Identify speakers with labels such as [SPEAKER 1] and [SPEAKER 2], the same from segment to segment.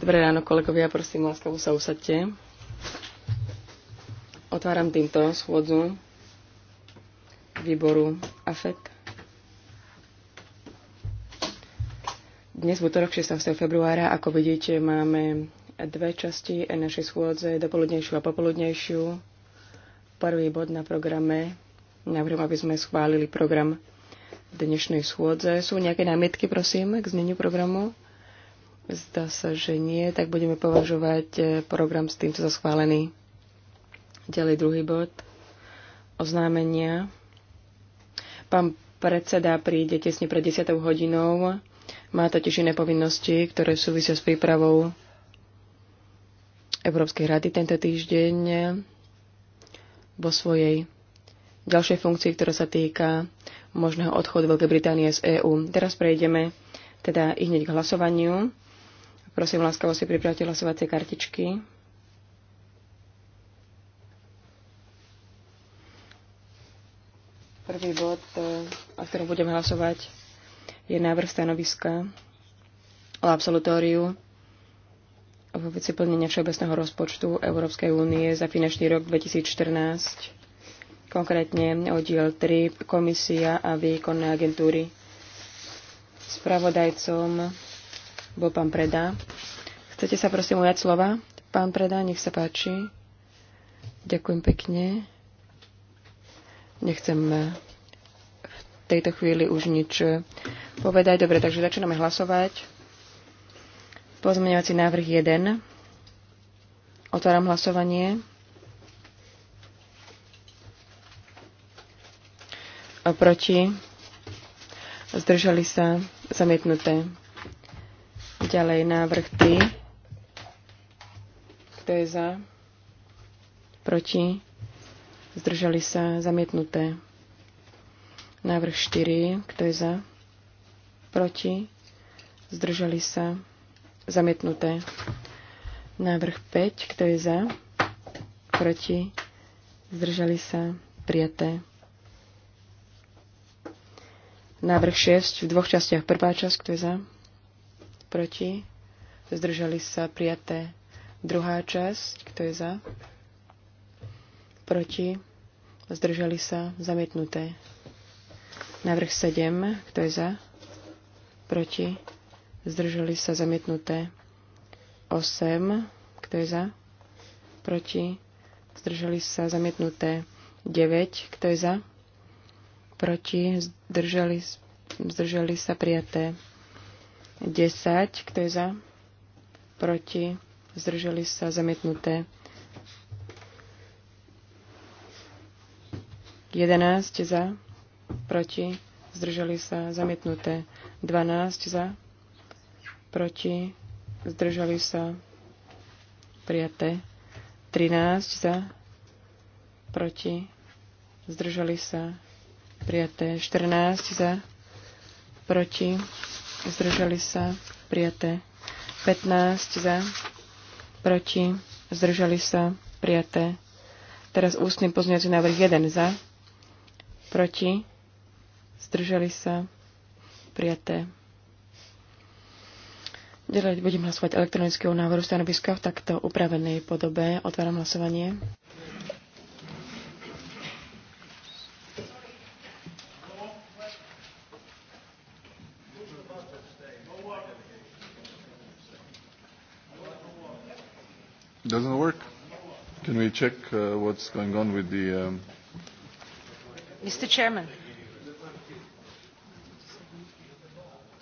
[SPEAKER 1] Dobré ráno, kolegovia, prosím, láskavo sa usadte. Otváram týmto schôdzu výboru AFEC. Dnes v útorok 16. februára, ako vidíte, máme dve časti našej schôdze, dopoludnejšiu a popoludnejšiu. Prvý bod na programe, navrhujem, aby sme schválili program dnešnej schôdze. Sú nejaké námietky, prosím, k zneniu programu? Zdá sa, že nie, tak budeme považovať e, program s týmto za schválený. Ďalej druhý bod. Oznámenia. Pán predseda príde tesne pred 10. hodinou. Má totiž iné povinnosti, ktoré súvisia s prípravou Európskej rady tento týždeň vo svojej ďalšej funkcii, ktorá sa týka možného odchodu Veľkej Británie z EÚ. Teraz prejdeme teda i hneď k hlasovaniu. Prosím, láskavo si pripravte hlasovacie kartičky. Prvý bod, e, o ktorom budeme hlasovať, je návrh stanoviska o absolutóriu vo veci plnenia všeobecného rozpočtu Európskej únie za finančný rok 2014 konkrétne oddiel 3, komisia a výkonné agentúry. Spravodajcom bol pán Preda. Chcete sa prosím ujať slova? Pán Preda, nech sa páči. Ďakujem pekne. Nechcem v tejto chvíli už nič povedať. Dobre, takže začíname hlasovať. Pozmeňovací návrh 1. Otváram hlasovanie. proti, zdržali sa, zamietnuté. Ďalej návrh 3, kto je za, proti, zdržali sa, zamietnuté. Návrh 4, kto je za, proti, zdržali sa, zamietnuté. Návrh 5, kto je za, proti, zdržali sa, prijaté. Návrh 6 v dvoch častiach. Prvá časť, kto je za? Proti? Zdržali sa prijaté. Druhá časť, kto je za? Proti? Zdržali sa zamietnuté. Návrh 7, kto je za? Proti? Zdržali sa zamietnuté. 8, kto je za? Proti? Zdržali sa zamietnuté. 9, kto je za? proti, zdržali, zdržali sa prijaté. 10, kto je za, proti, zdržali sa zamietnuté. 11 za, proti, zdržali sa zamietnuté. 12 za, proti, zdržali sa prijaté. 13 za, proti, zdržali sa prijaté 14 za, proti, zdržali sa, prijaté 15 za, proti, zdržali sa, prijaté. Teraz ústny pozmeňovací návrh 1 za, proti, zdržali sa, prijaté. Ďalej budem hlasovať elektronického návrhu stanoviska v takto upravenej podobe. Otváram hlasovanie.
[SPEAKER 2] doesn't work? Can we check uh, what's going on with the... Um...
[SPEAKER 3] Mr. Chairman.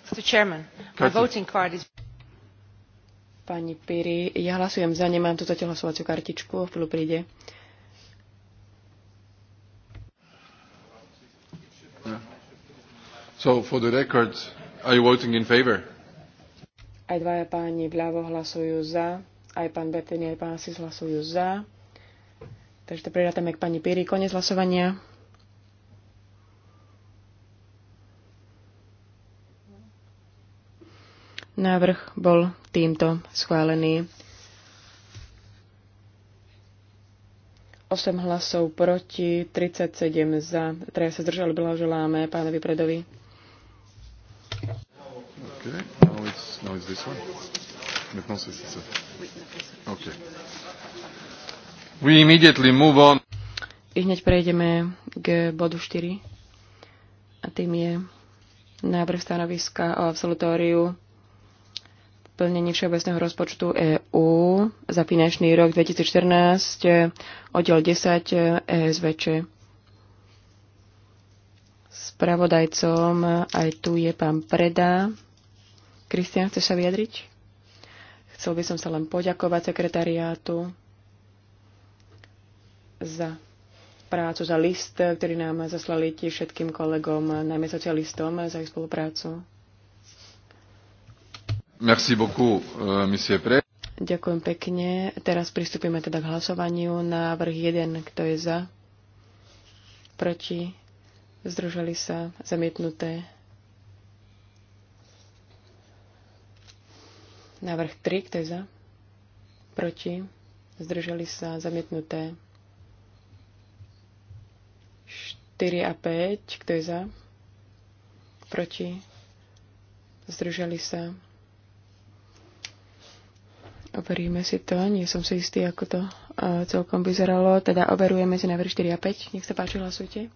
[SPEAKER 3] Mr. Chairman, Cut my it. voting card is...
[SPEAKER 1] Pani Piri, ja hlasujem za, nemám tu zatiaľ hlasovaciu kartičku, v chvíľu príde.
[SPEAKER 2] Yeah. So for the record, are you voting in favor? Aj
[SPEAKER 1] dvaja páni vľavo hlasujú za. Aj pán Bertini, aj pán Asis hlasujú za. Takže to prirátame k pani Píri. Konec hlasovania. Návrh bol týmto schválený. 8 hlasov proti, 37 za. Treja sa zdržali, želáme pánovi Predovi.
[SPEAKER 2] Okay. Now it's, now it's this one. Maintenant, c'est ça. OK. We immediately move on.
[SPEAKER 1] I hneď prejdeme k bodu 4. A tým je návrh stanoviska o absolutóriu plnení všeobecného rozpočtu EÚ za finančný rok 2014, oddiel 10 ESVČ. Spravodajcom aj tu je pán Preda. Kristian, chceš sa vyjadriť? Chcel by som sa len poďakovať sekretariátu za prácu, za list, ktorý nám zaslali ti všetkým kolegom, najmä socialistom, za ich spoluprácu.
[SPEAKER 2] Merci beaucoup, euh, monsieur Pre.
[SPEAKER 1] Ďakujem pekne. Teraz pristúpime teda k hlasovaniu. Návrh 1, kto je za? Proti? združili sa? Zamietnuté? Návrh 3, kto je za? Proti? Zdržali sa zamietnuté. 4 a 5, kto je za? Proti? Zdržali sa. Overíme si to, nie som si istý, ako to eh, celkom vyzeralo. Teda overujeme si návrh 4 a 5. Nech sa páči, hlasujte.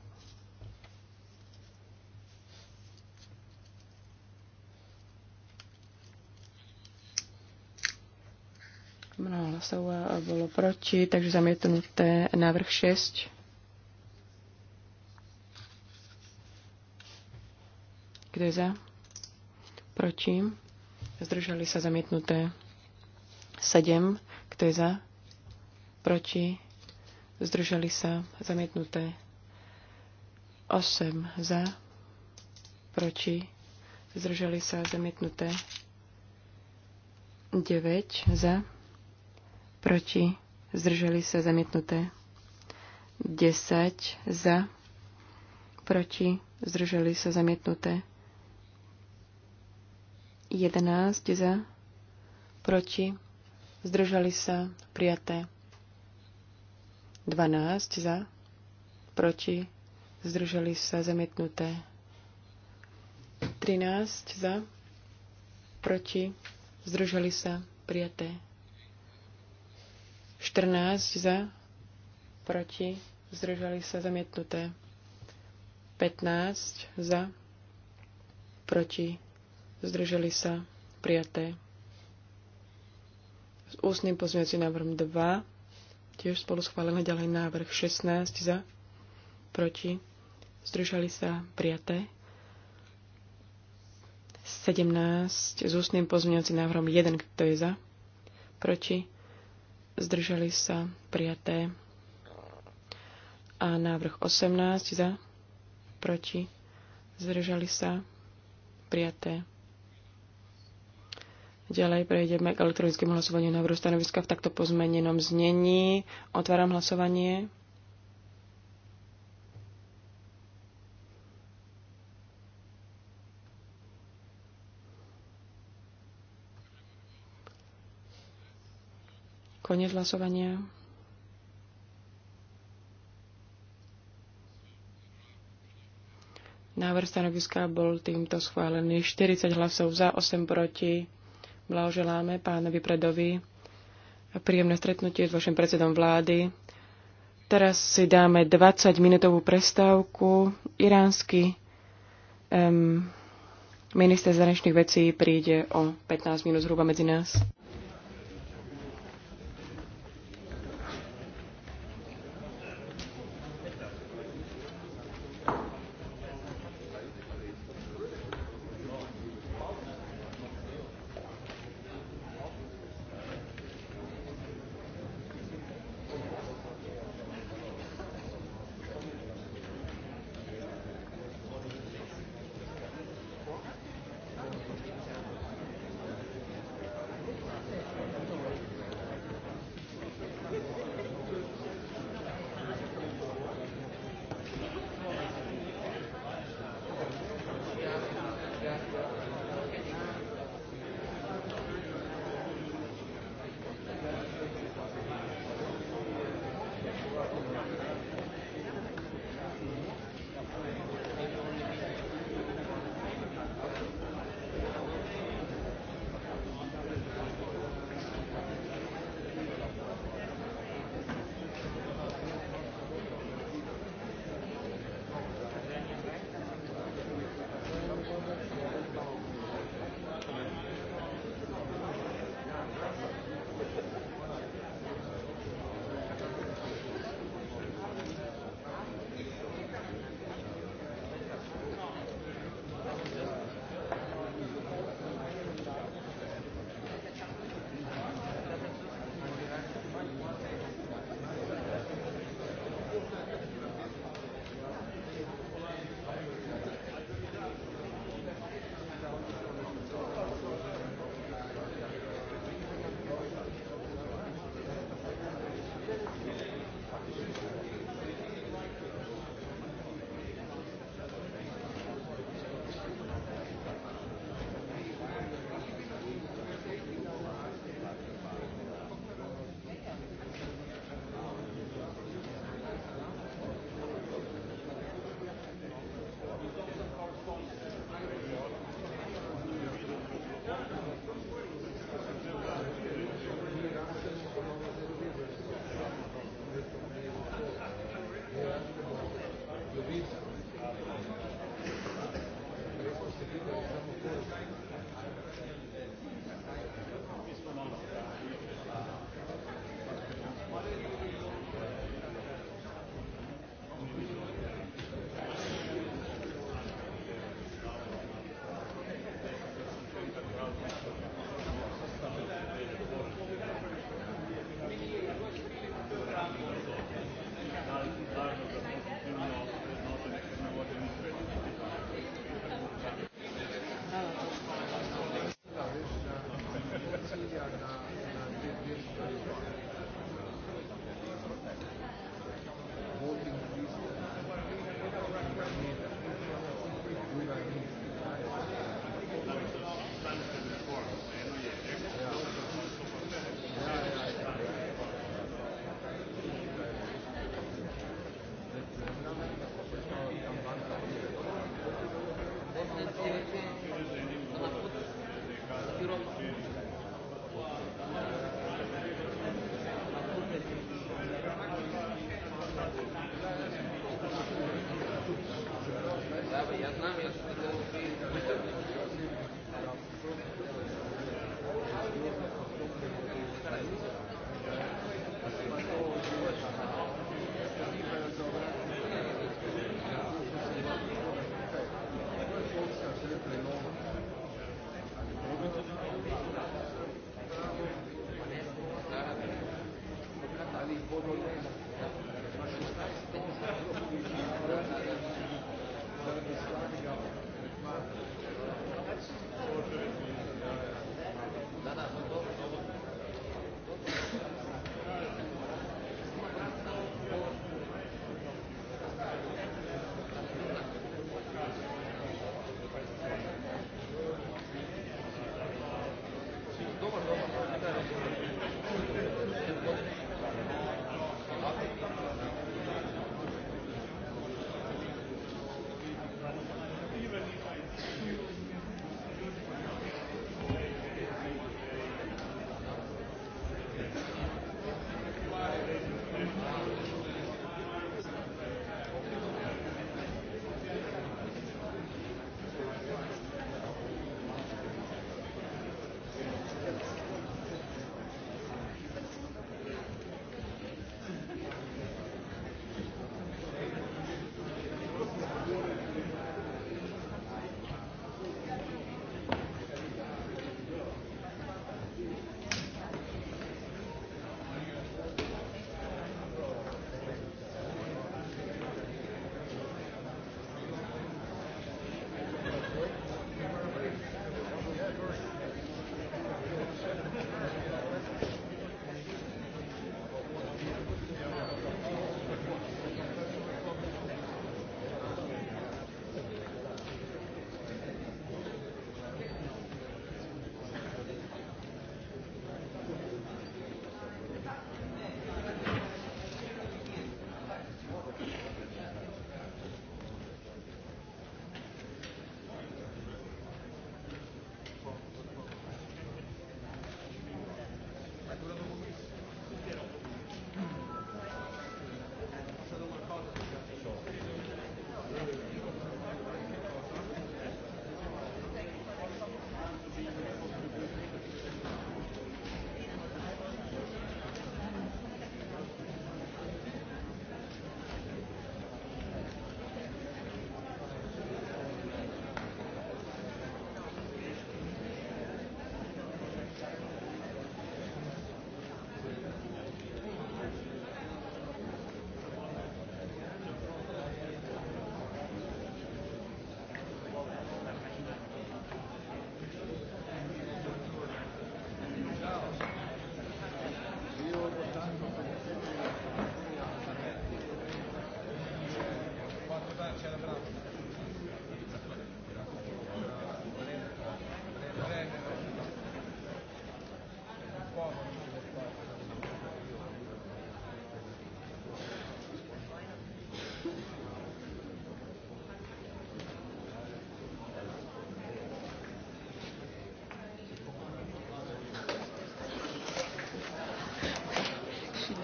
[SPEAKER 1] hlasov bolo proti, takže zamietnuté návrh 6. Kde za? Proti. Zdržali sa zamietnuté 7. Kto je za? Proti. Zdržali sa zamietnuté 8 za, proti, zdržali sa zamietnuté 9 za proti, zdrželi sa zamietnuté. 10 za, proti, zdrželi sa zamietnuté. 11 za, proti, zdržali sa prijaté. 12 za, proti, zdržali sa zamietnuté. 13 za, proti, zdržali sa prijaté. 14 za, proti, zdržali sa zamietnuté. 15 za, proti, zdržali sa prijaté. S ústnym pozmeňujúcim návrhom 2, tiež spolu schválené ďalej návrh 16 za, proti, zdržali sa prijaté. 17 s ústnym pozmeňujúcim návrhom 1, kto je za, proti, zdržali sa prijaté. A návrh 18 za, proti, zdržali sa prijaté. Ďalej prejdeme k elektronickému hlasovaniu návrhu stanoviska v takto pozmenenom znení. Otváram hlasovanie. koniec hlasovania. Návrh stanoviska bol týmto schválený. 40 hlasov za, 8 proti. Blahoželáme pánovi Predovi a príjemné stretnutie s vašim predsedom vlády. Teraz si dáme 20-minútovú prestávku. Iránsky um, minister zahraničných vecí príde o 15 minút zhruba medzi nás.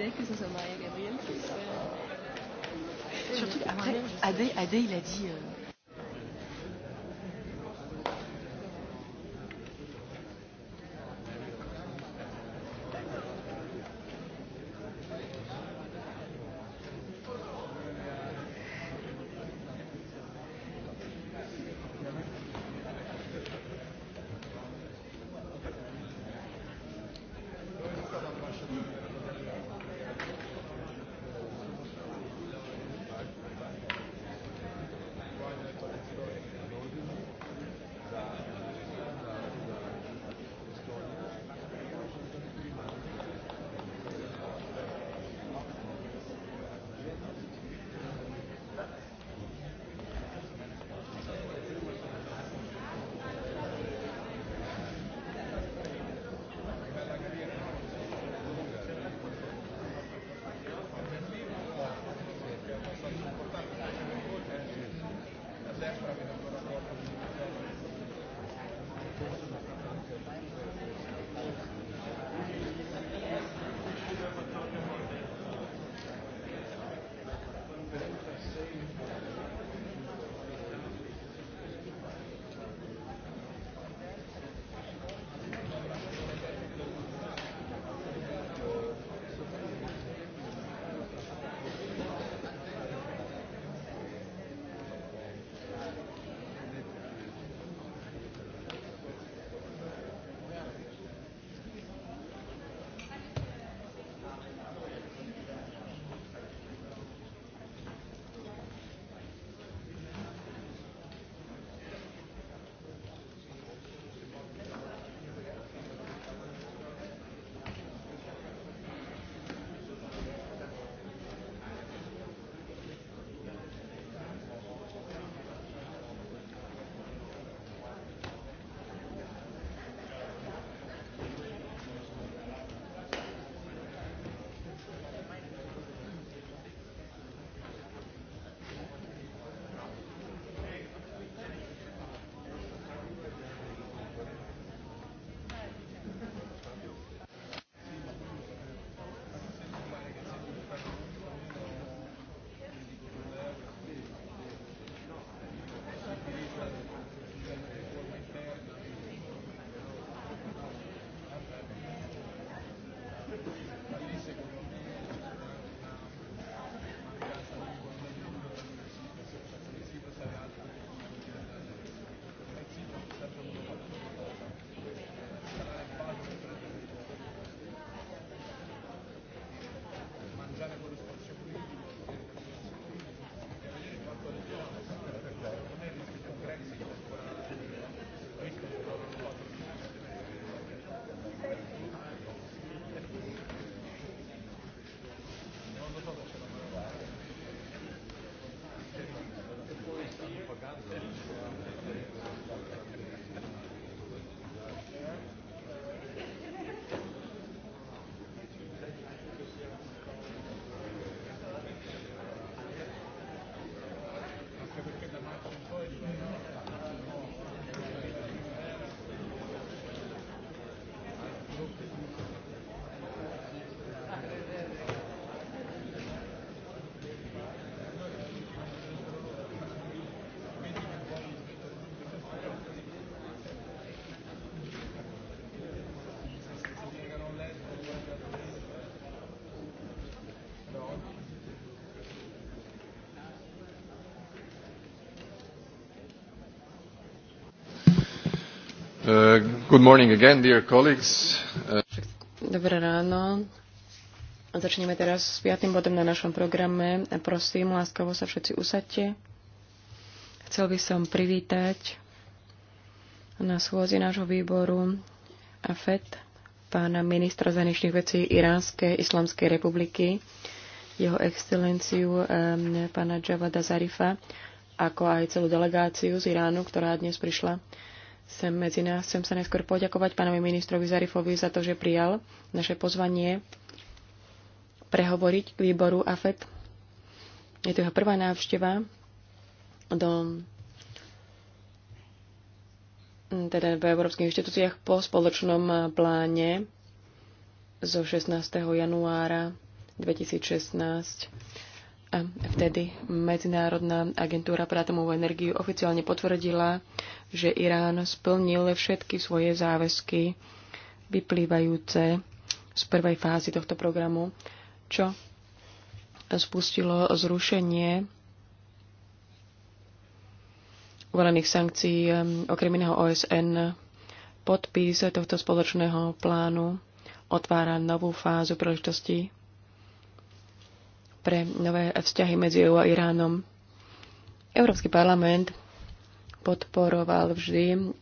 [SPEAKER 4] Adé que ça soit Maria
[SPEAKER 2] Surtout après, Adé, Adé, il a dit. Euh, Uh, good morning again, dear colleagues. Uh,
[SPEAKER 1] Dobré ráno. Začneme teraz s piatým bodom na našom programe. Prosím, láskavo sa všetci usadte. Chcel by som privítať na schôzi nášho výboru AFET pána ministra zahraničných vecí Iránskej islamskej republiky, jeho excelenciu um, pána Javada Zarifa, ako aj celú delegáciu z Iránu, ktorá dnes prišla sem medzi nás. Chcem sa neskôr poďakovať pánovi ministrovi Zarifovi za to, že prijal naše pozvanie prehovoriť k výboru AFET. Je to jeho prvá návšteva do teda v európskych inštitúciách po spoločnom pláne zo 16. januára 2016 vtedy Medzinárodná agentúra pre atomovú energiu oficiálne potvrdila, že Irán splnil všetky svoje záväzky vyplývajúce z prvej fázy tohto programu, čo spustilo zrušenie uvalených sankcií um, okrem iného OSN. Podpis tohto spoločného plánu otvára novú fázu príležitosti pre nové vzťahy medzi EU a Iránom. Európsky parlament podporoval vždy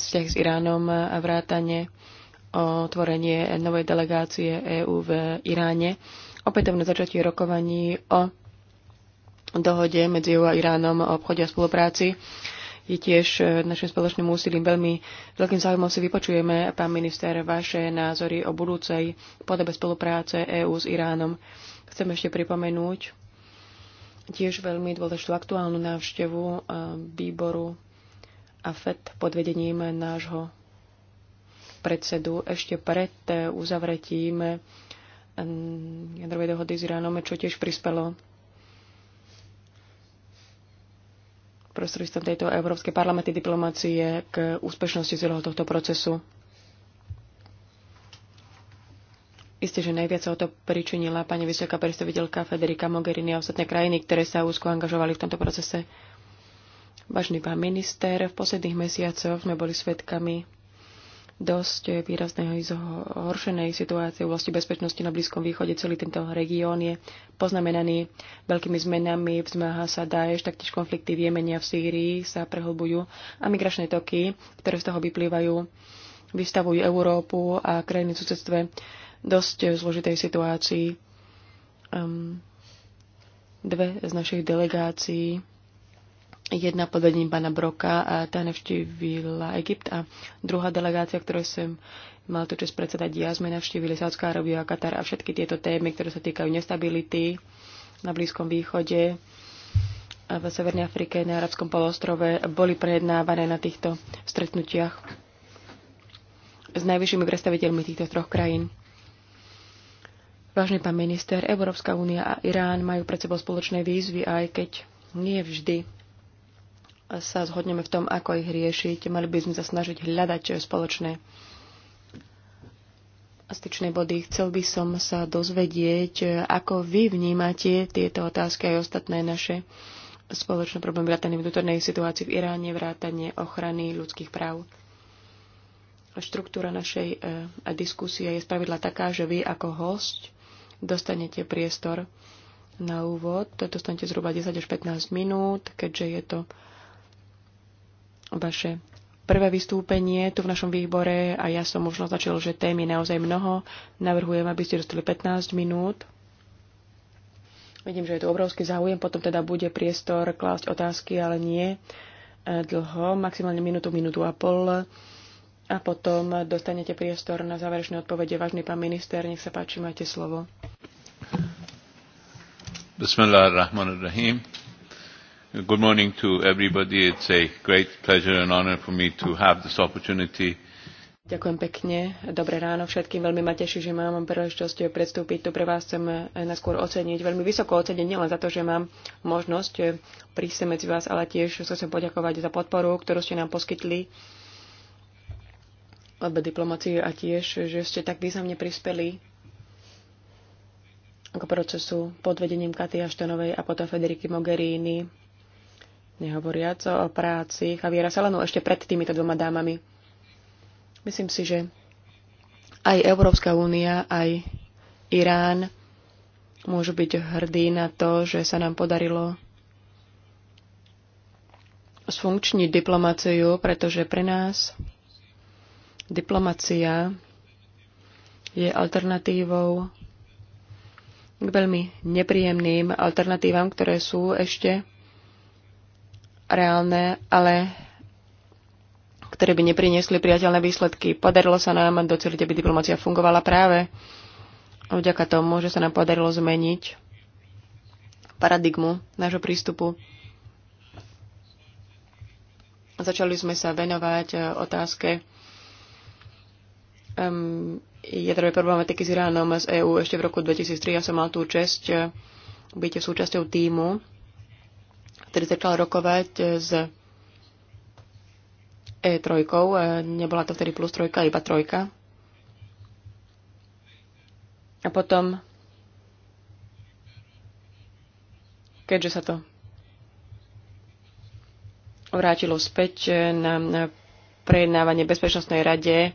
[SPEAKER 1] vzťah s Iránom a vrátanie o tvorenie novej delegácie EÚ v Iráne. Opätovné začatie rokovaní o dohode medzi EU a Iránom o obchode a spolupráci je tiež našim spoločným úsilím veľmi veľkým záujmom si vypočujeme, pán minister, vaše názory o budúcej podobe spolupráce EÚ s Iránom. Chcem ešte pripomenúť tiež veľmi dôležitú aktuálnu návštevu eh, výboru FED pod vedením nášho predsedu ešte pred eh, uzavretím eh, jadrovej dohody s Iránom, čo tiež prispelo prostredstvom tejto Európskej parlamenty diplomácie k úspešnosti celého tohto procesu. Isté, že najviac sa o to pričinila pani vysoká predstaviteľka Federika Mogherini a ostatné krajiny, ktoré sa úzko angažovali v tomto procese. Vážny pán minister, v posledných mesiacoch sme boli svedkami dosť výrazného zhoršenej situácie v oblasti bezpečnosti na Blízkom východe. Celý tento región je poznamenaný veľkými zmenami, vzmáha sa Daesh, taktiež konflikty v Jemene a v Sýrii sa prehlbujú a migračné toky, ktoré z toho vyplývajú, vystavujú Európu a krajiny v susedstve dosť zložitej situácii. Um, dve z našich delegácií, jedna pod vedením pána Broka, a tá navštívila Egypt a druhá delegácia, ktorú som mal to čas predsedať ja, sme navštívili Sádzka Arábiu a Katar a všetky tieto témy, ktoré sa týkajú nestability na Blízkom východe, a v Severnej Afrike, na Arabskom polostrove, boli prejednávané na týchto stretnutiach s najvyššími predstaviteľmi týchto troch krajín. Vážny pán minister, Európska únia a Irán majú pred sebou spoločné výzvy, aj keď nie vždy sa zhodneme v tom, ako ich riešiť. Mali by sme sa snažiť hľadať, čo je spoločné. Styčné body. Chcel by som sa dozvedieť, ako vy vnímate tieto otázky aj ostatné naše spoločné problémy vrátane vnútornej situácii v Iráne, vrátane ochrany ľudských práv štruktúra našej e, diskusie je spravidla taká, že vy ako host dostanete priestor na úvod. Dostanete zhruba 10 až 15 minút, keďže je to vaše prvé vystúpenie tu v našom výbore a ja som už naznačil, že tém je naozaj mnoho. Navrhujem, aby ste dostali 15 minút. Vidím, že je tu obrovský záujem, potom teda bude priestor klásť otázky, ale nie e, dlho, maximálne minútu, minútu a pol a potom dostanete priestor na záverečné odpovede. Vážny pán minister, nech sa páči, máte slovo.
[SPEAKER 2] Good morning to everybody. It's a great pleasure and honor for me to have this opportunity.
[SPEAKER 1] Ďakujem pekne. Dobré ráno všetkým. Veľmi ma teší, že mám príležitosť predstúpiť tu pre vás. Chcem najskôr oceniť, veľmi vysoko oceniť, nielen za to, že mám možnosť prísť medzi vás, ale tiež chcem poďakovať za podporu, ktorú ste nám poskytli alebo diplomácii a tiež, že ste tak významne prispeli k procesu pod vedením Katy Aštenovej a potom Federiky Mogherini, nehovoriac o práci Javiera Salanu ešte pred týmito dvoma dámami. Myslím si, že aj Európska únia, aj Irán môžu byť hrdí na to, že sa nám podarilo sfunkčniť diplomáciu, pretože pre nás Diplomacia je alternatívou k veľmi nepríjemným alternatívam, ktoré sú ešte reálne, ale ktoré by nepriniesli priateľné výsledky. Podarilo sa nám doceliť, aby diplomacia fungovala práve vďaka tomu, že sa nám podarilo zmeniť paradigmu nášho prístupu. Začali sme sa venovať otázke um, jadrovej problematiky s Iránom z EÚ ešte v roku 2003. Ja som mal tú čest eh, byť súčasťou týmu, ktorý začal rokovať eh, s E3. Eh, nebola to vtedy plus trojka, iba trojka. A potom, keďže sa to vrátilo späť na, na prejednávanie Bezpečnostnej rade,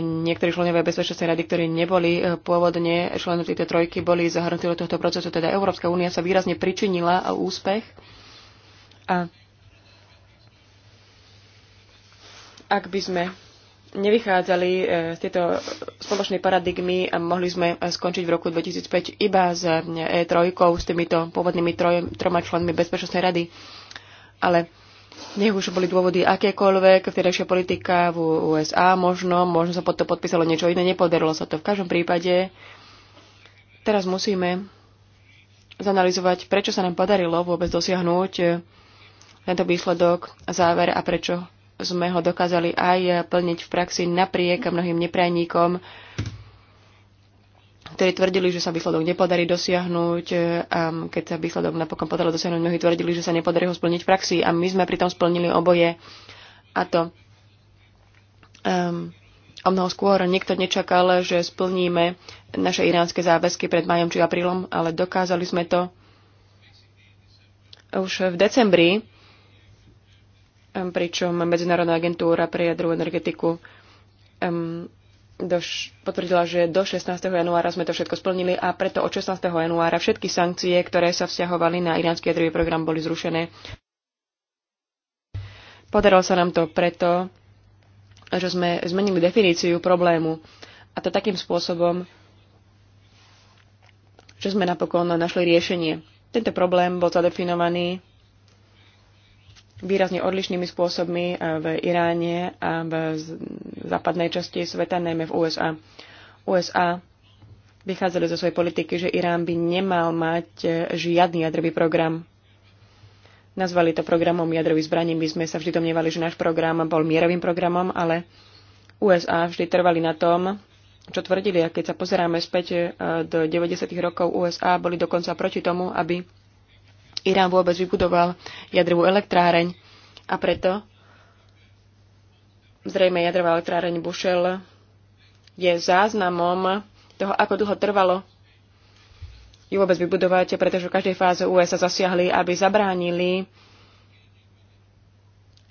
[SPEAKER 1] niektorí členovia Bezpečnostnej rady, ktorí neboli e, pôvodne členov tejto trojky, boli zahrnutí do tohto procesu. Teda Európska únia sa výrazne pričinila o úspech. A ak by sme nevychádzali e, z tejto spoločnej paradigmy a mohli sme e, skončiť v roku 2005 iba s E3, s týmito pôvodnými troj, troma členmi Bezpečnostnej rady. Ale nech už boli dôvody akékoľvek, vtedajšia politika v USA možno, možno sa pod to podpísalo niečo iné, nepodarilo sa to. V každom prípade teraz musíme zanalizovať, prečo sa nám podarilo vôbec dosiahnuť tento výsledok, záver a prečo sme ho dokázali aj plniť v praxi napriek mnohým neprajníkom, ktorí tvrdili, že sa výsledok nepodarí dosiahnuť e, a keď sa výsledok napokon podarilo dosiahnuť, mnohí tvrdili, že sa nepodarí ho splniť v praxi a my sme pritom splnili oboje a to um, o mnoho skôr niekto nečakal, že splníme naše iránske záväzky pred majom či aprílom, ale dokázali sme to už v decembri, e, pričom Medzinárodná agentúra pre jadrovú energetiku um, do, potvrdila, že do 16. januára sme to všetko splnili a preto od 16. januára všetky sankcie, ktoré sa vzťahovali na iránsky jadrový program, boli zrušené. Podarilo sa nám to preto, že sme zmenili definíciu problému a to takým spôsobom, že sme napokon našli riešenie. Tento problém bol zadefinovaný výrazne odlišnými spôsobmi e, v Iráne a v západnej časti sveta, najmä v USA. USA vychádzali zo svojej politiky, že Irán by nemal mať e, žiadny jadrový program. Nazvali to programom jadrových zbraní. My sme sa vždy domnievali, že náš program bol mierovým programom, ale USA vždy trvali na tom, čo tvrdili. A keď sa pozeráme späť e, do 90. rokov, USA boli dokonca proti tomu, aby Irán vôbec vybudoval jadrovú elektráreň a preto zrejme jadrová elektráreň Bushel je záznamom toho, ako dlho trvalo ju vôbec vybudovať, pretože v každej fáze USA zasiahli, aby zabránili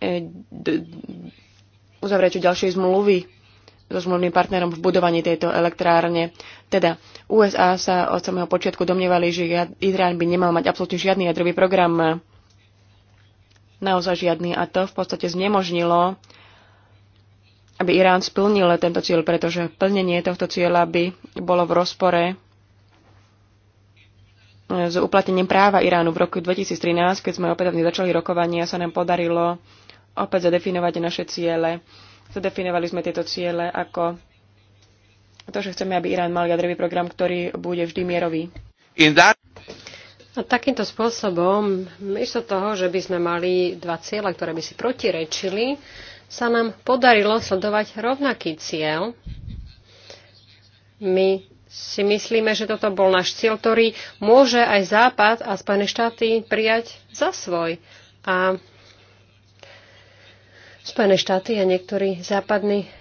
[SPEAKER 1] eh, uzavrieť ďalšej zmluvy so zmluvným partnerom v budovaní tejto elektrárne. Teda USA sa od samého počiatku domnievali, že Izrael by nemal mať absolútne žiadny jadrový program, naozaj žiadny. A to v podstate znemožnilo, aby Irán splnil tento cieľ, pretože plnenie tohto cieľa by bolo v rozpore s uplatením práva Iránu v roku 2013, keď sme opätovne začali rokovania, sa nám podarilo opäť zadefinovať naše ciele Zadefinovali sme tieto ciele ako
[SPEAKER 3] to, že chceme, aby Irán mal jadrový program, ktorý bude vždy mierový. A takýmto spôsobom, miesto toho, že by sme mali dva cieľa, ktoré by si protirečili, sa nám podarilo sledovať rovnaký cieľ. My si myslíme, že toto bol náš cieľ, ktorý môže aj Západ a Spojené štáty prijať za svoj. A Spojené štáty a niektorí západní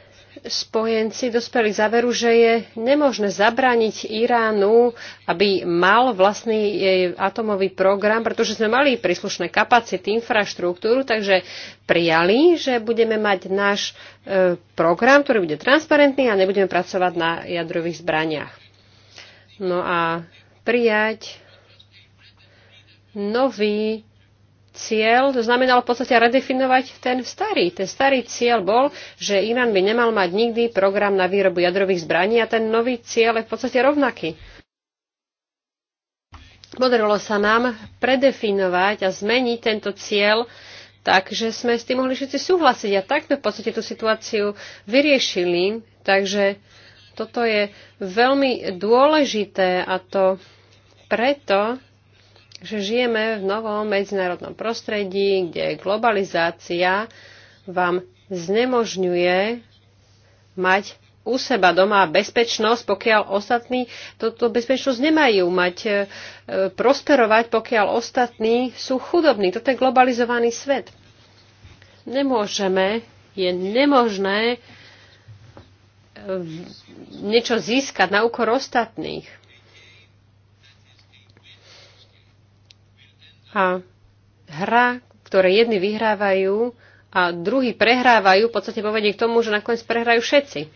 [SPEAKER 3] spojenci dospeli k záveru, že je nemožné zabrániť Iránu, aby mal vlastný jej atomový program, pretože sme mali príslušné kapacity, infraštruktúru, takže prijali, že budeme mať náš e, program, ktorý bude transparentný a nebudeme pracovať na jadrových zbraniach. No a prijať nový cieľ znamenal v podstate redefinovať ten starý. Ten starý cieľ bol, že Irán by nemal mať nikdy program na výrobu jadrových zbraní a ten nový cieľ je v podstate rovnaký. Podarilo sa nám predefinovať a zmeniť tento cieľ takže sme s tým mohli všetci súhlasiť a tak sme v podstate tú situáciu vyriešili. Takže toto je veľmi dôležité a to preto, že žijeme v novom medzinárodnom prostredí, kde globalizácia vám znemožňuje mať u seba doma bezpečnosť, pokiaľ ostatní toto bezpečnosť nemajú mať, e, prosperovať, pokiaľ ostatní sú chudobní. Toto je globalizovaný svet. Nemôžeme, je nemožné e, niečo získať na úkor ostatných. A hra, ktoré jedni vyhrávajú a druhí prehrávajú, v podstate povedie k tomu, že nakoniec prehrajú všetci.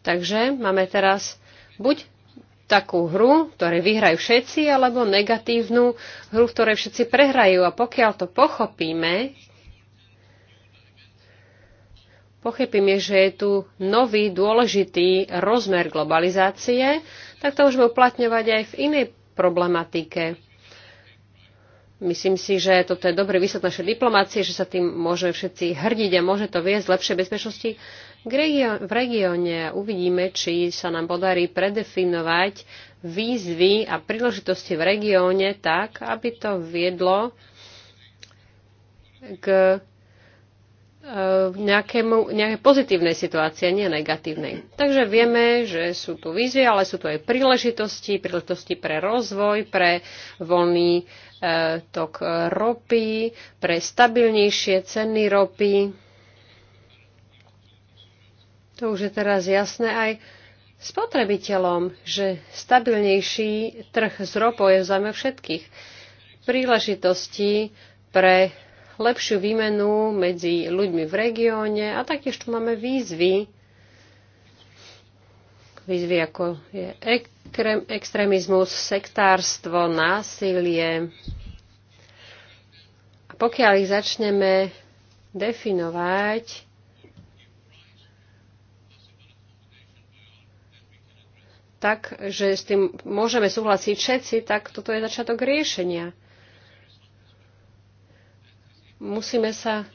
[SPEAKER 3] Takže máme teraz buď takú hru, ktoré vyhrajú všetci, alebo negatívnu hru, ktoré všetci prehrajú. A pokiaľ to pochopíme, pochopíme, že je tu nový dôležitý rozmer globalizácie, tak to môžeme uplatňovať aj v inej problematike Myslím si, že toto je dobrý výsledok našej diplomácie, že sa tým môžeme všetci hrdiť a môže to viesť lepšej bezpečnosti v regióne. Uvidíme, či sa nám podarí predefinovať výzvy a príležitosti v regióne tak, aby to viedlo k e, nejakému, nejaké pozitívnej situácie, nie negatívnej. Takže vieme, že sú tu výzvy, ale sú tu aj príležitosti, príležitosti pre rozvoj, pre voľný E, tok ropy, pre stabilnejšie ceny ropy. To už je teraz jasné aj spotrebiteľom, že stabilnejší trh s ropou je v zájme všetkých. Príležitosti pre lepšiu výmenu medzi ľuďmi v regióne a taktiež tu máme výzvy, výzvy ako je Krem, extrémizmus, sektárstvo, násilie. A pokiaľ ich začneme definovať, tak, že s tým môžeme súhlasiť všetci, tak toto je začiatok riešenia. Musíme sa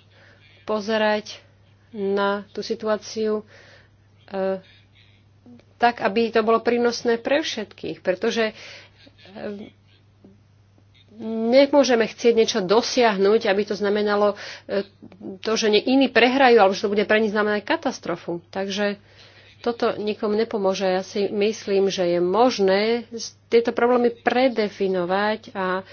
[SPEAKER 3] pozerať na tú situáciu e, tak, aby to bolo prínosné pre všetkých, pretože e, nemôžeme chcieť niečo dosiahnuť, aby to znamenalo e, to, že nie iní prehrajú, alebo že to bude pre nich znamenať katastrofu. Takže toto nikomu nepomôže. Ja si myslím, že je možné tieto problémy predefinovať a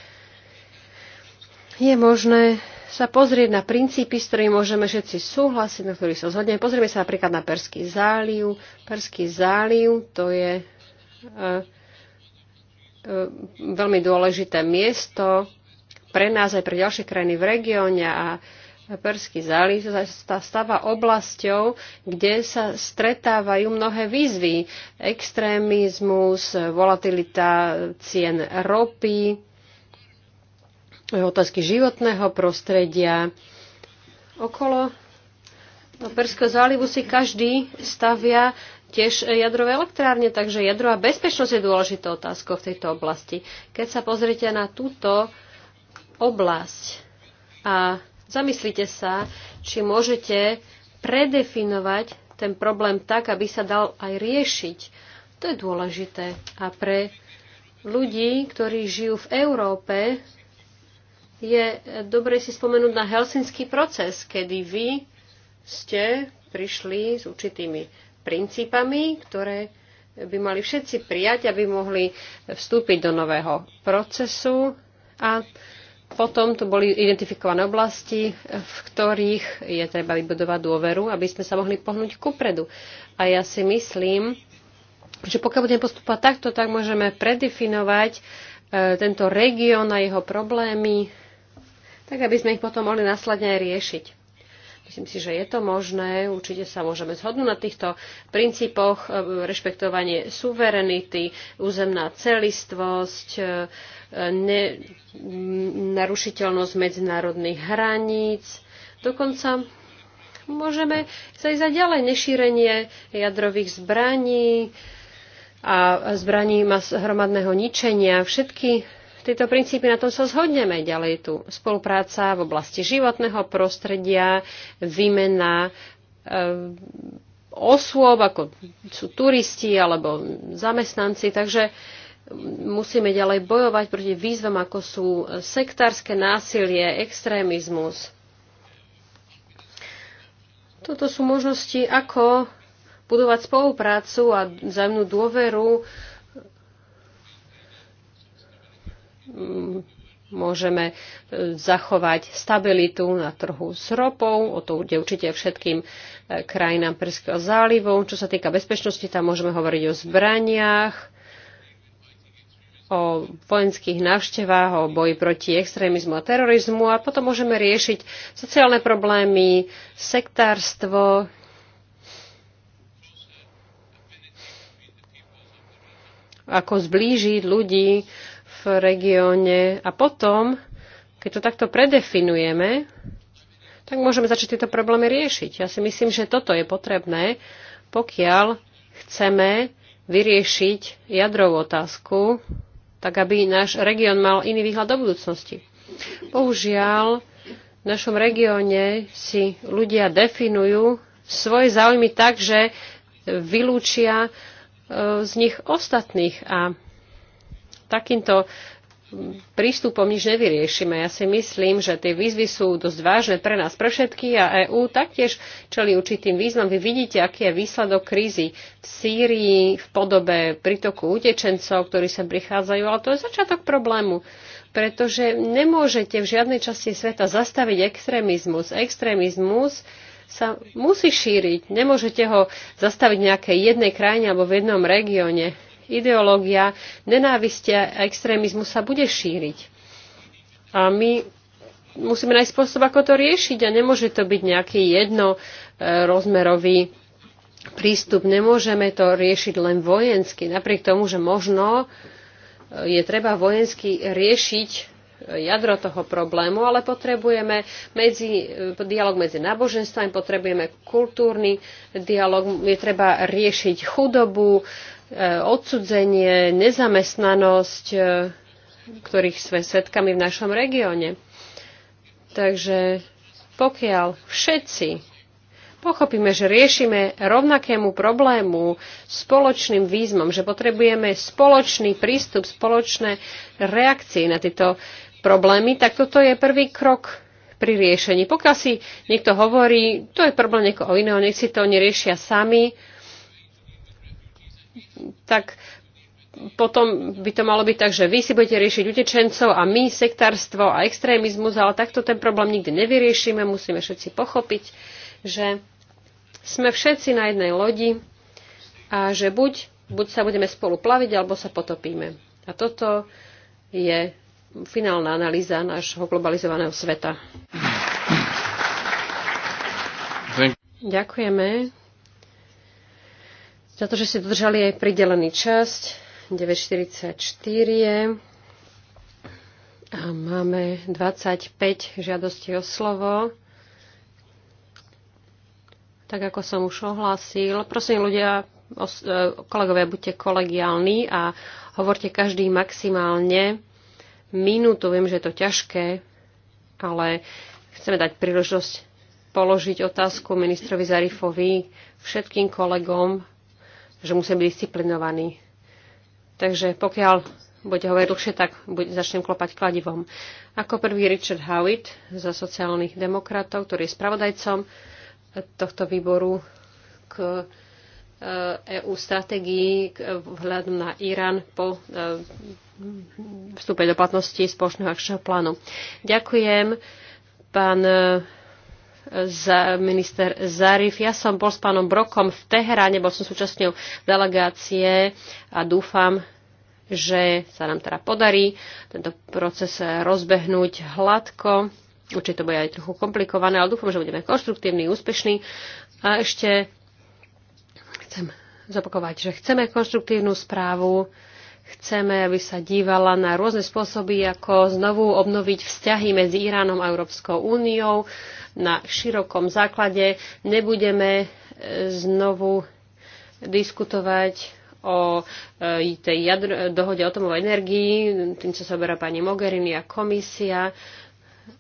[SPEAKER 3] je možné sa pozrieť na princípy, s ktorými môžeme všetci súhlasiť, na ktorých sa zhodneme. Pozrieme sa napríklad na Perský záliv. Perský záliv to je e, e, veľmi dôležité miesto pre nás aj pre ďalšie krajiny v regióne a Perský záliv sa stáva oblasťou, kde sa stretávajú mnohé výzvy. Extrémizmus, volatilita cien ropy, otázky životného prostredia. Okolo no, Perského zálivu si každý stavia tiež jadrové elektrárne, takže jadrová bezpečnosť je dôležitou otázkou v tejto oblasti. Keď sa pozrite na túto oblasť a zamyslite sa, či môžete predefinovať ten problém tak, aby sa dal aj riešiť. To je dôležité. A pre ľudí, ktorí žijú v Európe, je dobre si spomenúť na helsinský proces, kedy vy ste prišli s určitými princípami, ktoré by mali všetci prijať, aby mohli vstúpiť do nového procesu a potom tu boli identifikované oblasti, v ktorých je treba vybudovať dôveru, aby sme sa mohli pohnúť kupredu. A ja si myslím, že pokiaľ budeme postupovať takto, tak môžeme predefinovať e, tento región a jeho problémy, tak aby sme ich potom mohli následne aj riešiť. Myslím si, že je to možné, určite sa môžeme zhodnúť na týchto princípoch, e, rešpektovanie suverenity, územná celistvosť, e, ne, narušiteľnosť medzinárodných hraníc. Dokonca môžeme sa ísť aj ďalej, nešírenie jadrových zbraní a zbraní hromadného ničenia. Všetky tieto princípy na tom sa zhodneme. Ďalej tu spolupráca v oblasti životného prostredia, výmena e, osôb, ako sú turisti alebo zamestnanci, takže musíme ďalej bojovať proti výzvam, ako sú sektárske násilie, extrémizmus. Toto sú možnosti, ako budovať spoluprácu a vzájomnú dôveru Mm, môžeme e, zachovať stabilitu na trhu s ropou, o to ide určite všetkým e, krajinám Perského zálivu. Čo sa týka bezpečnosti, tam môžeme hovoriť o zbraniach, o vojenských návštevách, o boji proti extrémizmu a terorizmu a potom môžeme riešiť sociálne problémy, sektárstvo, ako zblížiť ľudí regióne. A potom, keď to takto predefinujeme, tak môžeme začať tieto problémy riešiť. Ja si myslím, že toto je potrebné, pokiaľ chceme vyriešiť jadrovú otázku, tak aby náš región mal iný výhľad do budúcnosti. Bohužiaľ, v našom regióne si ľudia definujú svoje záujmy tak, že vylúčia e, z nich ostatných. A takýmto prístupom nič nevyriešime. Ja si myslím, že tie výzvy sú dosť vážne pre nás, pre všetky a EÚ taktiež čeli určitým význam. Vy vidíte, aký je výsledok krízy v Sýrii v podobe prítoku utečencov, ktorí sem prichádzajú, ale to je začiatok problému pretože nemôžete v žiadnej časti sveta zastaviť extrémizmus. Extrémizmus sa musí šíriť. Nemôžete ho zastaviť v nejakej jednej krajine alebo v jednom regióne ideológia nenávisti a extrémizmu sa bude šíriť. A my musíme nájsť spôsob, ako to riešiť a nemôže to byť nejaký jednorozmerový e, prístup. Nemôžeme to riešiť len vojensky, napriek tomu, že možno e, je treba vojensky riešiť e, jadro toho problému, ale potrebujeme medzi, dialog medzi náboženstvami, potrebujeme kultúrny dialog, je treba riešiť chudobu, Eh, odsudzenie, nezamestnanosť, eh, ktorých sme svetkami v našom regióne. Takže pokiaľ všetci pochopíme, že riešime rovnakému problému spoločným výzmom, že potrebujeme spoločný prístup, spoločné reakcie na tieto problémy, tak toto je prvý krok pri riešení. Pokiaľ si niekto hovorí, to je problém niekoho iného, nech si to riešia sami, tak potom by to malo byť tak, že vy si budete riešiť utečencov a my sektárstvo a extrémizmus, ale takto ten problém nikdy nevyriešime. Musíme všetci pochopiť, že sme všetci na jednej lodi a že buď, buď sa budeme spolu plaviť, alebo sa potopíme. A toto je finálna analýza nášho globalizovaného sveta. Ďakujeme za to, že ste dodržali aj pridelený časť 9.44. A máme 25 žiadostí o slovo. Tak ako som už ohlásil, prosím ľudia, e, kolegovia, buďte kolegiálni a hovorte každý maximálne minútu. Viem, že je to ťažké, ale chceme dať príležitosť položiť otázku ministrovi Zarifovi, všetkým kolegom, že musím byť disciplinovaný. Takže pokiaľ budete hovoriť dlhšie, tak začnem klopať kladivom. Ako prvý Richard Howitt za sociálnych demokratov, ktorý je spravodajcom tohto výboru k EU eh, e stratégii vzhľadom na Irán po eh, vstupe do platnosti spoločného akčného plánu. Ďakujem. Pán eh, za minister Zarif. Ja som bol s pánom Brokom v Teheráne, bol som súčasťou delegácie a dúfam, že sa nám teda podarí tento proces rozbehnúť hladko. Určite to bude aj trochu komplikované, ale dúfam, že budeme konstruktívni, úspešní. A ešte chcem zopakovať, že chceme konštruktívnu správu, Chceme, aby sa dívala na rôzne spôsoby, ako znovu obnoviť vzťahy medzi Iránom a Európskou úniou na širokom základe. Nebudeme e, znovu diskutovať o e, tej jadr- dohode o atomovej energii, tým sa oberá pani Mogherini a komisia,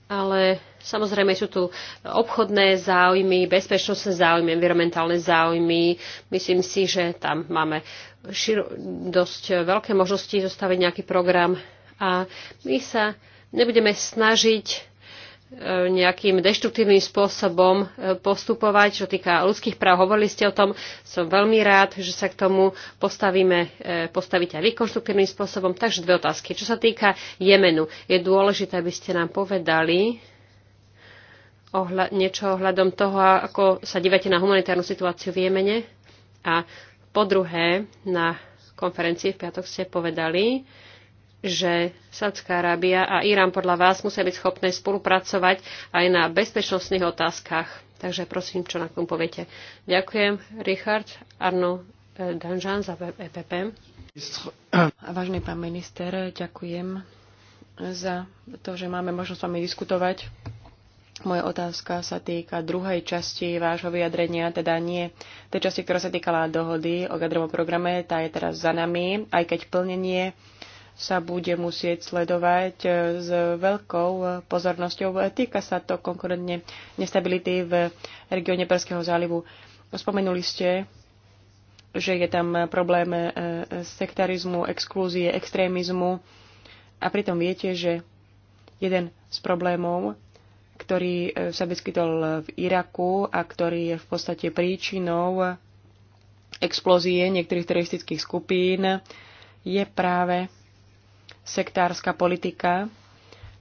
[SPEAKER 3] ale samozrejme sú tu obchodné záujmy, bezpečnostné záujmy, environmentálne záujmy. Myslím si, že tam máme širo, dosť veľké možnosti zostaviť nejaký program a my sa nebudeme snažiť e, nejakým deštruktívnym spôsobom e, postupovať, čo týka ľudských práv. Hovorili ste o tom, som veľmi rád, že sa k tomu postavíme, e, postavíte aj konštruktívnym spôsobom. Takže dve otázky. Čo sa týka Jemenu, je dôležité, aby ste nám povedali niečo ohľadom toho, ako sa dívate na humanitárnu situáciu v Jemene a po druhé, na konferencii v piatok ste povedali, že Sádzka Arábia a Irán podľa vás musia byť schopné spolupracovať aj na bezpečnostných otázkach. Takže prosím, čo na tom poviete. Ďakujem, Richard Arno eh, Danžan za EPP. Vážený pán minister, ďakujem
[SPEAKER 1] za to, že máme možnosť s vami diskutovať. Moja otázka sa týka druhej časti vášho vyjadrenia, teda nie tej časti, ktorá sa týkala dohody o jadrovom programe, tá je teraz za nami, aj keď plnenie sa bude musieť sledovať e, s veľkou pozornosťou. Týka sa to konkurentne nestability v regióne Perského zálivu. Spomenuli ste, že je tam problém e, sektarizmu, exklúzie, extrémizmu a pritom viete, že jeden z problémov ktorý e, sa vyskytol v Iraku a ktorý je v podstate príčinou explózie niektorých teroristických skupín, je práve sektárska politika,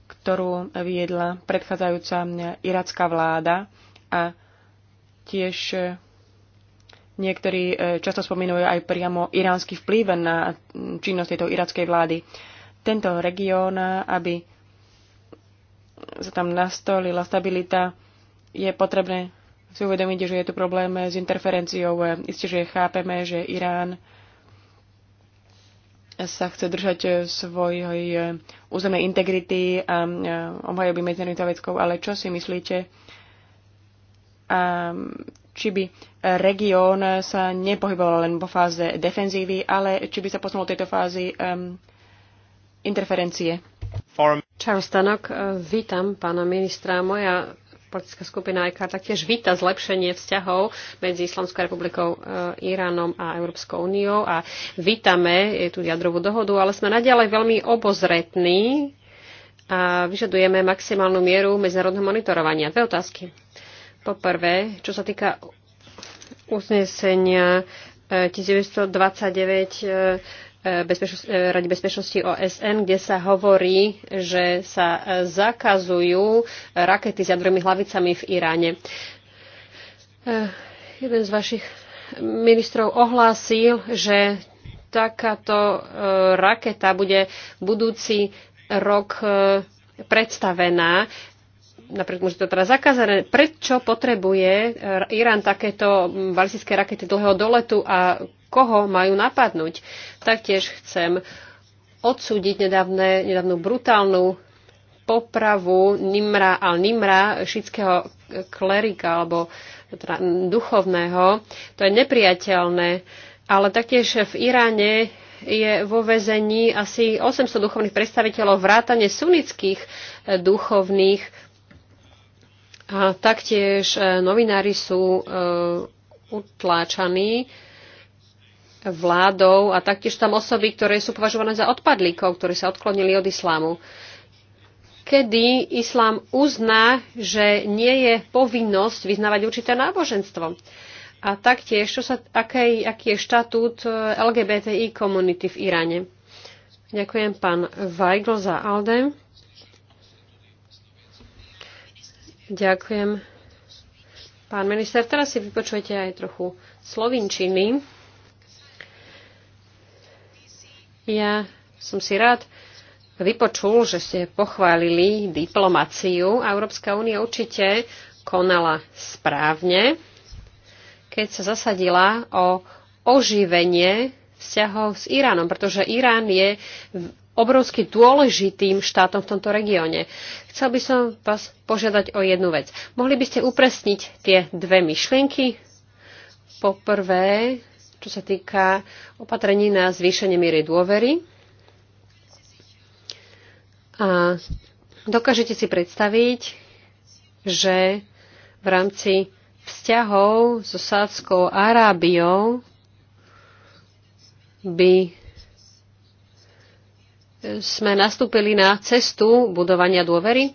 [SPEAKER 1] ktorú viedla predchádzajúca iracká vláda a tiež e, niektorí e, často spomínajú aj priamo iránsky vplyv na činnosť tejto irackej vlády. Tento región, aby sa tam nastolila stabilita, je potrebné si uvedomiť, že je tu problém s interferenciou. Isté, že chápeme, že Irán sa chce držať svojej územnej integrity a obhajoby medzinárodných záväzkov, ale čo si myslíte, a či by región sa nepohyboval len po fáze defenzívy, ale či by sa posunul tejto fázi um, interferencie?
[SPEAKER 3] Čau Stanok, e, vítam pána ministra. Moja politická skupina IKR taktiež víta zlepšenie vzťahov medzi Islamskou republikou, e, Iránom a Európskou úniou a vítame tú jadrovú dohodu, ale sme naďalej veľmi obozretní a vyžadujeme maximálnu mieru medzinárodného monitorovania. Dve otázky. Poprvé, čo sa týka uznesenia e, 1929 Rade bezpečnosti OSN, kde sa hovorí, že sa zakazujú rakety s jadrovými hlavicami v Iráne. Eh, jeden z vašich ministrov ohlásil, že takáto eh, raketa bude budúci rok eh, predstavená napriek môže že to teraz zakázané, prečo potrebuje Irán takéto balistické rakety dlhého doletu a koho majú napadnúť. Taktiež chcem odsúdiť nedávne, nedávnu brutálnu popravu Nimra al-Nimra, šického klerika alebo teda duchovného. To je nepriateľné. Ale taktiež v Iráne je vo väzení asi 800 duchovných predstaviteľov vrátane sunnických e, duchovných. A taktiež e, novinári sú e, utláčaní vládou a taktiež tam osoby, ktoré sú považované za odpadlíkov, ktorí sa odklonili od islámu. Kedy islám uzná, že nie je povinnosť vyznávať určité náboženstvo? A taktiež, čo sa, aký, aký je štatút eh, LGBTI komunity v Iráne? Ďakujem pán Weigl za Alde. Ďakujem. Pán minister, teraz si vypočujete aj trochu slovinčiny. Ja som si rád vypočul, že ste pochválili diplomáciu a Európska únia určite konala správne, keď sa zasadila o oživenie vzťahov s Iránom, pretože Irán je obrovsky dôležitým štátom v tomto regióne. Chcel by som vás požiadať o jednu vec. Mohli by ste upresniť tie dve myšlienky? Poprvé, čo sa týka opatrení na zvýšenie miery dôvery. A dokážete si predstaviť, že v rámci vzťahov so Sádskou Arábiou by sme nastúpili na cestu budovania dôvery.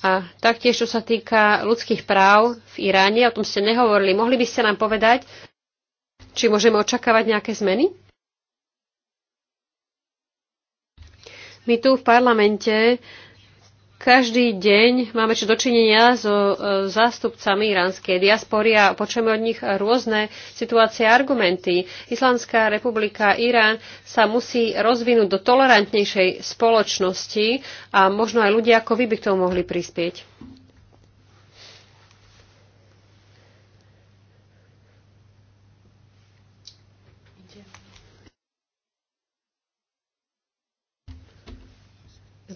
[SPEAKER 3] A taktiež, čo sa týka ľudských práv v Iráne, o tom ste nehovorili, mohli by ste nám povedať, či môžeme očakávať nejaké zmeny? My tu v parlamente každý deň máme čo dočinenia so e, zástupcami iránskej diaspory a počujeme od nich rôzne situácie a argumenty. Islandská republika Irán sa musí rozvinúť do tolerantnejšej spoločnosti a možno aj ľudia ako vy by k tomu mohli prispieť.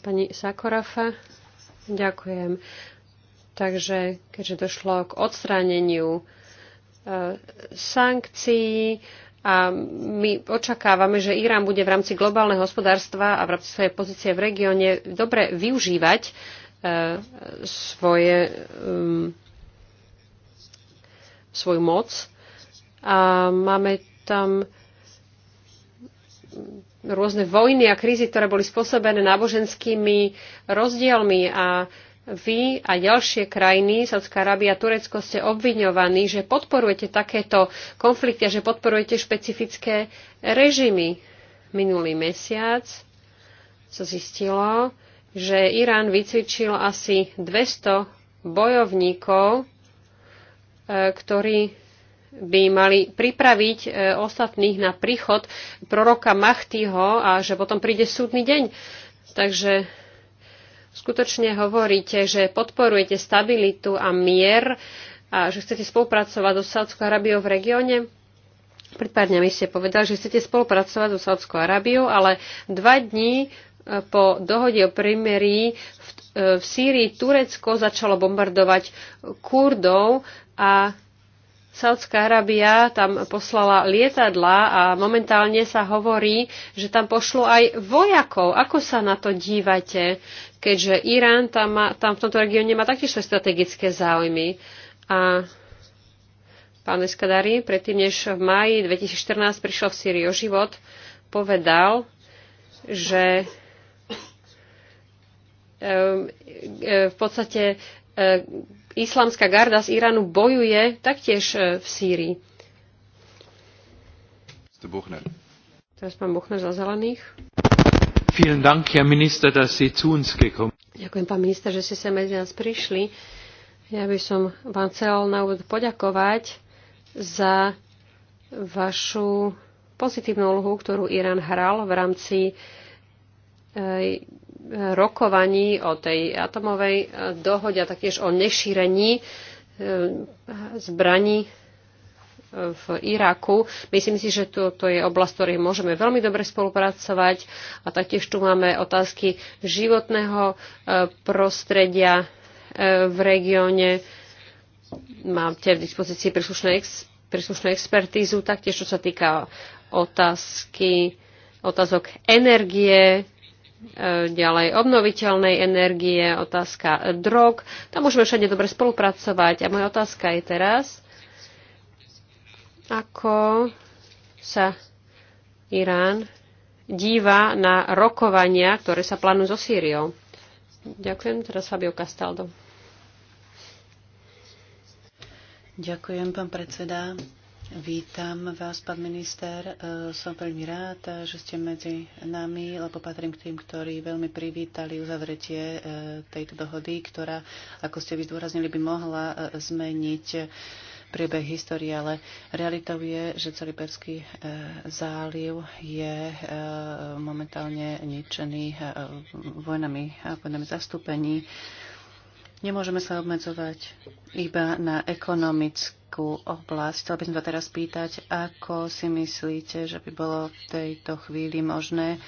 [SPEAKER 3] Pani Sakorafa, ďakujem. Takže keďže došlo k odstráneniu e, sankcií a my očakávame, že Irán bude v rámci globálneho hospodárstva a v rámci svojej pozície v regióne dobre využívať e, svoje, e, svoju moc. A máme tam rôzne vojny a krízy, ktoré boli spôsobené náboženskými rozdielmi a vy a ďalšie krajiny, Sádzka Arábia a Turecko, ste obviňovaní, že podporujete takéto konflikty a že podporujete špecifické režimy. Minulý mesiac sa zistilo, že Irán vycvičil asi 200 bojovníkov, e, ktorí by mali pripraviť e, ostatných na príchod proroka Machtyho a že potom príde súdny deň. Takže skutočne hovoríte, že podporujete stabilitu a mier a že chcete spolupracovať so Sádskou Arabiou v regióne? Prípadne mi ste povedali, že chcete spolupracovať so Sádskou Arabiou, ale dva dní e, po dohode o primerí v, e, v Sýrii Turecko začalo bombardovať Kurdov a Saudská Arábia tam poslala lietadla a momentálne sa hovorí, že tam pošlo aj vojakov. Ako sa na to dívate, keďže Irán tam, má, tam v tomto regióne má taktiež svoje strategické záujmy? A pán Eskadari, predtým než v maji 2014 prišiel v Syrii o život, povedal, že e, v podstate e, islamská garda z Iránu bojuje taktiež e, v Sýrii. Buchner. Teraz pán Buchner za zelených.
[SPEAKER 2] Vielen Dank, Herr Minister, dass Sie zu uns gekommen
[SPEAKER 3] Ďakujem, pán minister, že ste sa medzi nás prišli. Ja by som vám chcel na úvod poďakovať za vašu pozitívnu úlohu, ktorú Irán hral v rámci uh, Eh, rokovaní o tej atomovej eh, dohode a taktiež o nešírení eh, zbraní v Iraku. Myslím si, že toto je oblasť, ktorej môžeme veľmi dobre spolupracovať a taktiež tu máme otázky životného prostredia v regióne. Máte v dispozícii príslušnú, ex, príslušnú expertízu, taktiež čo sa týka otázky, otázok energie, E, ďalej obnoviteľnej energie, otázka drog. Tam môžeme všade dobre spolupracovať. A moja otázka je teraz, ako sa Irán díva na rokovania, ktoré sa plánujú so Sýriou. Ďakujem, teraz Fabio Castaldo.
[SPEAKER 4] Ďakujem, pán predseda. Vítam vás, pán minister. E, som veľmi rád, e, že ste medzi nami, lebo patrím k tým, ktorí veľmi privítali uzavretie e, tejto dohody, ktorá, ako ste vyzdôraznili, by mohla zmeniť priebeh histórie, ale realitou je, že celý Perský záliv je momentálne ničený vojnami a vojnami zastúpení. Nemôžeme sa obmedzovať iba na ekonomickú oblasť. Chcel by som sa teraz pýtať, ako si myslíte, že by bolo v tejto chvíli možné e,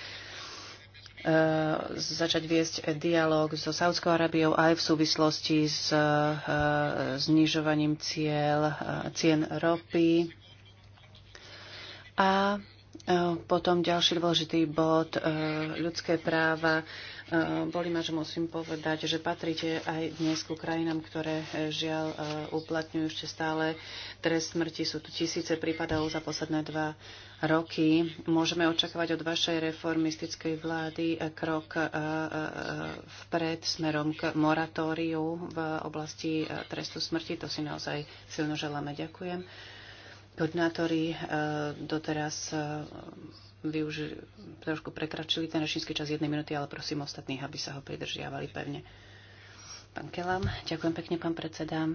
[SPEAKER 4] začať viesť dialog so Saudskou Arabiou aj v súvislosti s e, znižovaním cieľ, e, cien ropy a potom ďalší dôležitý bod, e, ľudské práva. E, boli ma, že musím povedať, že patríte aj dnes ku krajinám, ktoré e, žiaľ uplatňujú ešte stále trest smrti. Sú tu tisíce prípadov za posledné dva roky. Môžeme očakávať od vašej reformistickej vlády krok vpred smerom k moratóriu v oblasti trestu smrti. To si naozaj silno želáme. Ďakujem. Koordinátori eh, doteraz eh, využi- trošku prekračili ten rečnícky čas jednej minúty, ale prosím ostatných, aby sa ho pridržiavali pevne. Pán Kelam, ďakujem pekne, pán predseda.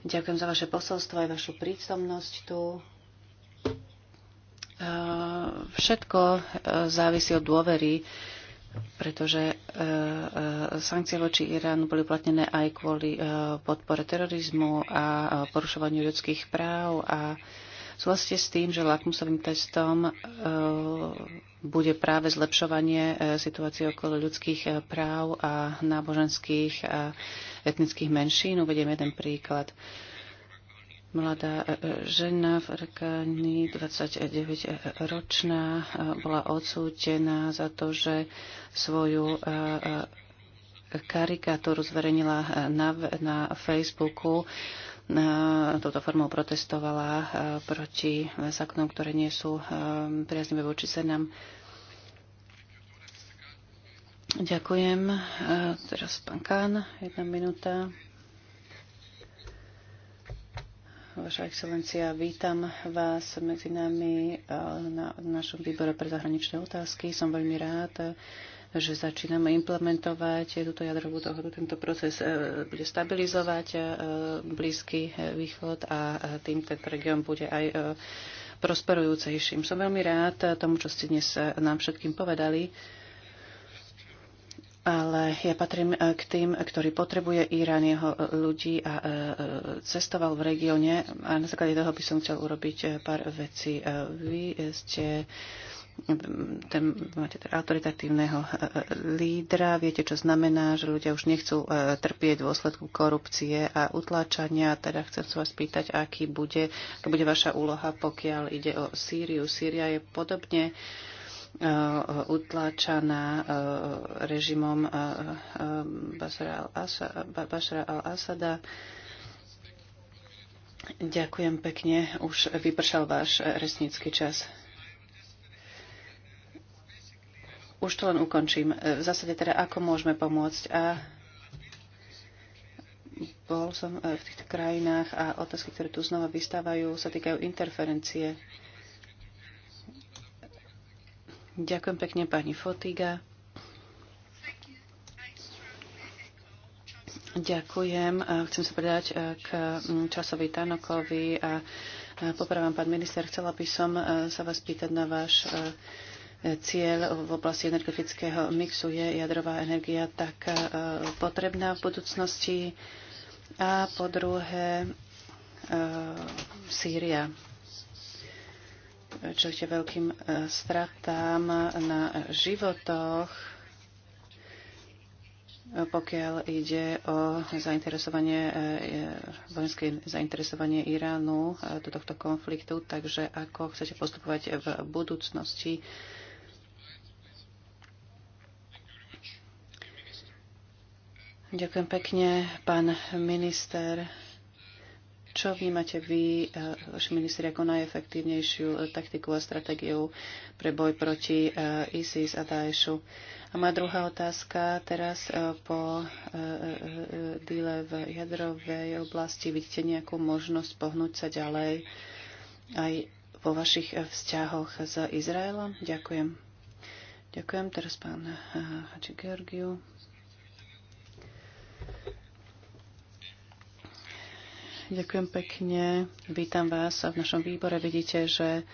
[SPEAKER 4] ďakujem za vaše posolstvo aj vašu prítomnosť tu. Eh, všetko závisí od dôvery, pretože e, e, sankcie voči Iránu boli uplatnené aj kvôli e, podpore terorizmu a porušovaniu ľudských práv a súhlasíte s tým, že lakmusovým testom bude práve zlepšovanie situácie okolo ľudských práv a náboženských a etnických menšín. Uvediem jeden príklad. Mladá e, e, žena v Arkáni, 29-ročná, e, bola odsúdená za to, že svoju karikatúru zverejnila na, na Facebooku. Touto formou protestovala proti zákonom, ktoré nie sú priaznivé voči ženám. Ďakujem. Teraz pán Kán, jedna minúta. Vaša excelencia, vítam vás medzi nami eh, na našom výbore pre zahraničné otázky. Som veľmi rád, že začíname implementovať túto jadrovú dohodu. Tento proces eh, bude stabilizovať eh, Blízky východ a tým ten región bude aj prosperujúcejším. Som veľmi rád tomu, čo ste dnes nám všetkým povedali ale ja patrím eh, k tým, eh, ktorý potrebuje Irán, jeho eh, ľudí a cestoval v regióne a na základe toho by som chcel urobiť pár vecí. Vy ste mm, ten, máte teda autoritatívneho lídra, viete, čo znamená, že ľudia už nechcú trpieť v dôsledku korupcie a utláčania. Teda chcem sa vás pýtať, aký bude, aká bude vaša úloha, pokiaľ ide o Sýriu. Sýria je podobne Eh, utláčaná eh, režimom eh, Bashara al-Asada. Ďakujem pekne. Už vypršal váš resnícky čas. Už to len ukončím. V zásade teda, ako môžeme pomôcť. A bol som v týchto krajinách a otázky, ktoré tu znova vystávajú, sa týkajú interferencie Ďakujem pekne pani Fotiga. Ďakujem. Chcem sa predať e, k časovi Tanokovi a e, popravám, pán minister, chcela by som e, sa vás pýtať na váš cieľ v oblasti energetického mixu je jadrová energia tak potrebná v budúcnosti a po druhé Sýria čelíte veľkým e, stratám na životoch, pokiaľ ide o zainteresovanie, e, vojenské zainteresovanie Iránu e, do tohto konfliktu. Takže ako chcete postupovať v budúcnosti? Ďakujem pekne, pán minister. Čo vnímate vy, e, vaši ministri, ako najefektívnejšiu e, taktiku a stratégiu pre boj proti e, ISIS a Daešu? A moja druhá otázka teraz po díle v jadrovej oblasti. Vidíte nejakú možnosť pohnúť sa ďalej aj vo vašich vzťahoch s Izraelom? Ďakujem. Ďakujem teraz pán Hači Georgiu. Ďakujem pekne. Vítam vás a v našom výbore. Vidíte, že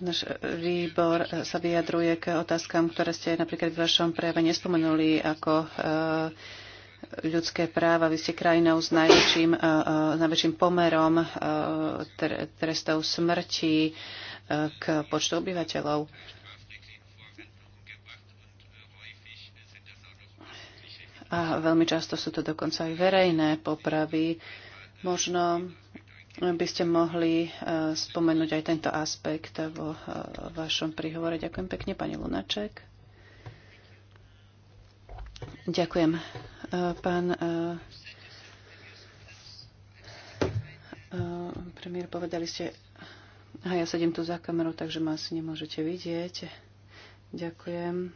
[SPEAKER 4] Náš výbor sa vyjadruje k otázkam, ktoré ste napríklad v vašom prejave nespomenuli ako e, ľudské práva. Vy ste krajinou s najväčším, e, e, najväčším pomerom trestov smrti k počtu obyvateľov. a veľmi často sú to dokonca aj verejné popravy. Možno by ste mohli e, spomenúť aj tento aspekt vo e, vašom príhovore. Ďakujem pekne, pani Lunaček. Ďakujem. E, pán premiér, povedali ste, a ja sedím tu za kamerou, takže ma asi nemôžete vidieť. Ďakujem.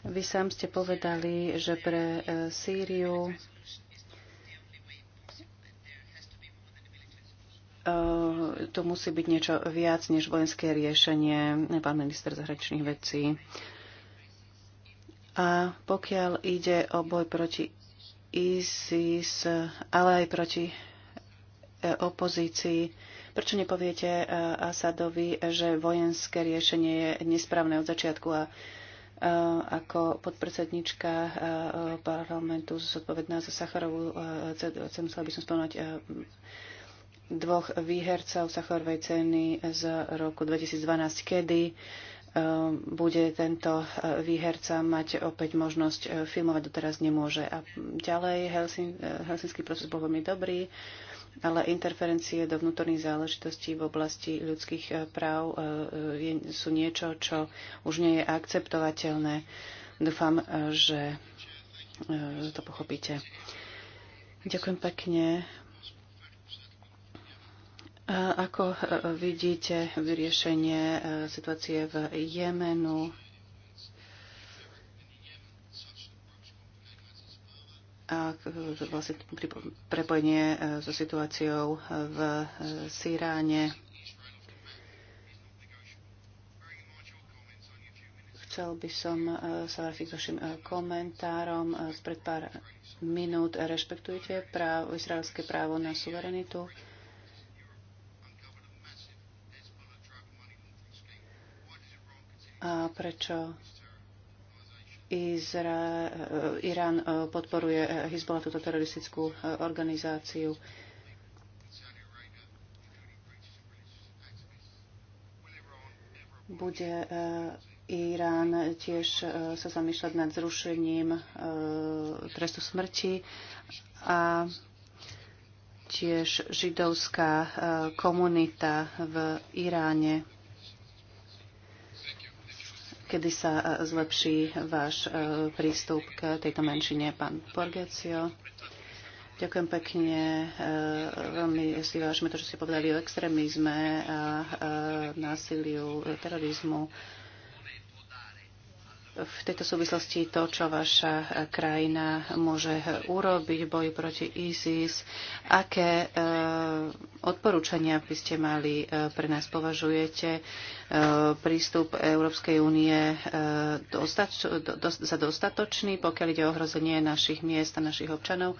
[SPEAKER 4] Vy sám ste povedali, že pre e, Sýriu e, tu musí byť niečo viac než vojenské riešenie, pán minister zahraničných vecí. A pokiaľ ide o boj proti ISIS, ale aj proti e, opozícii, prečo nepoviete Asadovi, že vojenské riešenie je nesprávne od začiatku a ako podpredsednička e, parlamentu zodpovedná za Sacharovú e, e, cenu, chcela by som spomenúť dvoch výhercov Sacharovej ceny z roku 2012, kedy bude tento výherca mať opäť možnosť filmovať, doteraz nemôže. A ďalej Helsin, helsinský proces bol veľmi dobrý ale interferencie do vnútorných záležitostí v oblasti ľudských eh, práv eh, sú niečo, čo už nie je akceptovateľné. Dúfam, eh, že to pochopíte. Ďakujem pekne. Ako vidíte vyriešenie situácie v Jemenu? a vlastne prepojenie e, so situáciou v e, Síráne. Chcel by som e, sa vrátiť k vašim komentárom spred pár minút. Rešpektujte právo, izraelské právo na suverenitu. A prečo Izra, e, Irán e, podporuje e, Hezbollah, túto teroristickú organizáciu. Bude Irán tiež sa zamýšľať nad zrušením trestu smrti a tiež židovská komunita v Iráne kedy sa e, zlepší váš e, prístup k tejto menšine, pán Porgecio. Ďakujem pekne. E, veľmi si vážime to, že ste povedali o extrémizme a násiliu, terorizmu v tejto súvislosti to, čo vaša krajina môže urobiť v boji proti ISIS, aké e, odporúčania by ste mali e, pre nás považujete e, prístup Európskej únie dostač, do, do, za dostatočný, pokiaľ ide o ohrozenie našich miest a našich občanov.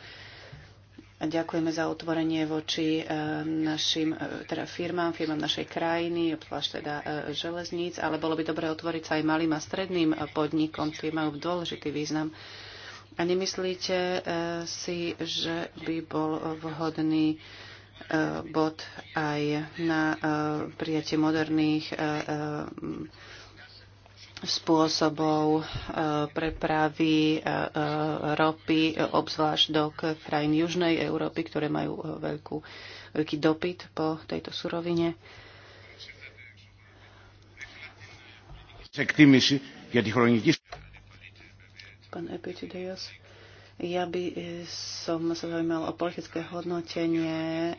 [SPEAKER 4] Ďakujeme za otvorenie voči e, našim e, teda firmám, firmám našej krajiny, obzvlášť teda e, železníc, ale bolo by dobre otvoriť sa aj malým a stredným podnikom, ktorí majú dôležitý význam. A nemyslíte si, že by bol vhodný bod aj na prijatie moderných spôsobov e, prepravy e, e, ropy, obzvlášť do krajín Južnej Európy, ktoré majú veľkú, veľký dopyt po tejto surovine. Pán Epitidios, ja by som sa zaujímal o politické hodnotenie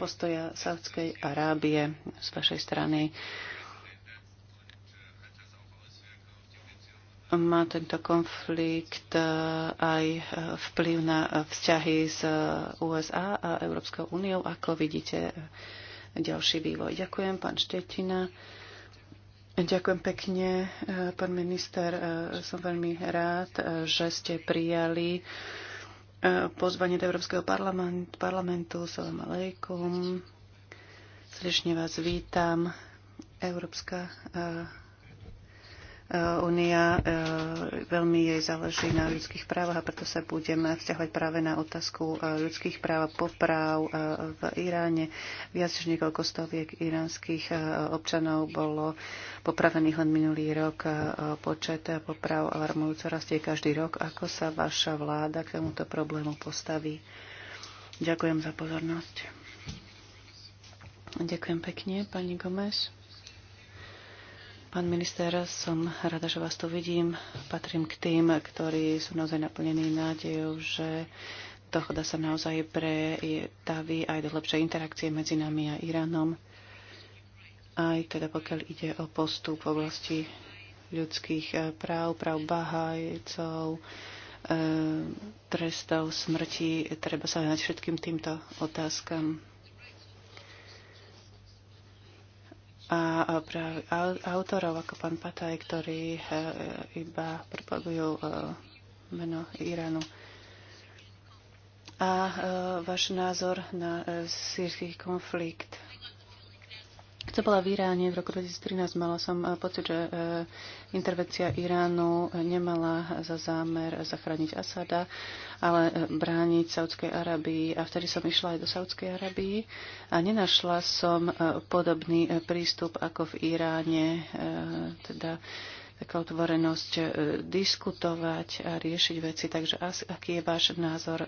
[SPEAKER 4] postoja Saudskej Arábie z vašej strany. má tento konflikt e, aj e, vplyv na e, vzťahy s USA a Európskou úniou. Ako vidíte ďalší vývoj? Ďakujem, pán Štetina. Ďakujem pekne, pán minister. Som veľmi rád, že ste prijali pozvanie do Európskeho parlamentu. parlamentu. Salam aleikum. Srdečne vás vítam. Európska Únia eh, eh, veľmi jej záleží na ľudských právach a preto sa budeme vzťahovať práve na otázku eh, ľudských práv a popráv v Iráne. Viac než niekoľko stoviek iránskych občanov bolo popravených len minulý rok. Počet poprav alarmujúco rastie každý rok. Ako sa vaša vláda k tomuto problému postaví? Ďakujem za pozornosť. Ďakujem pekne, pani Gomez. Pán minister, som rada, že vás tu vidím. Patrím k tým, ktorí sú naozaj naplnení nádejou, že dohoda sa naozaj pretaví aj do lepšej interakcie medzi nami a Iránom. Aj teda pokiaľ ide o postup v oblasti ľudských eh, práv, práv bahajcov, eh, trestov smrti, treba sa venať všetkým týmto otázkam. a práve autorov ako pán Pataj, ktorí e, e, iba propagujú e, meno Iránu. A váš názor na sírsky konflikt. Keď som bola v Iráne v roku 2013, mala som pocit, že intervencia Iránu nemala za zámer zachrániť Asada, ale eh, brániť Saudskej Arabii. A vtedy som išla aj do Saudskej Arabii a nenašla som eh, podobný eh, prístup ako v Iráne, teda taká otvorenosť diskutovať a riešiť veci. Takže aký je váš názor?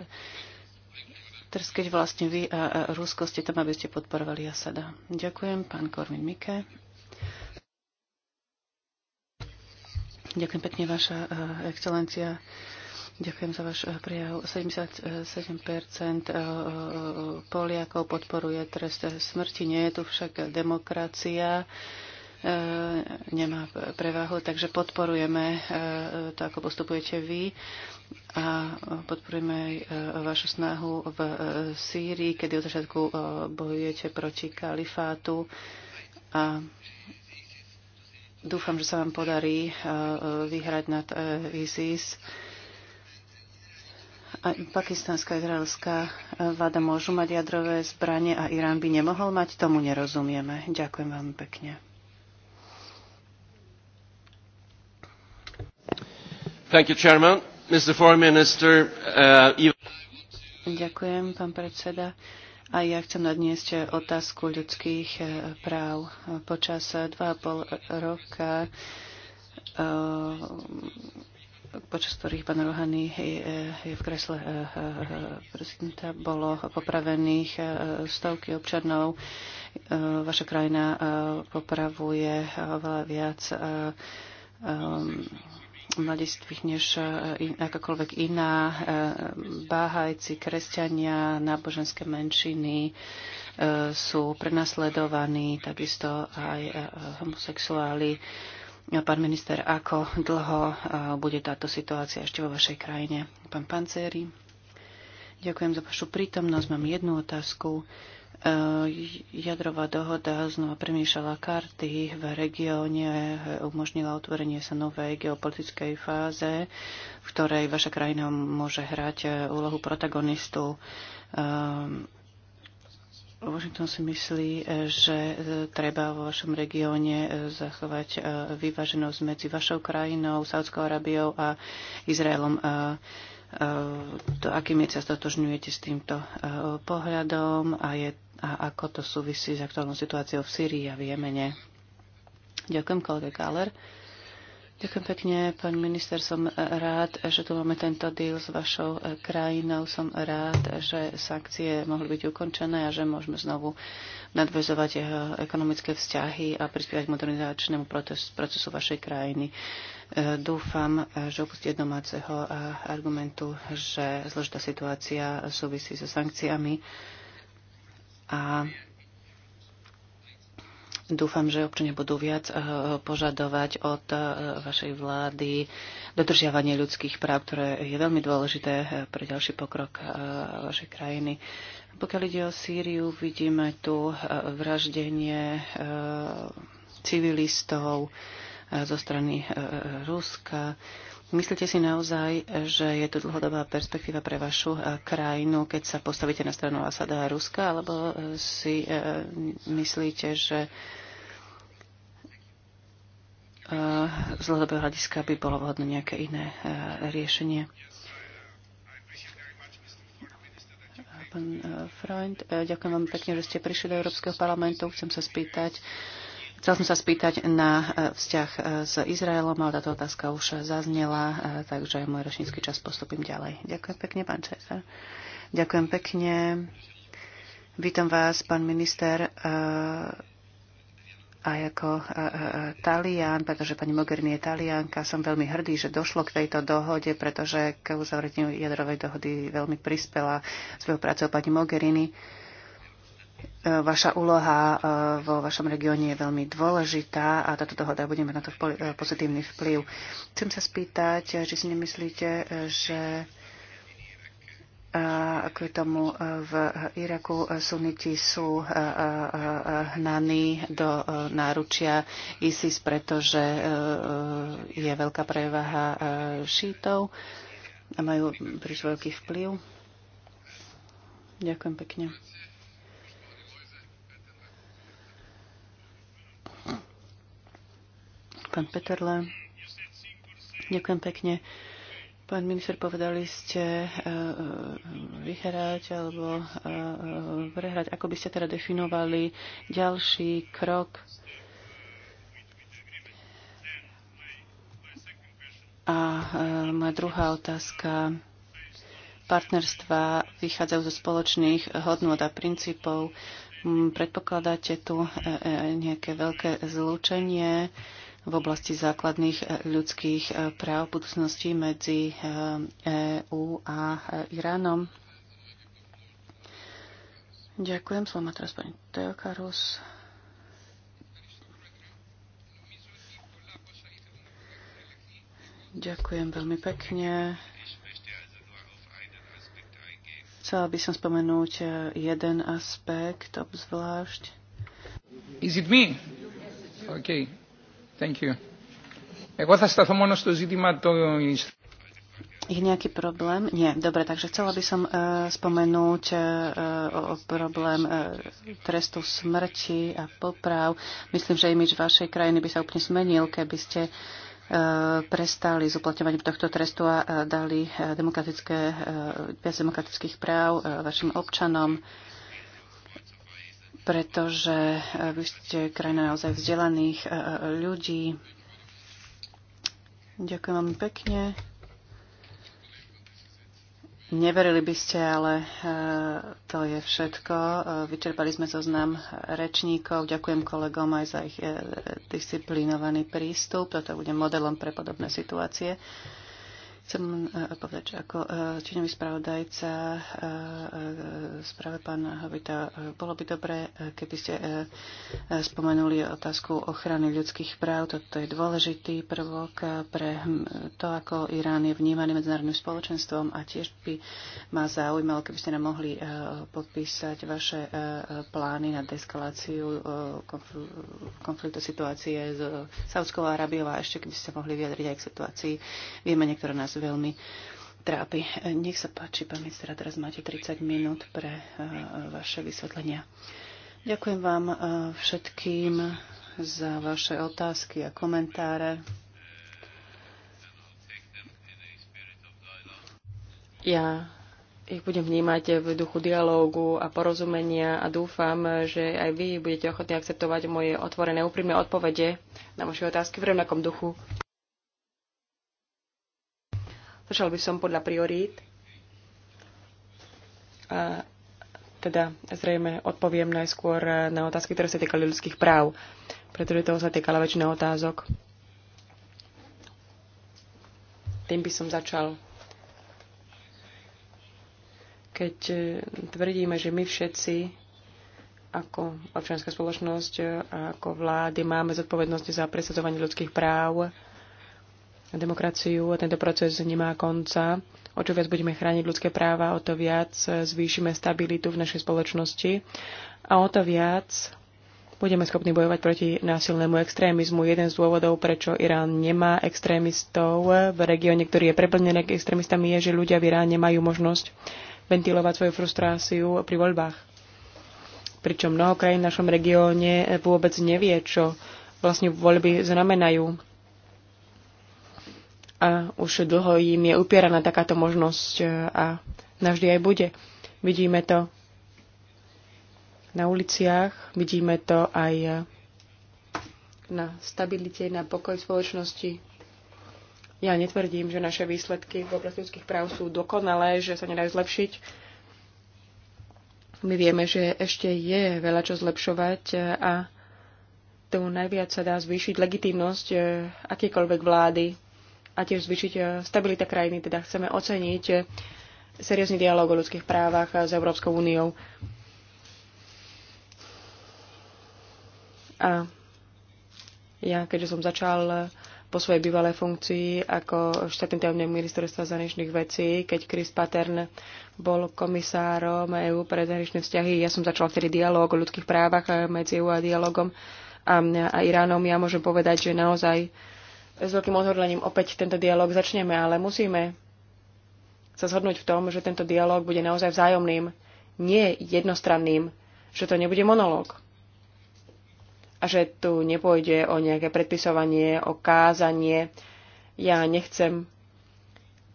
[SPEAKER 4] Teraz keď vlastne vy a Rusko ste tam, aby ste podporovali Asada. Ďakujem, pán Korvin Mike. Ďakujem pekne, vaša excelencia. Ďakujem za váš eh, prijav. 77 eh, eh, Poliakov podporuje trest smrti. Nie je tu však demokracia nemá prevahu, takže podporujeme to, ako postupujete vy a podporujeme aj vašu snahu v Sýrii, kedy od začiatku bojujete proti kalifátu a dúfam, že sa vám podarí vyhrať nad ISIS. Pakistánska a izraelská e, vláda môžu mať jadrové zbranie a Irán by nemohol mať, tomu nerozumieme. Ďakujem veľmi pekne.
[SPEAKER 2] Thank you, Chairman. Mr. Foreign Minister, uh,
[SPEAKER 4] Ďakujem, pán predseda. A ja chcem nadniesť otázku ľudských e, práv. Počas 2,5 roka uh, počas ktorých pán Rohany eh, eh, je v kresle eh, prezidenta, bolo popravených stovky občanov. Vaša krajina popravuje oveľa viac mladistvých než akákoľvek iná. Báhajci, kresťania, náboženské menšiny sú prenasledovaní, takisto aj homosexuáli Pán minister, ako dlho e, bude táto situácia ešte vo vašej krajine? Pán Pancéry, ďakujem za vašu prítomnosť. Mám jednu otázku. E, jadrová dohoda znova premiešala karty v regióne, e, umožnila otvorenie sa novej geopolitickej fáze, v ktorej vaša krajina môže hrať úlohu protagonistu Washington si myslí, e, že e, treba vo vašom regióne e, zachovať vyváženosť medzi vašou krajinou, Saudskou Arabiou a Izraelom. To, aký miery sa stotožňujete s týmto pohľadom a, je, a ako to súvisí s aktuálnou situáciou v Syrii a v Jemene? Ďakujem, kolega Galler. Ďakujem pekne, pán minister. Som rád, že tu máme tento deal s vašou e, krajinou. Som rád, že sankcie mohli byť ukončené a že môžeme znovu nadvezovať jeho ekonomické vzťahy a prispievať k modernizačnému procesu vašej krajiny. E, dúfam, e, že opustíte domáceho argumentu, že zložitá situácia súvisí so sankciami a Dúfam, že občania budú viac eh, požadovať od eh, vašej vlády dodržiavanie ľudských práv, ktoré je veľmi dôležité eh, pre ďalší pokrok vašej krajiny. Pokiaľ ide o Sýriu, vidíme tu vraždenie civilistov zo strany Ruska. Myslíte si naozaj, že je to dlhodobá perspektíva pre vašu eh, krajinu, keď sa postavíte na stranu Asada a Ruska, alebo eh, si eh, myslíte, že z dlhodobého hľadiska by bolo vhodné nejaké iné riešenie? Pán Freund, ďakujem vám pekne, že ste prišli do Európskeho parlamentu. Chcem sa spýtať, Chcel som sa spýtať na e, vzťah e, s Izraelom, ale táto otázka už zaznela, e, takže môj ročnícky čas postupím ďalej. Ďakujem pekne, pán Česar. Ďakujem pekne. Vítam vás, pán minister aj ako Talian, pretože pani Mogherini je Talianka. Som veľmi hrdý, že došlo k tejto dohode, pretože k uzavretiu jadrovej dohody veľmi prispela svojou prácou pani Mogherini. E, vaša úloha e, vo vašom regióne je veľmi dôležitá a táto dohoda bude mať na to e, pozitívny vplyv. Chcem sa spýtať, či si nemyslíte, že kvôli tomu v Iraku suniti sú hnaní do náručia ISIS, pretože je veľká prevaha šítov a majú príliš veľký vplyv. Ďakujem pekne. Pán Peterle, ďakujem pekne. Pán minister, povedali ste uh, vyhrať alebo uh, prehrať. Ako by ste teda definovali ďalší krok? A uh, moja druhá otázka. Partnerstva vychádzajú zo spoločných hodnot a princípov. Predpokladáte tu nejaké veľké zlúčenie? Uh, v oblasti základných eh, ľudských eh, práv v budúcnosti medzi EÚ eh, e a Iránom. Ďakujem. Slovo má teraz pani Teokarus. Ďakujem veľmi pekne. Chcela by som spomenúť jeden aspekt obzvlášť. Is it me? Okay. Εγώ θα σταθώ μόνο στο ζήτημα Je nejaký problém? Nie. Dobre, takže chcela by som uh, spomenúť uh, o problém uh, trestu smrti a poprav. Myslím, že imič vašej krajiny by sa úplne zmenil, keby ste uh, prestali s uplatňovaním tohto trestu a dali demokratické, viac demokratických práv vašim občanom pretože eh, vy ste krajina naozaj vzdelaných eh, eh, ľudí. Ďakujem vám pekne. Neverili by ste, ale to je všetko. Vyčerpali sme zoznam rečníkov. Ďakujem kolegom aj za ich disciplinovaný prístup. Toto bude modelom pre podobné situácie. Chcem e, povedať, že ako činový e, spravodajca e, správe pán Hovita, bolo by dobré, keby ste spomenuli otázku ochrany ľudských práv. Toto je dôležitý prvok pre hm, to, ako Irán je vnímaný medzinárodným spoločenstvom a tiež by ma zaujímalo, keby ste nám mohli podpísať vaše plány na deskaláciu konfliktu situácie s Saudskou Arabiou a ešte keby ste mohli vyjadriť aj k situácii vieme niektoré nás veľmi trápi. Nech sa páči, pán minister, teraz máte 30 minút pre eh, vaše vysvetlenia. Ďakujem vám eh, všetkým za vaše otázky a komentáre. Ja ich budem vnímať
[SPEAKER 1] v duchu dialógu a porozumenia a dúfam, že aj vy budete ochotní akceptovať moje otvorené úprimné odpovede na vaše otázky v rovnakom duchu. Začal by som podľa priorít. A teda zrejme odpoviem najskôr na otázky, ktoré sa týkali ľudských práv, pretože toho sa týkala väčšina otázok. Tým by som začal. Keď e, tvrdíme, že my všetci ako občianská spoločnosť a ako vlády máme zodpovednosť za presadzovanie ľudských práv, demokraciu a tento proces nemá konca. O čo viac budeme chrániť ľudské práva, o to viac zvýšime stabilitu v našej spoločnosti a o to viac budeme schopní bojovať proti násilnému extrémizmu. Jeden z dôvodov, prečo Irán nemá extrémistov v regióne, ktorý je preplnený extrémistami, je, že ľudia v Iráne majú možnosť ventilovať svoju frustráciu pri voľbách. Pričom mnoho krajín v našom regióne vôbec nevie, čo vlastne voľby znamenajú a už dlho im je upieraná takáto možnosť e, a navždy aj bude. Vidíme to na uliciach, vidíme to aj e, na stabilite, na pokoj spoločnosti. Ja netvrdím, že naše výsledky v oblasti ľudských práv sú dokonalé, že sa nedajú zlepšiť. My vieme, že ešte je veľa čo zlepšovať e, a tomu najviac sa dá zvýšiť legitimnosť akýkoľvek vlády, a tiež zvyšiť e, stabilita krajiny. Teda chceme oceniť e, seriózny dialog o ľudských právach s Európskou úniou. A ja, keďže som začal e, po svojej bývalej funkcii ako štátny tajomník ministerstva zahraničných vecí, keď Chris patern bol komisárom EÚ pre zahraničné vzťahy. Ja som začal vtedy dialog o ľudských právach medzi EÚ a dialogom a, a Iránom. Ja môžem povedať, že naozaj uh, s veľkým odhodlením opäť tento dialog začneme, ale musíme sa zhodnúť v tom, že tento dialog bude naozaj vzájomným, nie jednostranným, že to nebude monológ. A že tu nepôjde o nejaké predpisovanie, o kázanie. Ja nechcem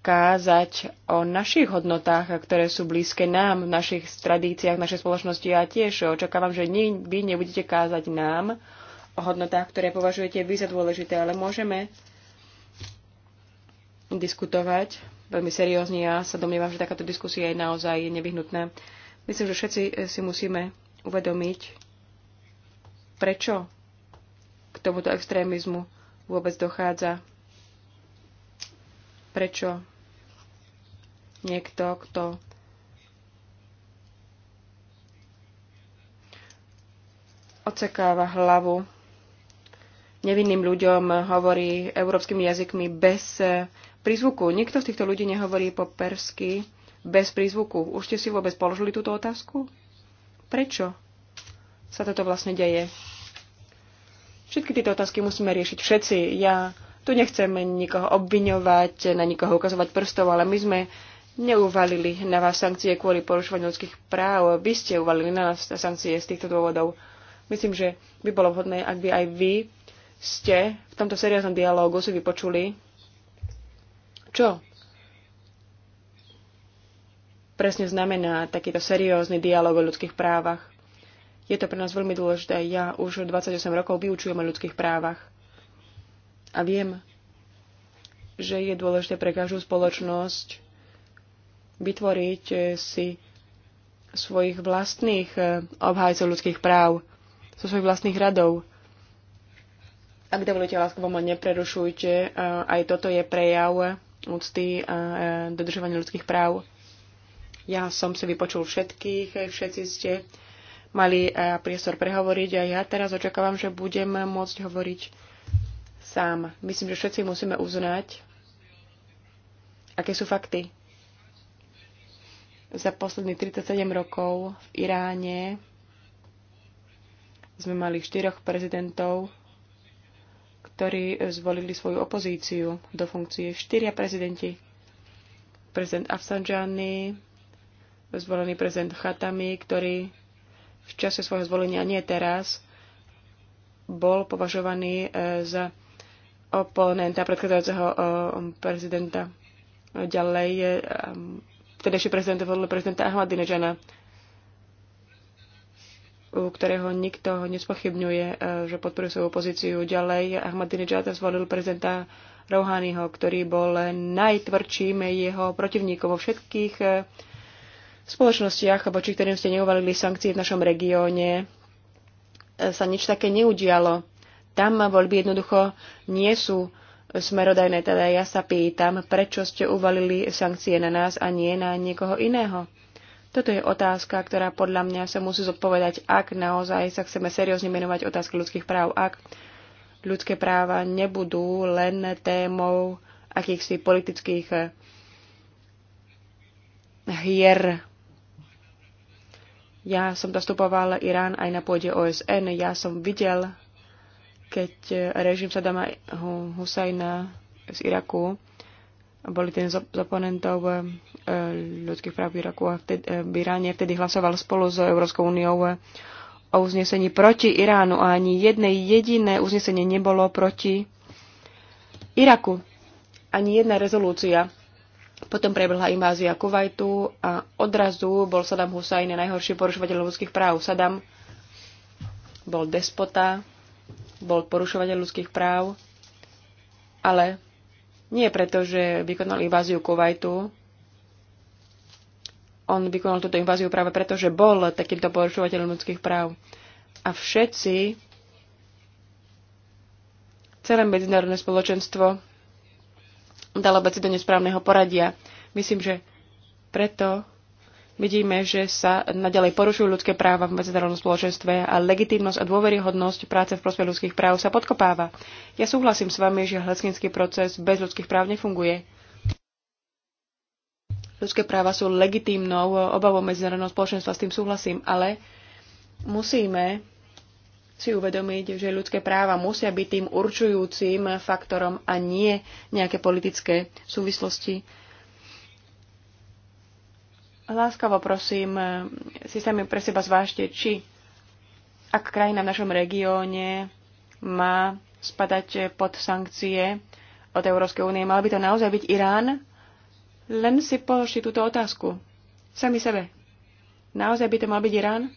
[SPEAKER 1] kázať o našich hodnotách, ktoré sú blízke nám, v našich tradíciách, v našej spoločnosti. Ja tiež očakávam, že vy nebudete kázať nám o hodnotách, ktoré považujete vy za dôležité, ale môžeme diskutovať veľmi seriózne. Ja sa domnievam, že takáto diskusia je naozaj nevyhnutná. Myslím, že všetci si musíme uvedomiť, prečo k tomuto extrémizmu vôbec dochádza. Prečo niekto, kto odsekáva hlavu nevinným ľuďom hovorí európskymi jazykmi bez e, prízvuku. Nikto z týchto ľudí nehovorí po persky bez prízvuku. Už ste si vôbec položili túto otázku? Prečo sa toto vlastne deje? Všetky tieto otázky musíme riešiť všetci. Ja tu nechcem nikoho obviňovať, na nikoho ukazovať prstov, ale my sme neuvalili na vás sankcie kvôli porušovaniu ľudských práv. Vy ste uvalili na nás sankcie z týchto dôvodov. Myslím, že by bolo vhodné, ak by aj vy ste v tomto serióznom dialógu si vypočuli, čo presne znamená takýto seriózny dialóg o ľudských právach. Je to pre nás veľmi dôležité. Ja už 28 rokov vyučujem o ľudských právach. A viem, že je dôležité pre každú spoločnosť vytvoriť eh, si svojich vlastných eh, obhajcov ľudských práv, so svojich vlastných radov. Ak dovolíte, láskovo ma neprerušujte. E, aj toto je prejav úcty a e, dodržovania ľudských práv. Ja som si vypočul všetkých, všetci ste mali e, priestor prehovoriť a ja teraz očakávam, že budem môcť hovoriť sám. Myslím, že všetci musíme uznať, aké sú fakty. Za posledných 37 rokov v Iráne sme mali štyroch prezidentov, ktorí e, zvolili svoju opozíciu do funkcie. Štyria prezidenti. Prezident Afsanjani, zvolený prezident Khatami, ktorý v čase svojho zvolenia, nie teraz, bol považovaný e, za oponenta predchádzajúceho prezidenta. Ďalej je vtedejší prezident volil prezidenta Ahmadinejana u ktorého nikto nespochybňuje, eh, že podporuje svoju opozíciu. Ďalej Ahmadinejad zvolil prezidenta Rouhaniho, ktorý bol najtvrdším jeho protivníkom vo všetkých eh, spoločnostiach, voči ktorým ste neuvalili sankcie v našom regióne, eh, sa nič také neudialo. Tam voľby jednoducho nie sú smerodajné. Teda ja sa pýtam, prečo ste uvalili sankcie na nás a nie na niekoho iného. Toto je otázka, ktorá podľa mňa sa musí zodpovedať, ak naozaj sa chceme seriózne menovať otázky ľudských práv, ak ľudské práva nebudú len témou akýchsi politických eh, hier. Ja som zastupoval Irán aj na pôde OSN. Ja som videl, keď eh, režim Sadama Husajna z Iraku boli ten z oponentov eh, eh, ľudských práv v Iraku a vtedy, eh, v Iráne vtedy hlasoval spolu s Európskou úniou o uznesení proti Iránu a ani jedné jediné uznesenie nebolo proti Iraku. Ani jedna rezolúcia. Potom prebehla invázia Kuwaitu a odrazu bol Saddam Hussein najhorší porušovateľ ľudských práv. Saddam bol despota, bol porušovateľ ľudských práv, ale nie preto, že vykonal inváziu Kuwaitu. On vykonal túto inváziu práve preto, že bol takýmto porušovateľom ľudských práv. A všetci, celé medzinárodné spoločenstvo, dalo veci do nesprávneho poradia. Myslím, že preto Vidíme, že sa naďalej porušujú ľudské práva v medzinárodnom spoločenstve a legitímnosť a dôveryhodnosť práce v prospech ľudských práv sa podkopáva. Ja súhlasím s vami, že hledskinský proces bez ľudských práv nefunguje. Ľudské práva sú legitímnou obavou medzinárodného spoločenstva, s tým súhlasím, ale musíme si uvedomiť, že ľudské práva musia byť tým určujúcim faktorom a nie nejaké politické súvislosti Láskavo prosím, e, si sami pre seba zvážte, či ak krajina v našom regióne má spadať pod sankcie od Európskej únie, mal by to naozaj byť Irán? Len si položte túto otázku. Sami sebe. Naozaj by to mal byť Irán?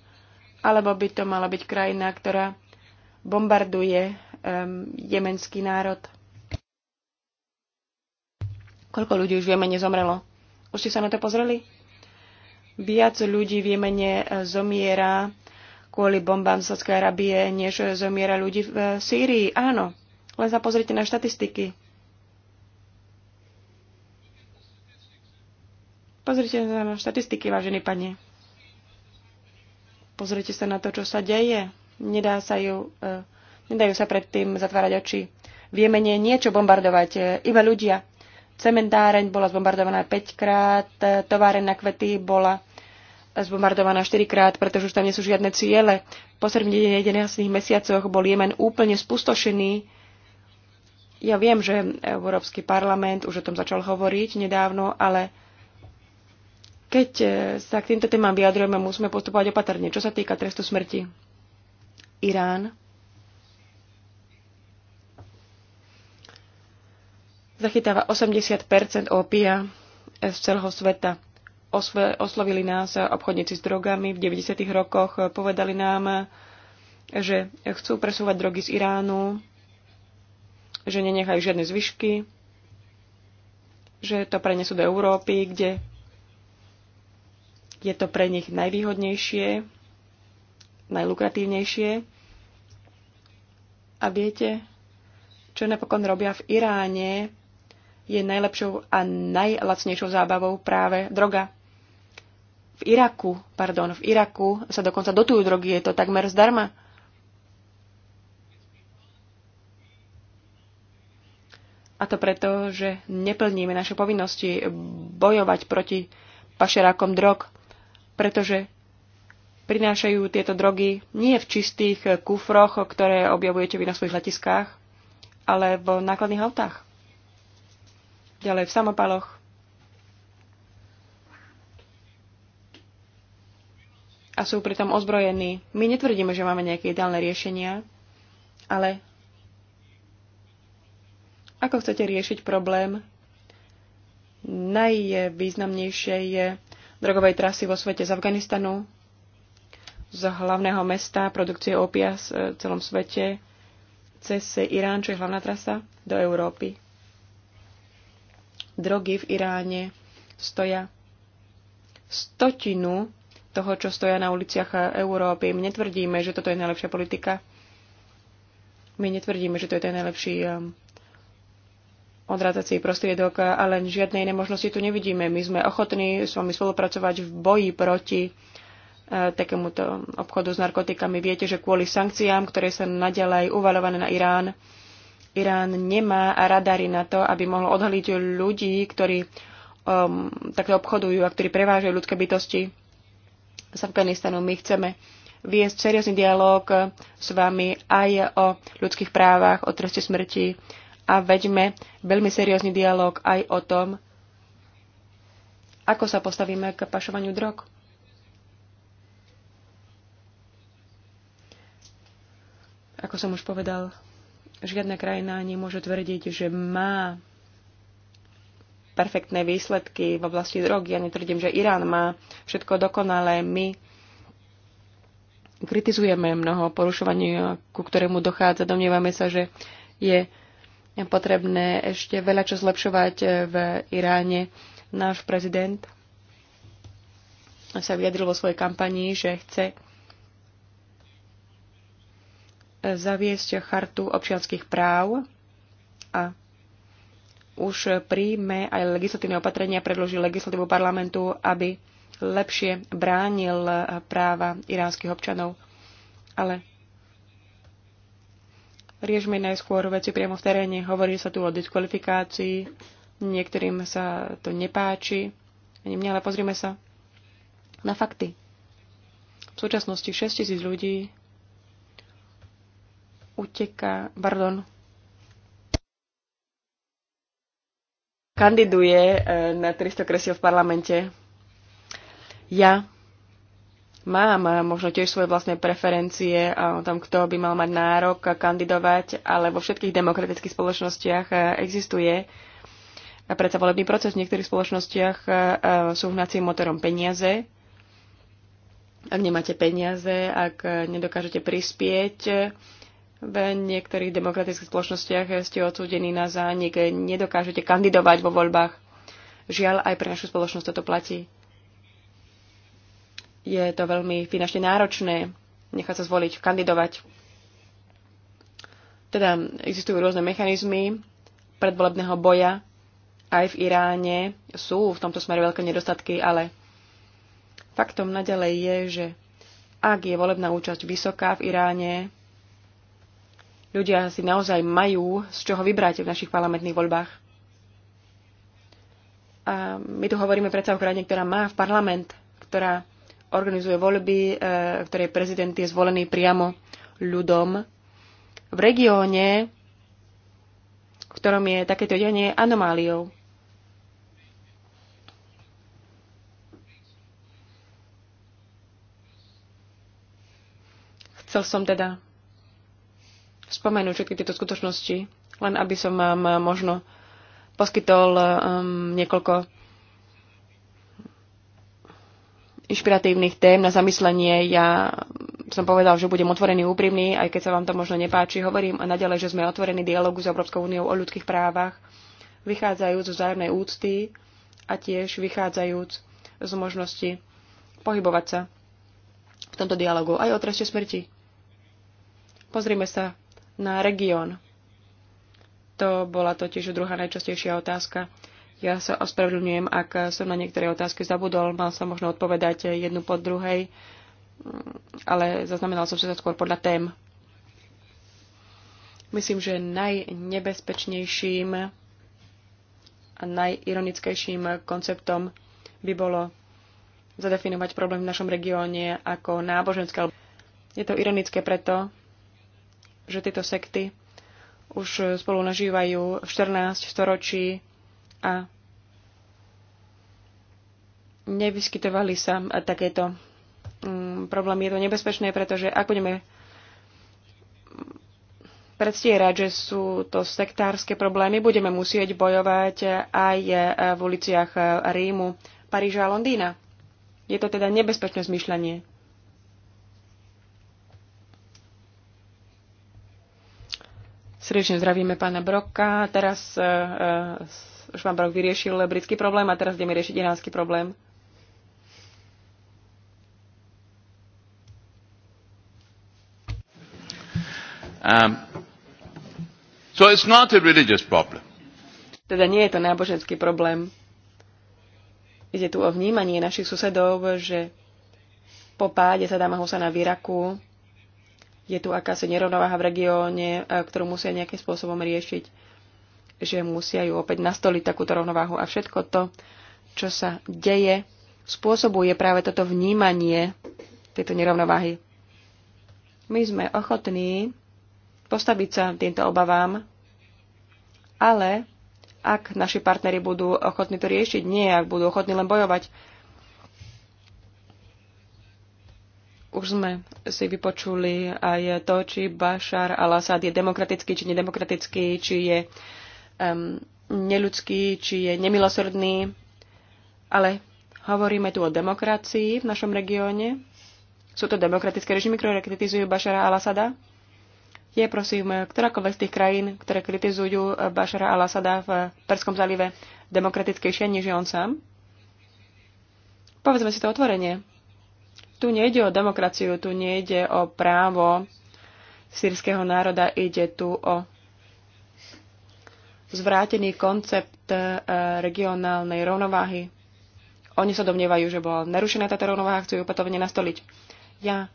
[SPEAKER 1] Alebo by to mala byť krajina, ktorá bombarduje um, jemenský národ? Koľko ľudí už v Jemene zomrelo? Už ste sa na to pozreli? Viac ľudí v Jemene e, zomiera kvôli bombám v Sádskej Arabie, než zomiera ľudí v e, Sýrii. Áno, len sa pozrite na štatistiky. Pozrite sa na štatistiky, vážený pane. Pozrite sa na to, čo sa deje. Nedá sa ju, e, nedajú sa predtým zatvárať oči. Vieme nie niečo bombardovať, iba ľudia Cementáreň bola zbombardovaná 5 krát, e, továreň na kvety bola zbombardovaná 4 krát, pretože už tam nie sú žiadne ciele. Po 11 mesiacoch bol Jemen úplne spustošený. Ja viem, že Európsky parlament už o tom začal hovoriť nedávno, ale keď e, sa k týmto témam vyjadrujeme, musíme postupovať opatrne. Čo sa týka trestu smrti, Irán zachytáva 80 opia z celého sveta. Oslovili nás obchodníci s drogami v 90. rokoch, povedali nám, že chcú presúvať drogy z Iránu, že nenechajú žiadne zvyšky, že to prenesú do Európy, kde je to pre nich najvýhodnejšie, najlukratívnejšie. A viete, čo napokon robia v Iráne? je najlepšou a najlacnejšou zábavou práve droga. V Iraku, pardon, v Iraku sa dokonca dotujú drogy, je to takmer zdarma. A to preto, že neplníme naše povinnosti bojovať proti pašerákom drog, pretože prinášajú tieto drogy nie v čistých kufroch, ktoré objavujete vy na svojich letiskách, ale v nákladných autách ďalej v samopaloch. A sú pritom ozbrojení. My netvrdíme, že máme nejaké ideálne riešenia, ale ako chcete riešiť problém Najvýznamnejšie je drogovej trasy vo svete z Afganistanu, z hlavného mesta produkcie opia e, v celom svete, cez Irán, čo je hlavná trasa, do Európy drogy v Iráne stoja stotinu toho, čo stoja na uliciach Európy. My netvrdíme, že toto je najlepšia politika. My netvrdíme, že to je ten najlepší um, odrátací prostriedok, ale žiadnej iné možnosti tu nevidíme. My sme ochotní s vami spolupracovať v boji proti uh, takémuto obchodu s narkotikami. Viete, že kvôli sankciám, ktoré sa naďalej uvalované na Irán, Irán nemá radary na to, aby mohol odhaliť ľudí, ktorí um, takto obchodujú a ktorí prevážajú ľudské bytosti z Afganistanu. My chceme viesť seriózny dialog s vami aj o ľudských právach, o treste smrti a veďme veľmi seriózny dialog aj o tom, ako sa postavíme k pašovaniu drog. Ako som už povedal, Žiadna krajina nemôže tvrdiť, že má perfektné výsledky v oblasti drog. Ja netvrdím, že Irán má všetko dokonalé. My kritizujeme mnoho porušovaní, ku ktorému dochádza. Domnievame sa, že je potrebné ešte veľa čo zlepšovať v Iráne. Náš prezident sa vyjadril vo svojej kampanii, že chce zaviesť chartu občianských práv a už príjme aj legislatívne opatrenia, predloží legislatívu parlamentu, aby lepšie bránil práva iránskych občanov. Ale riešme najskôr veci priamo v teréne. Hovorí sa tu o diskvalifikácii, niektorým sa to nepáči, ani mne, ale pozrime sa na fakty. V súčasnosti 6 tisíc ľudí uteká, pardon, kandiduje e, na 300 kresiel v parlamente. Ja mám e, možno tiež svoje vlastné preferencie e, o tom, kto by mal mať nárok kandidovať, ale vo všetkých demokratických spoločnostiach existuje predsa volebný proces. V niektorých spoločnostiach sú hnacím motorom peniaze. Ak nemáte peniaze, ak nedokážete prispieť, v niektorých demokratických spoločnostiach ste odsúdení na zánik, nedokážete kandidovať vo voľbách. Žiaľ, aj pre našu spoločnosť toto platí. Je to veľmi finančne náročné nechať sa zvoliť, kandidovať. Teda existujú rôzne mechanizmy predvolebného boja. Aj v Iráne sú v tomto smere veľké nedostatky, ale faktom naďalej je, že ak je volebná účasť vysoká v Iráne, ľudia si naozaj majú z čoho vybrať v našich parlamentných voľbách. A my tu hovoríme predsa o krajine, ktorá má v parlament, ktorá organizuje voľby, e, ktorej prezident je zvolený priamo ľudom. V regióne, v ktorom je takéto dianie anomáliou. Chcel som teda spomenúť všetky tieto skutočnosti, len aby som vám eh, možno poskytol um, niekoľko inšpiratívnych tém na zamyslenie. Ja som povedal, že budem otvorený, úprimný, aj keď sa vám to možno nepáči. Hovorím a naďalej, že sme otvorení dialogu s Európskou úniou o ľudských právach, vychádzajúc zo vzájomnej úcty a tiež vychádzajúc z možnosti pohybovať sa v tomto dialogu aj o treste smrti. Pozrime sa na región. To bola totiž druhá najčastejšia otázka. Ja sa ospravedlňujem, ak som na niektoré otázky zabudol, mal som možno odpovedať jednu po druhej, mm, ale zaznamenal som sa skôr podľa tém. Myslím, že najnebezpečnejším a najironickejším konceptom by bolo zadefinovať problém v našom regióne ako náboženské. Je to ironické preto, že tieto sekty už spolu nažívajú v 14 storočí a nevyskytovali sa takéto mm, problémy. Je to nebezpečné, pretože ak budeme predstierať, že sú to sektárske problémy, budeme musieť bojovať aj v uliciach Rímu, Paríža a Londýna. Je to teda nebezpečné zmyšľanie. Srdečne zdravíme pána Broka. Teraz uh, už pán Brok vyriešil britský problém a teraz ideme riešiť iránsky problém.
[SPEAKER 2] Um, so it's not a religious problem.
[SPEAKER 1] Teda nie je to náboženský problém. Ide tu o vnímanie našich susedov, že po páde Sadama Husana v Iraku je tu akási nerovnováha v regióne, e, ktorú musia nejakým spôsobom riešiť, že musia ju opäť nastoliť takúto rovnováhu. A všetko to, čo sa deje, spôsobuje práve toto vnímanie tejto nerovnováhy. My sme ochotní postaviť sa týmto obavám, ale ak naši partnery budú ochotní to riešiť, nie ak budú ochotní len bojovať, Už sme si vypočuli aj to, či Bashar al-Assad je demokratický, či nedemokratický, či je um, neľudský, či je nemilosrdný. Ale hovoríme tu o demokracii v našom regióne. Sú to demokratické režimy, ktoré kritizujú Bašara al assada Je, prosím, ktorákoľvek z tých krajín, ktoré kritizujú Bašara al assada v Perskom zálive, demokratickejšie, než je on sám? Povedzme si to otvorenie. Tu nejde o demokraciu, tu nejde o právo sírskeho národa, ide tu o zvrátený koncept e, regionálnej rovnováhy. Oni sa domnievajú, že bola narušená táto rovnováha, chcú ju opätovne nastoliť. Ja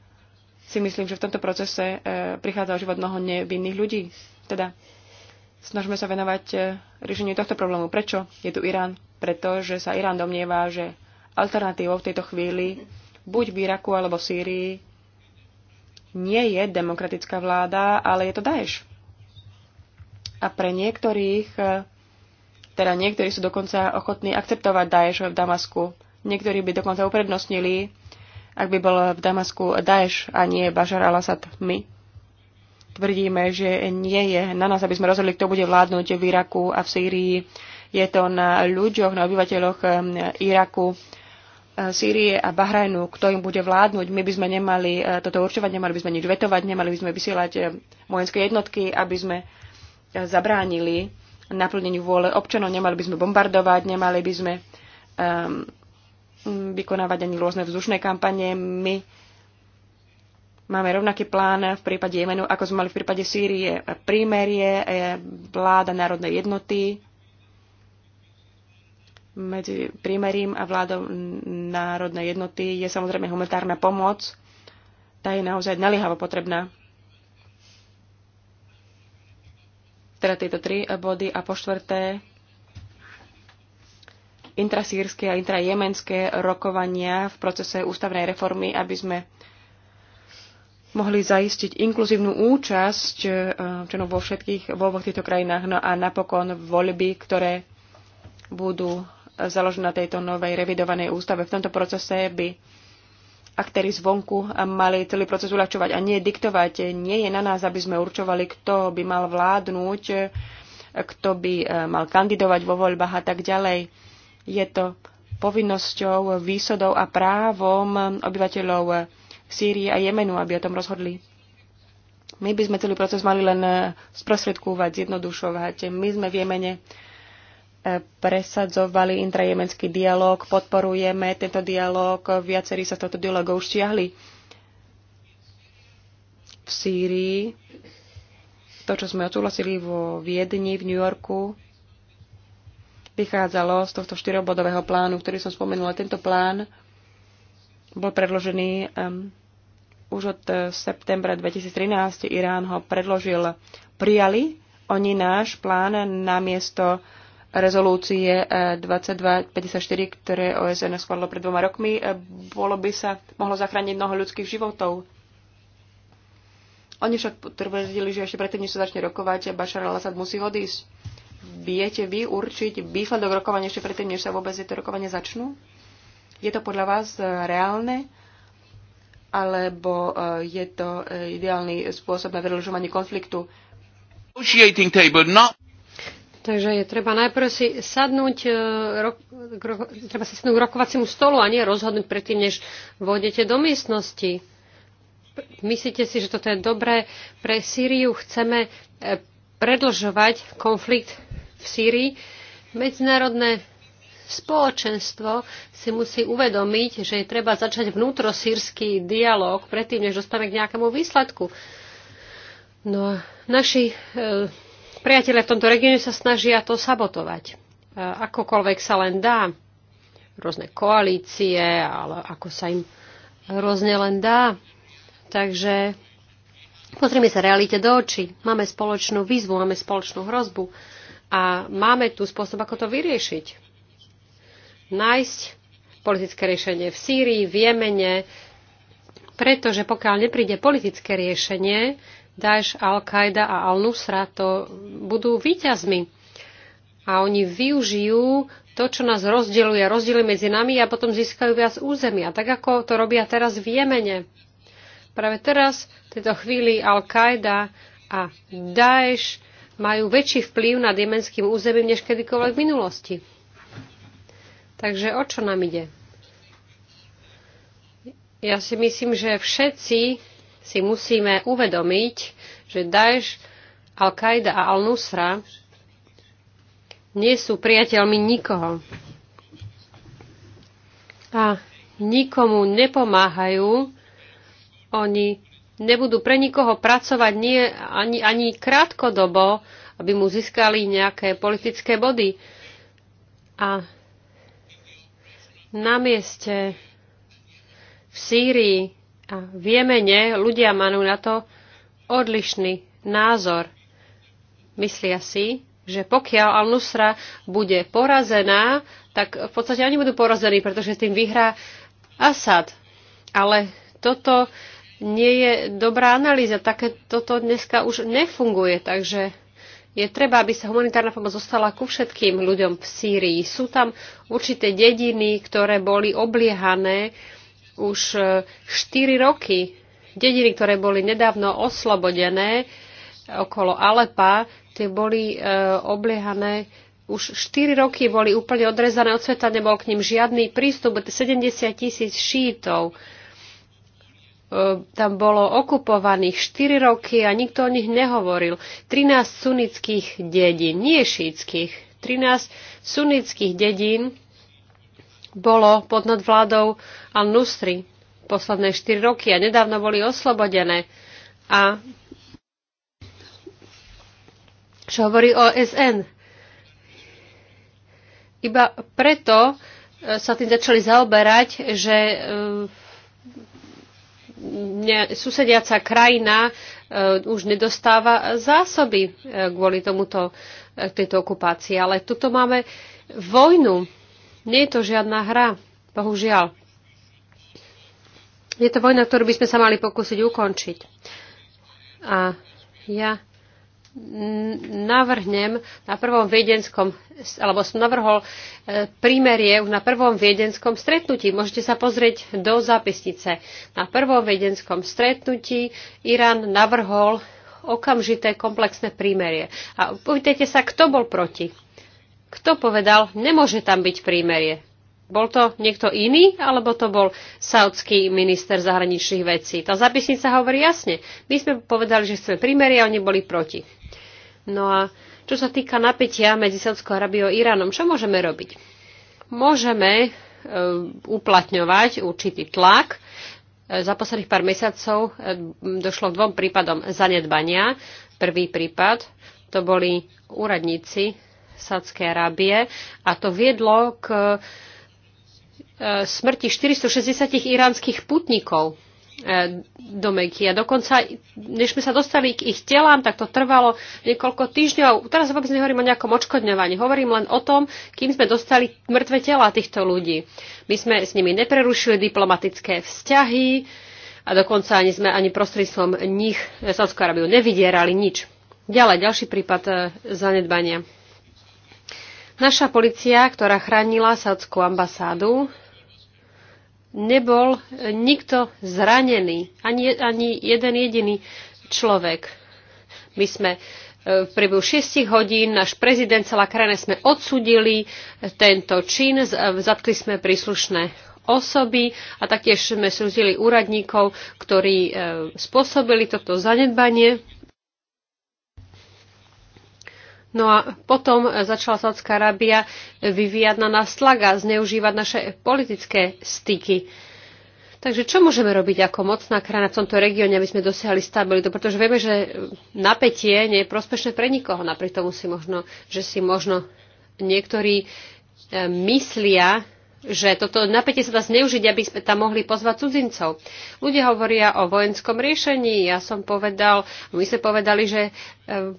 [SPEAKER 1] si myslím, že v tomto procese e, prichádza o život mnoho nevinných ľudí. Teda snažme sa venovať e, riešeniu tohto problému. Prečo je tu Irán? Pretože sa Irán domnieva, že alternatívou v tejto chvíli buď v Iraku alebo v Sýrii nie je demokratická vláda, ale je to Daesh. A pre niektorých, eh, teda niektorí sú dokonca ochotní akceptovať Daesh v Damasku. Niektorí by dokonca uprednostnili, ak by bol v Damasku Daesh a nie Bašar al-Assad my. Tvrdíme, že nie je na nás, aby sme rozhodli, kto bude vládnuť v Iraku a v Sýrii. Je to na ľuďoch, na obyvateľoch eh, Iraku, Sýrie a Bahrajnu, kto im bude vládnuť. My by sme nemali e, toto určovať, nemali by sme nič vetovať, nemali by sme vysielať e, vojenské jednotky, aby sme e, zabránili naplneniu vôle občanov, nemali by sme bombardovať, nemali by sme um, vykonávať ani rôzne vzdušné kampanie. My máme rovnaký plán v prípade Jemenu, ako sme mali v prípade Sýrie. Prímerie, vláda národnej jednoty, medzi prímerím a vládou národnej jednoty je samozrejme humanitárna pomoc. Tá je naozaj naliehavo potrebná. Teda tieto tri body a po štvrté intrasírske a intrajemenské rokovania v procese ústavnej reformy, aby sme mohli zaistiť inkluzívnu účasť eh, občanov vo všetkých voľboch v týchto krajinách. No a napokon voľby, ktoré budú založené na tejto novej revidovanej ústave. V tomto procese by aktéry zvonku mali celý proces uľahčovať a nie diktovať. Nie je na nás, aby sme určovali, kto by mal vládnuť, kto by eh, mal kandidovať vo voľbách a tak ďalej. Je to povinnosťou, výsodou a právom obyvateľov Sýrie a Jemenu, aby o tom rozhodli. My by sme celý proces mali len sprostredkúvať, zjednodušovať. My sme v Jemene presadzovali intrajemenský dialog, podporujeme tento dialog, viacerí sa z tohto dialogu už stiahli. V Sýrii to, čo sme odsúhlasili vo Viedni, v New Yorku, vychádzalo z tohto štyrobodového plánu, ktorý som spomenula. Tento plán bol predložený um, už od eh, septembra 2013. Irán ho predložil. Prijali oni náš plán na miesto rezolúcie 2254, eh, ktoré OSN schválilo pred dvoma rokmi, eh, bolo by sa, mohlo zachrániť mnoho ľudských životov. Oni však tvrdili, že ešte predtým, než sa začne rokovať, Bashar al-Assad musí odísť. Viete vy určiť výsledok rokovania ešte predtým, než sa vôbec tieto rokovania začnú? Je to podľa vás eh, reálne? Alebo je to ideálny spôsob na vyrlžovanie konfliktu?
[SPEAKER 3] Takže je treba najprv si sadnúť, e, ro, ro, treba si sadnúť k rokovaciemu stolu a nie rozhodnúť predtým, než vôjdete do miestnosti. Myslíte si, že toto je dobré pre Sýriu? Chceme e, predlžovať konflikt v Sýrii? Medzinárodné spoločenstvo si musí uvedomiť, že je treba začať vnútrosírsky dialog predtým, než dostane k nejakému výsledku. No a naši e, priatelia v tomto regióne sa snažia to sabotovať. E, akokoľvek sa len dá, rôzne koalície, ale ako sa im rôzne len dá. Takže pozrieme sa realite do očí. Máme spoločnú výzvu, máme spoločnú hrozbu a máme tu spôsob, ako to vyriešiť. Nájsť politické riešenie v Sýrii, v Jemene, pretože pokiaľ nepríde politické riešenie, Daesh, Al-Qaida a Al-Nusra to budú výťazmi. A oni využijú to, čo nás rozdeluje, rozdiely medzi nami a potom získajú viac územia. Tak ako to robia teraz v Jemene. Práve teraz, v tejto chvíli, Al-Qaida a Daesh majú väčší vplyv nad jemenským územím než kedykoľvek v minulosti. Takže o čo nám ide? Ja si myslím, že všetci si musíme uvedomiť, že Daesh, Al-Qaida a Al-Nusra nie sú priateľmi nikoho. A nikomu nepomáhajú, oni nebudú pre nikoho pracovať nie, ani, ani krátkodobo, aby mu získali nejaké politické body. A na mieste v Sýrii a v Jemene ľudia majú na to odlišný názor. Myslia si, že pokiaľ Al-Nusra bude porazená, tak v podstate oni budú porazení, pretože tým vyhrá Asad. Ale toto nie je dobrá analýza. Také toto dneska už nefunguje, takže je treba, aby sa humanitárna pomoc zostala ku všetkým ľuďom v Sýrii. Sú tam určité dediny, ktoré boli obliehané už 4 e, roky. Dediny, ktoré boli nedávno oslobodené e, okolo Alepa, tie boli e, obliehané už 4 roky boli úplne odrezané od sveta, nebol k ním žiadny prístup, 70 tisíc šítov tam bolo okupovaných 4 roky a nikto o nich nehovoril. 13 sunnických dedín, nie šítskych, 13 sunnických dedín bolo pod nadvládou Al-Nusri posledné 4 roky a nedávno boli oslobodené. A čo hovorí OSN? Iba preto e, sa tým začali zaoberať, že e, susediaca krajina e, už nedostáva zásoby kvôli tomuto, tejto okupácii. Ale tuto máme vojnu nie je to žiadna hra, bohužiaľ. Je to vojna, ktorú by sme sa mali pokúsiť ukončiť. A ja navrhnem na prvom viedenskom, alebo som navrhol e, prímerie na prvom viedenskom stretnutí. Môžete sa pozrieť do zápisnice. Na prvom viedenskom stretnutí Irán navrhol okamžité komplexné prímerie. A pýtajte sa, kto bol proti. Kto povedal, nemôže tam byť prímerie? Bol to niekto iný, alebo to bol saudský minister zahraničných vecí? Tá zapisnica hovorí jasne. My sme povedali, že chceme prímerie a oni boli proti. No a čo sa týka napätia medzi Saudskou Arabiou a Iránom, čo môžeme robiť? Môžeme e, uplatňovať určitý tlak. E, za posledných pár mesiacov e, došlo k dvom prípadom zanedbania. Prvý prípad to boli úradníci Sádskej Arábie a to viedlo k e, smrti 460 iránskych putníkov e, do Meky. A dokonca, než sme sa dostali k ich telám, tak to trvalo niekoľko týždňov. Teraz vôbec nehovorím o nejakom odškodňovaní. Hovorím len o tom, kým sme dostali mŕtve tela týchto ľudí. My sme s nimi neprerušili diplomatické vzťahy a dokonca ani sme ani prostredstvom nich Sádskú Arabiu nevydierali nič. Ďalej, ďalší prípad e, zanedbania. Naša policia, ktorá chránila sádskú ambasádu, nebol nikto zranený, ani, ani jeden jediný človek. My sme e, v priebehu 6 hodín náš prezident, celá krajina sme odsudili tento čin, e, zatkli sme príslušné osoby a taktiež sme súzili úradníkov, ktorí e, spôsobili toto zanedbanie. No a potom e, začala Sádzka Arábia vyvíjať na nás tlak a zneužívať naše politické styky. Takže čo môžeme robiť ako mocná krajina v tomto regióne, aby sme dosiahli stabilitu? Pretože vieme, že e, napätie nie je prospešné pre nikoho. Napriek tomu si možno, že si možno niektorí e, myslia, že toto napätie sa dá zneužiť, aby sme tam mohli pozvať cudzincov. Ľudia hovoria o vojenskom riešení. Ja som povedal, my sme povedali, že e,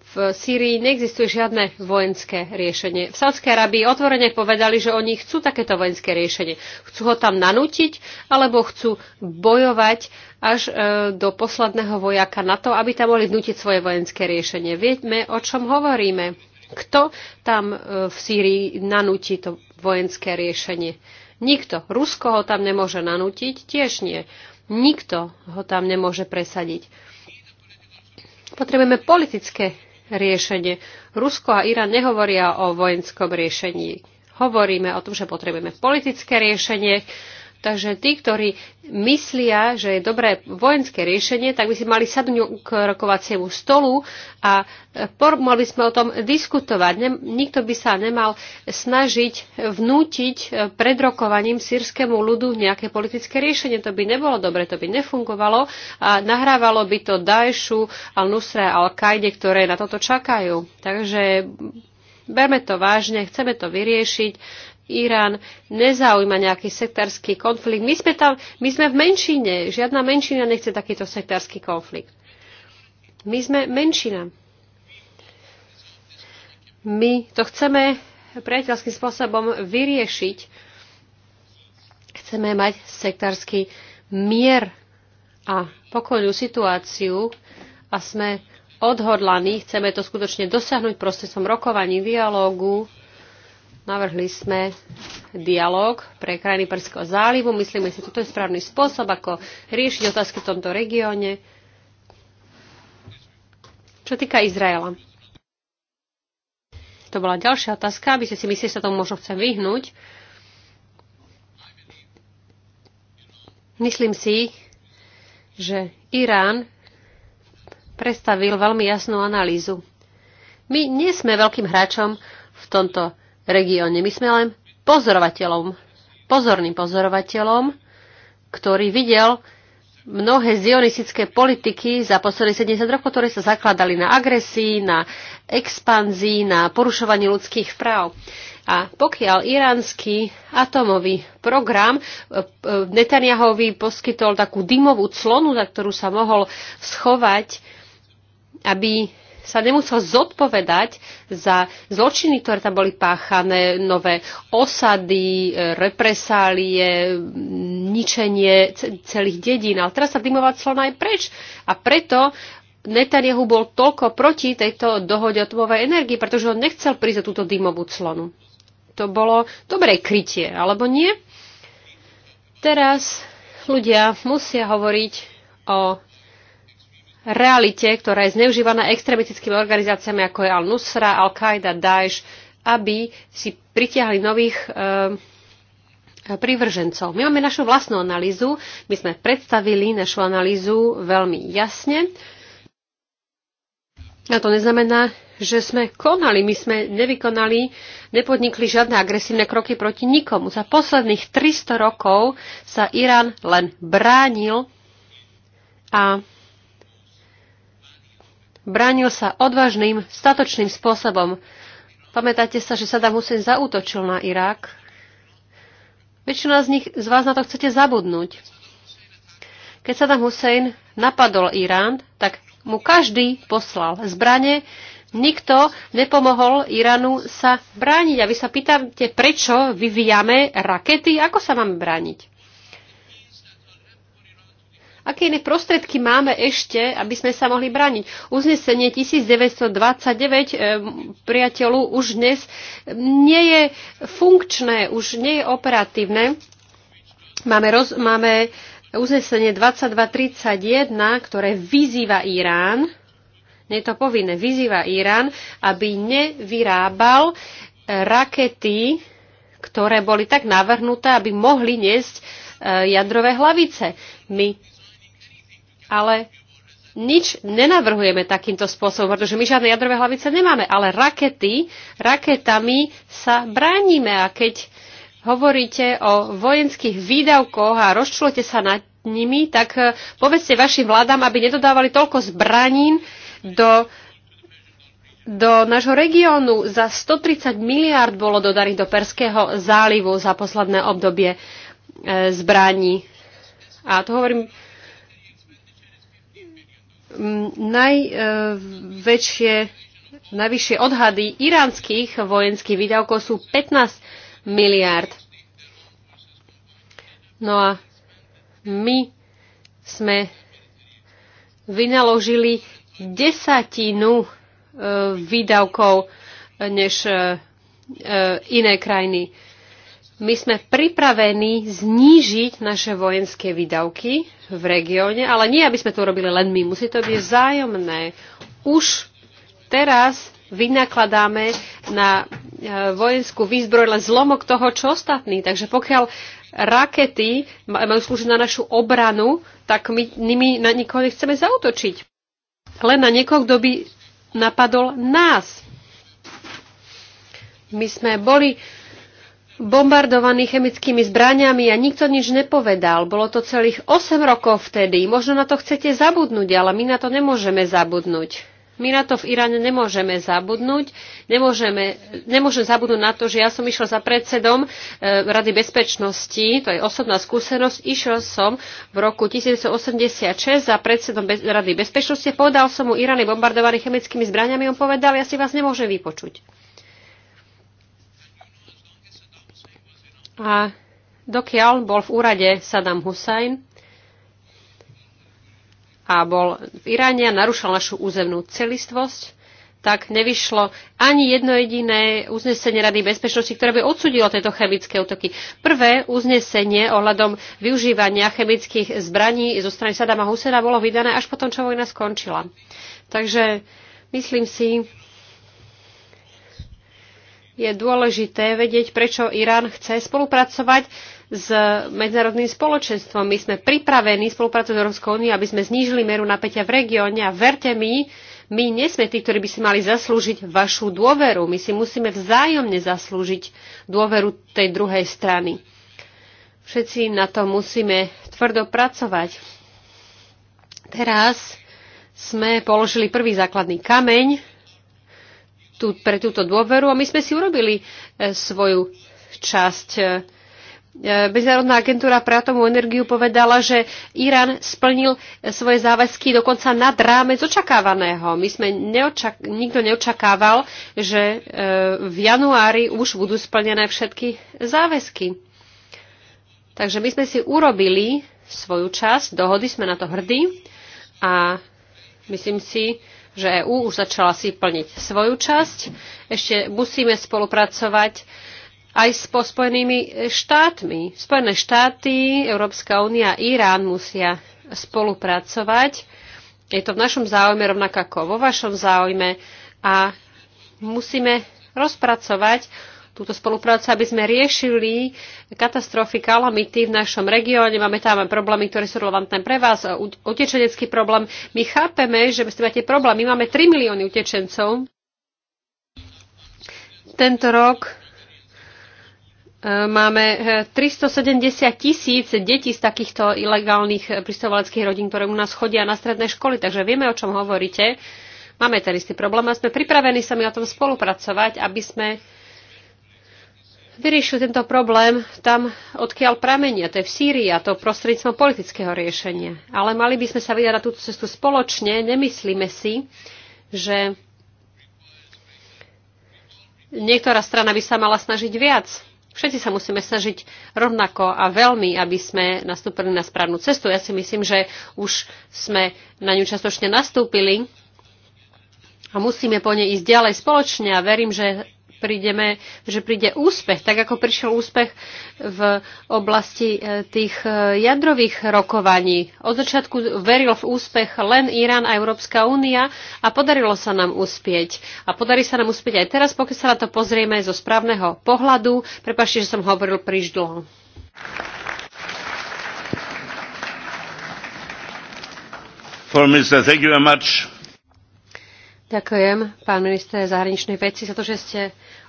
[SPEAKER 3] v Sýrii neexistuje žiadne vojenské riešenie. V Sádskej Arabii otvorene povedali, že oni chcú takéto vojenské riešenie. Chcú ho tam nanútiť, alebo chcú bojovať až e, do posledného vojaka na to, aby tam mohli vnútiť svoje vojenské riešenie. Vieme, o čom hovoríme. Kto tam e, v Sýrii nanúti to vojenské riešenie. Nikto. Rusko ho tam nemôže nanútiť, tiež nie. Nikto ho tam nemôže presadiť. Potrebujeme politické riešenie. Rusko a Irán nehovoria o vojenskom riešení. Hovoríme o tom, že potrebujeme politické riešenie, Takže tí, ktorí myslia, že je dobré vojenské riešenie, tak by si mali sadnúť k rokovaciemu stolu a e, mali by sme o tom diskutovať. Nikto by sa nemal snažiť vnútiť e, pred rokovaním sírskému ľudu nejaké politické riešenie. To by nebolo dobre, to by nefungovalo a nahrávalo by to Daešu, Al-Nusre, Al-Kaide, ktoré na toto čakajú. Takže berme to vážne, chceme to vyriešiť, Irán nezaujíma nejaký sektársky konflikt. My sme, tam, my sme v menšine. Žiadna menšina nechce takýto sektársky konflikt. My sme menšina. My to chceme priateľským spôsobom vyriešiť. Chceme mať sektársky mier a pokojnú situáciu a sme odhodlaní, chceme to skutočne dosiahnuť prostredstvom rokovaní, dialógu, Navrhli sme dialog pre krajiny Perského zálivu. Myslíme si, že toto je správny spôsob, ako riešiť otázky v tomto regióne. Čo týka Izraela. To bola ďalšia otázka, aby ste si mysleli, že sa tomu možno chcem vyhnúť. Myslím si, že Irán predstavil veľmi jasnú analýzu. My nie sme veľkým hráčom v tomto regióne. My sme len pozorovateľom, pozorným pozorovateľom, ktorý videl mnohé zionistické politiky za posledných 70 rokov, ktoré sa zakladali na agresii, na expanzii, na porušovaní ľudských práv. A pokiaľ iránsky atomový program e, e, Netanyahovi poskytol takú dymovú clonu, za ktorú sa mohol schovať, aby sa nemusel zodpovedať za zločiny, ktoré tam boli páchané, nové osady, e, represálie, ničenie celých dedín. Ale teraz sa dymová clona aj preč. A preto Netanyahu bol toľko proti tejto dohode o atomovej energii, pretože on nechcel prísť za túto dymovú clonu. To bolo dobré krytie, alebo nie? Teraz ľudia musia hovoriť o realite, ktorá je zneužívaná extremistickými organizáciami ako je Al-Nusra, Al-Qaida, Daesh, aby si pritiahli nových e, prívržencov. My máme našu vlastnú analýzu, my sme predstavili našu analýzu veľmi jasne. A to neznamená, že sme konali, my sme nevykonali, nepodnikli žiadne agresívne kroky proti nikomu. Za posledných 300 rokov sa Irán len bránil a bránil sa odvážnym, statočným spôsobom. Pamätáte sa, že Saddam Hussein zautočil na Irak. Väčšina z, nich, z vás na to chcete zabudnúť. Keď Saddam Hussein napadol Irán, tak mu každý poslal zbranie, nikto nepomohol Iránu sa brániť. A vy sa pýtate, prečo vyvíjame rakety, ako sa máme brániť? Aké iné prostredky máme ešte, aby sme sa mohli braniť? Uznesenie 1929 eh, priateľu už dnes nie je funkčné, už nie je operatívne. Máme, roz, máme uznesenie 2231, ktoré vyzýva Irán, nie je to povinné, vyzýva Irán, aby nevyrábal eh, rakety, ktoré boli tak navrhnuté, aby mohli niesť eh, jadrové hlavice. My ale nič nenavrhujeme takýmto spôsobom, pretože my žiadne jadrové hlavice nemáme, ale rakety, raketami sa bránime a keď hovoríte o vojenských výdavkoch a rozčulete sa nad nimi, tak eh, povedzte vašim vládam, aby nedodávali toľko zbranín do, do nášho regiónu. Za 130 miliárd bolo dodaných do Perského zálivu za posledné obdobie eh, zbraní. A to hovorím najväčšie, e, najvyššie odhady iránskych vojenských výdavkov sú 15 miliárd. No a my sme vynaložili desatinu e, výdavkov než e, iné krajiny my sme pripravení znížiť naše vojenské výdavky v regióne, ale nie, aby sme to robili len my. Musí to byť vzájomné. Už teraz vynakladáme na e, vojenskú výzbroj len zlomok toho, čo ostatní. Takže pokiaľ rakety majú slúžiť na našu obranu, tak my nimi na nikoho nechceme zautočiť. Len na niekoho, kto by napadol nás. My sme boli bombardovaní chemickými zbraniami a nikto nič nepovedal. Bolo to celých 8 rokov vtedy. Možno na to chcete zabudnúť, ale my na to nemôžeme zabudnúť. My na to v Iráne nemôžeme zabudnúť. Nemôžeme, nemôžem zabudnúť na to, že ja som išiel za predsedom e, Rady bezpečnosti, to je osobná skúsenosť, išiel som v roku 1986 za predsedom Rady bezpečnosti, povedal som mu Irán je bombardovaný chemickými zbraniami, on povedal, ja si vás nemôžem vypočuť. A dokiaľ bol v úrade Saddam Hussein a bol v Iráne a narušal našu územnú celistvosť, tak nevyšlo ani jedno jediné uznesenie Rady bezpečnosti, ktoré by odsudilo tieto chemické útoky. Prvé uznesenie ohľadom využívania chemických zbraní zo strany Sadama Husena bolo vydané až potom, čo vojna skončila. Takže myslím si, je dôležité vedieť, prečo Irán chce spolupracovať s medzinárodným spoločenstvom. My sme pripravení spolupracovať s Európskou úniou, aby sme znížili meru napätia v regióne a verte mi, my nie sme tí, ktorí by si mali zaslúžiť vašu dôveru. My si musíme vzájomne zaslúžiť dôveru tej druhej strany. Všetci na to musíme tvrdo pracovať. Teraz sme položili prvý základný kameň tú, pre túto dôveru a my sme si urobili e, svoju časť. E, Medzinárodná agentúra pre atomovú energiu povedala, že Irán splnil e, svoje záväzky dokonca nad rámec očakávaného. My sme neočak- nikto neočakával, že v januári už budú splnené všetky záväzky. Takže my sme si urobili svoju časť, dohody sme na to hrdí a myslím si, že EÚ už začala si plniť svoju časť. Ešte musíme spolupracovať aj s Spojenými štátmi. Spojené štáty, Európska únia a Irán musia spolupracovať. Je to v našom záujme rovnako ako vo vašom záujme a musíme rozpracovať túto spoluprácu, aby sme riešili katastrofy, kalamity v našom regióne. Máme tam problémy, ktoré sú relevantné pre vás, utečenecký problém. My chápeme, že ste máte problém. My máme 3 milióny utečencov. Tento rok e, máme 370 e, tisíc detí z takýchto ilegálnych pristovaleckých rodín, ktoré u nás chodia na stredné školy, takže vieme, o čom hovoríte. Máme ten istý problém a sme pripravení sa mi o tom spolupracovať, aby sme vyriešil tento problém tam, odkiaľ pramenia, to je v Sýrii a to prostredníctvom politického riešenia. Ale mali by sme sa vydať na túto cestu spoločne, nemyslíme si, že niektorá strana by sa mala snažiť viac. Všetci sa musíme snažiť rovnako a veľmi, aby sme nastúpili na správnu cestu. Ja si myslím, že už sme na ňu častočne nastúpili a musíme po nej ísť ďalej spoločne a verím, že prídeme, že príde úspech, tak ako prišiel úspech v oblasti e, tých e, jadrových rokovaní. Od začiatku veril v úspech len Irán a Európska únia a podarilo sa nám uspieť. A podarí sa nám uspieť aj teraz, pokiaľ sa na to pozrieme zo správneho pohľadu. Prepašte, že som hovoril príliš dlho.
[SPEAKER 4] For Minister, thank you very much.
[SPEAKER 3] Ďakujem, pán minister zahraničnej veci, za to, že ste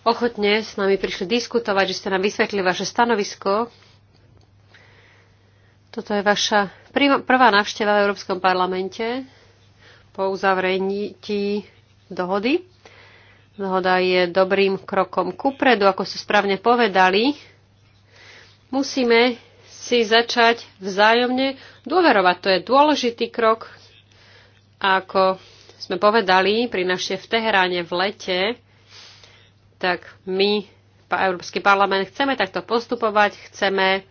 [SPEAKER 3] ochotne s nami prišli diskutovať, že ste nám vysvetli vaše stanovisko. Toto je vaša prvá návšteva v Európskom parlamente po uzavrení dohody. Dohoda je dobrým krokom kupredu, ako ste správne povedali. Musíme si začať vzájomne dôverovať. To je dôležitý krok. ako sme povedali pri našej v Teheráne v lete, tak my, Európsky parlament, chceme takto postupovať, chceme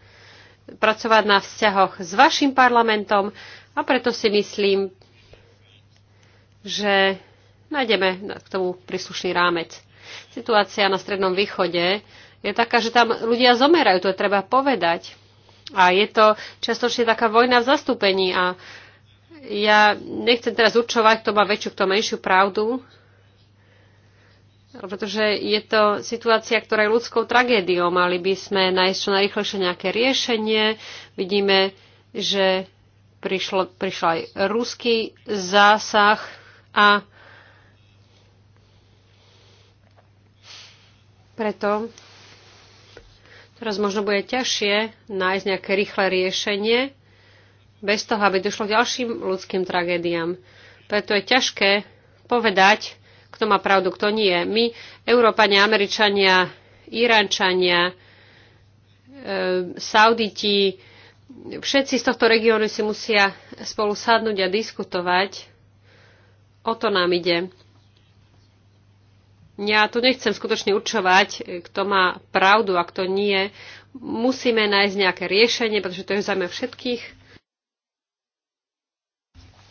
[SPEAKER 3] pracovať na vzťahoch s vašim parlamentom a preto si myslím, že nájdeme k tomu príslušný rámec. Situácia na Strednom východe je taká, že tam ľudia zomerajú, to je treba povedať. A je to častočne taká vojna v zastúpení a ja nechcem teraz určovať, kto má väčšiu, kto menšiu pravdu, pretože je to situácia, ktorá je ľudskou tragédiou. Mali by sme nájsť čo najrychlejšie nejaké riešenie. Vidíme, že prišlo, prišiel aj ruský zásah a preto teraz možno bude ťažšie nájsť nejaké rýchle riešenie bez toho, aby došlo k ďalším ľudským tragédiám. Preto je ťažké povedať, kto má pravdu, kto nie. My, Európania, Američania, Iránčania, e, Sauditi, všetci z tohto regiónu si musia spolu sadnúť a diskutovať. O to nám ide. Ja tu nechcem skutočne určovať, kto má pravdu a kto nie. Musíme nájsť nejaké riešenie, pretože to je v všetkých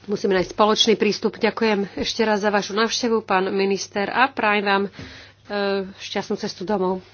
[SPEAKER 3] Musíme nájsť spoločný prístup. Ďakujem ešte raz za vašu návštevu, pán minister, a prajem vám e, šťastnú cestu domov.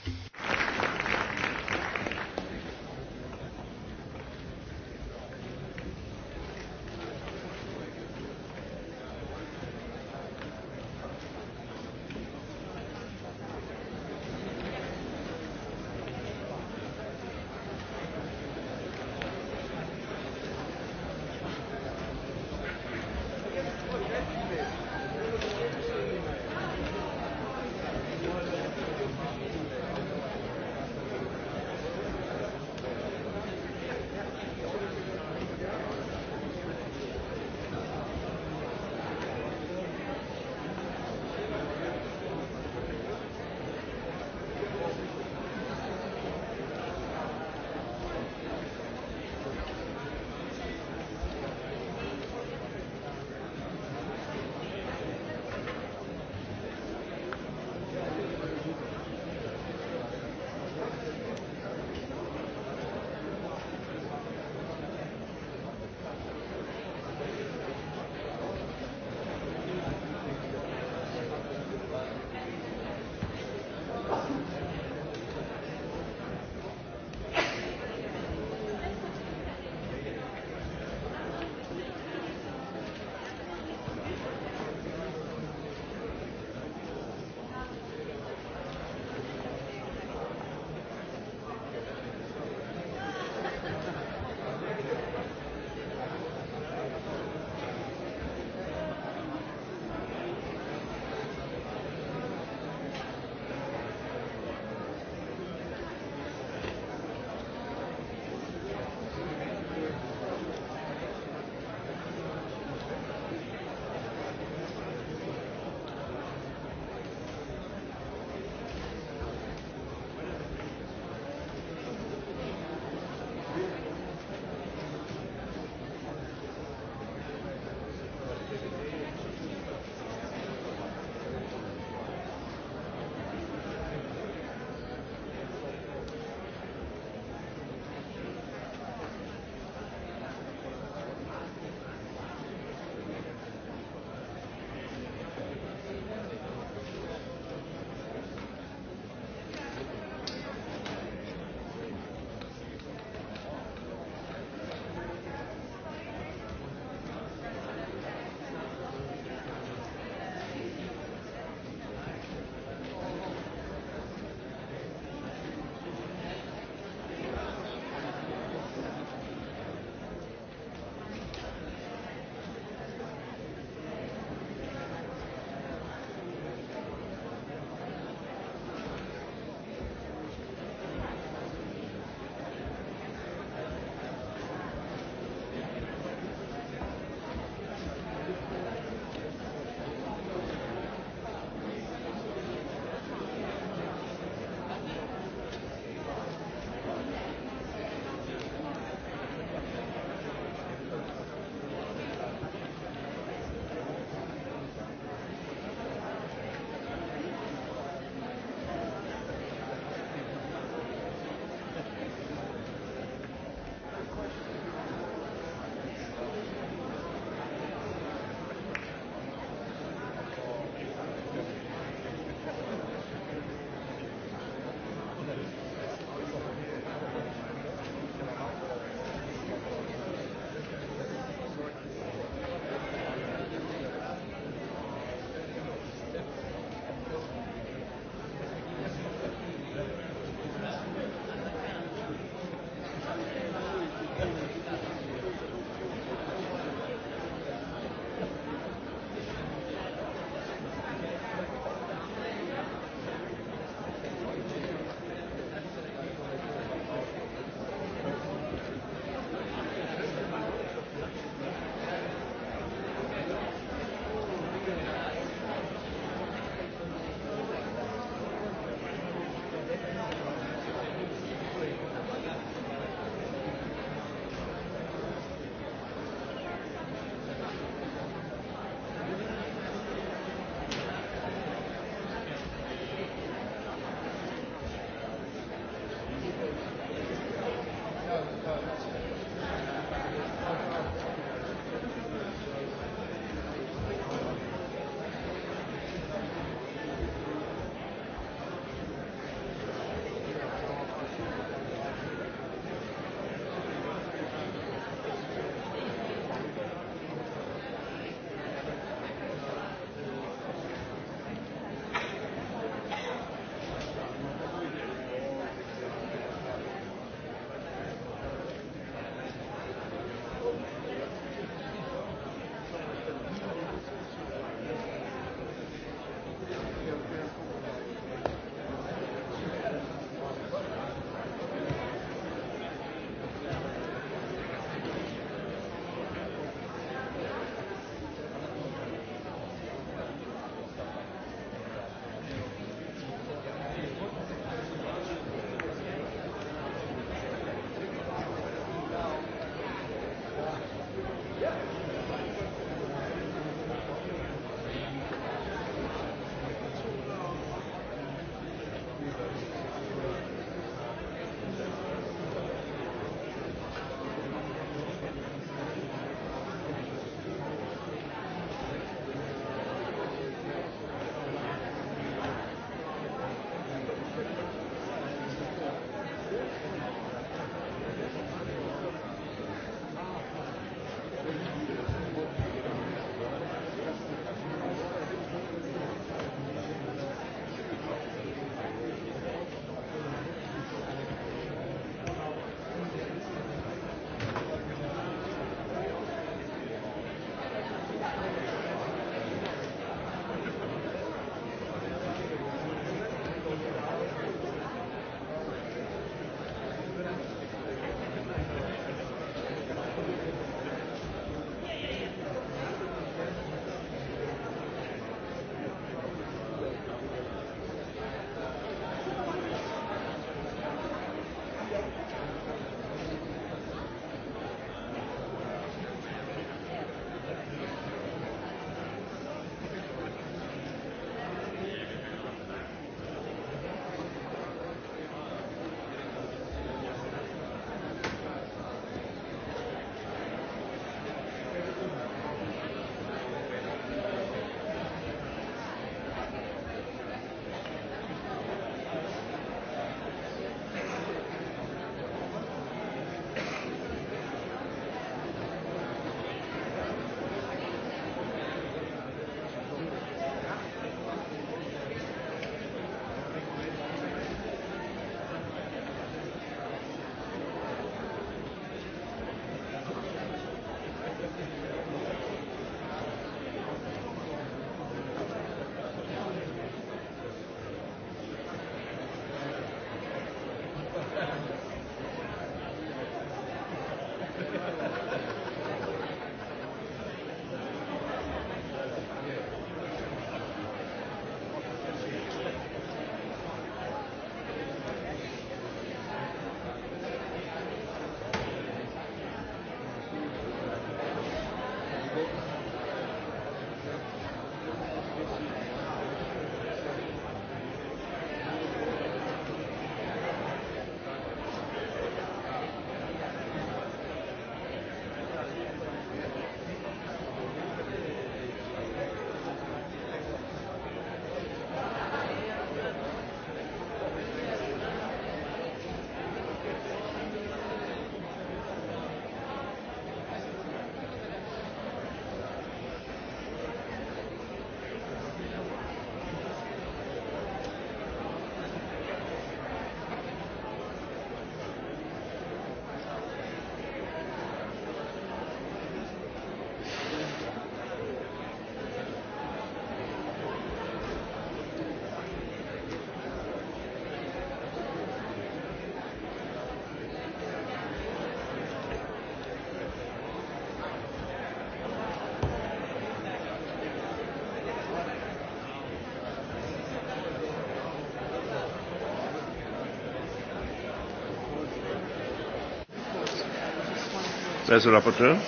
[SPEAKER 2] as a rapporteur?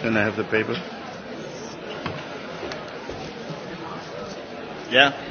[SPEAKER 2] Can I have the paper? Yeah.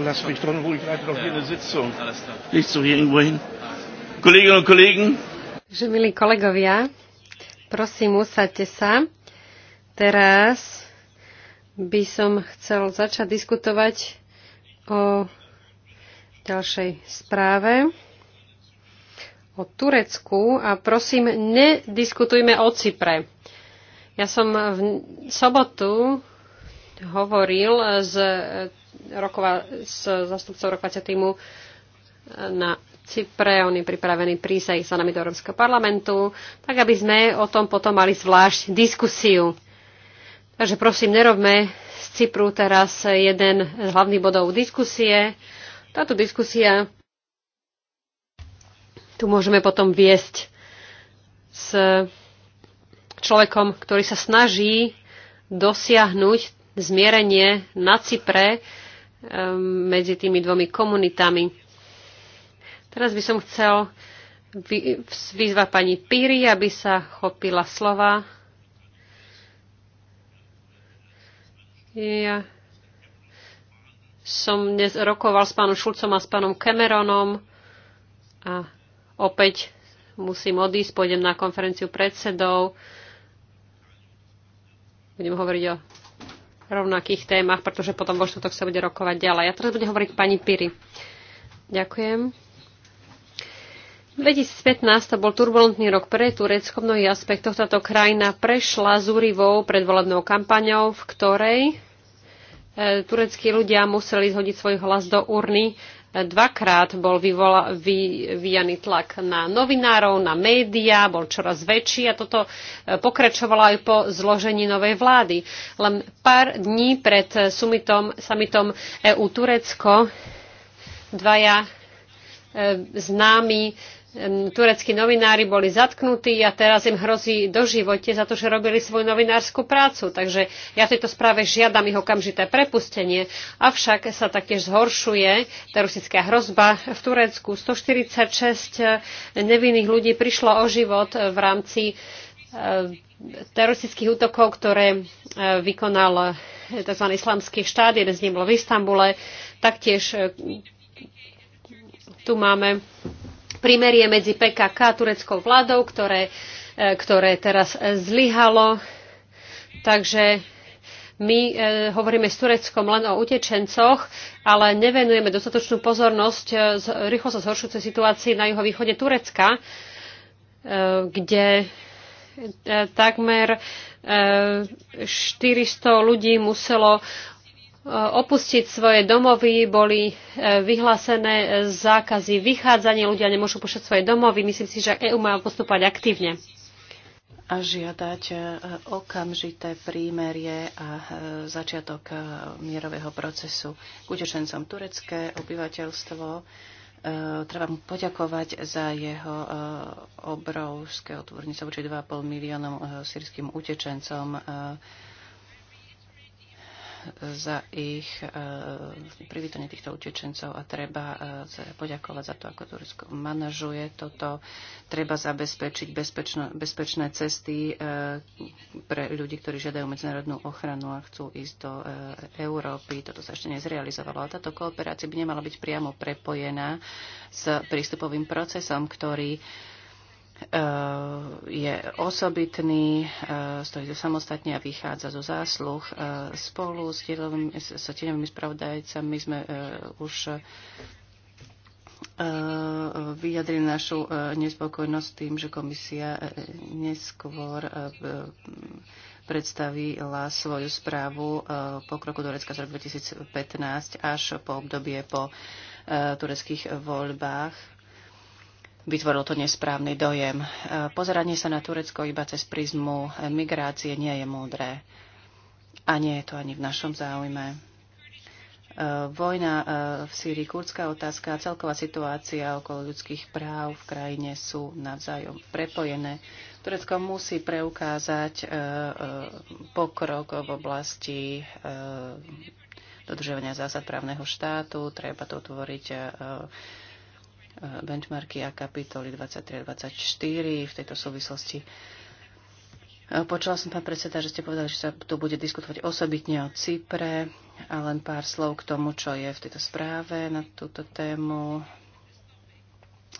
[SPEAKER 2] bitte lass mich dran ruhig leite doch hier eine Sitzung. Nicht so hier irgendwo hin. Kolleginnen und Kollegen.
[SPEAKER 3] Takže, milí kolegovia, prosím, usadte sa. Teraz by som chcel začať diskutovať o ďalšej správe o Turecku a prosím, nediskutujme o Cypre. Ja som v sobotu hovoril s rokova s zastupcov rokovacia týmu e, na Cypre. On je pripravený prísť aj sa nami do Európskeho parlamentu, tak aby sme o tom potom mali zvlášť diskusiu. Takže prosím, nerobme z Cypru teraz jeden z hlavných bodov diskusie. Táto diskusia tu môžeme potom viesť s človekom, ktorý sa snaží dosiahnuť zmierenie na Cypre medzi tými dvomi komunitami. Teraz by som chcel vyzvať pani Píri, aby sa chopila slova. Ja som dnes rokoval s pánom Šulcom a s pánom Cameronom a opäť musím odísť, pôjdem na konferenciu predsedov. Budem hovoriť o rovnakých témach, pretože potom vo štvrtok sa bude rokovať ďalej. Ja teraz budem hovoriť pani Piri. Ďakujem. 2015 to bol turbulentný rok pre Turecko. V mnohých aspektoch táto krajina prešla zúrivou predvolebnou kampaňou, v ktorej e, tureckí ľudia museli zhodiť svoj hlas do urny dvakrát bol vyvola, vyvíjaný tlak na novinárov, na médiá, bol čoraz väčší a toto e, pokračovalo aj po zložení novej vlády. Len pár dní pred summitom, summitom e EU-Turecko dvaja e, známi tureckí novinári boli zatknutí a teraz im hrozí doživote za to, že robili svoju novinárskú prácu. Takže ja v tejto správe žiadam ich okamžité prepustenie. Avšak sa taktiež zhoršuje teroristická hrozba v Turecku. 146 eh, nevinných ľudí prišlo o život v rámci eh, teroristických útokov, ktoré eh, vykonal tzv. islamský štát, jeden z nich bol v Istambule. Taktiež tu máme primerie medzi PKK a tureckou vládou, ktoré, e, ktoré teraz e, zlyhalo. Takže my e, hovoríme s Tureckom len o utečencoch, ale nevenujeme dostatočnú pozornosť e, z, rýchlo sa zhoršujúcej situácii na juhovýchode Turecka, e, kde e, takmer e, 400 ľudí muselo opustiť svoje domovy, boli e, vyhlásené zákazy vychádzania, ľudia nemôžu pušťať svoje domovy. Myslím si, že EU má postupovať aktívne a žiadať e,
[SPEAKER 4] okamžité prímerie a e, začiatok mierového procesu k utečencom turecké obyvateľstvo. Treba mu poďakovať za jeho obrovské otvornice voči 2,5 miliónom sírským utečencom za ich e, privítanie týchto utečencov a treba e, poďakovať za to, ako Turecko manažuje toto. Treba zabezpečiť bezpečno, bezpečné cesty e, pre ľudí, ktorí žiadajú medzinárodnú ochranu a chcú ísť do Európy. Toto sa ešte nezrealizovalo. A táto kooperácia by nemala byť priamo prepojená s prístupovým procesom, ktorý Eh, je osobitný, eh, stojí to samostatne a vychádza zo zásluh. Eh, spolu s tieľovými spravodajcami sme už vyjadrili našu nespokojnosť tým, že komisia neskôr predstavila svoju správu po kroku Turecka z roku 2015 až po obdobie po tureckých voľbách vytvoril to nesprávny dojem. E, pozeranie sa na Turecko iba cez prizmu migrácie nie je múdre. A nie je to ani v našom záujme. E, vojna e, v Sýrii, kurdská otázka a celková situácia okolo ľudských práv v krajine sú navzájom prepojené. Turecko musí preukázať pokrok v oblasti dodržovania zásad právneho štátu, treba to tvoriť benchmarky a kapitoly 23 a 24 v tejto súvislosti. E, počula som, pán predseda, že ste povedali, že sa tu bude diskutovať osobitne o Cypre a len pár slov k tomu, čo je v tejto správe na túto tému.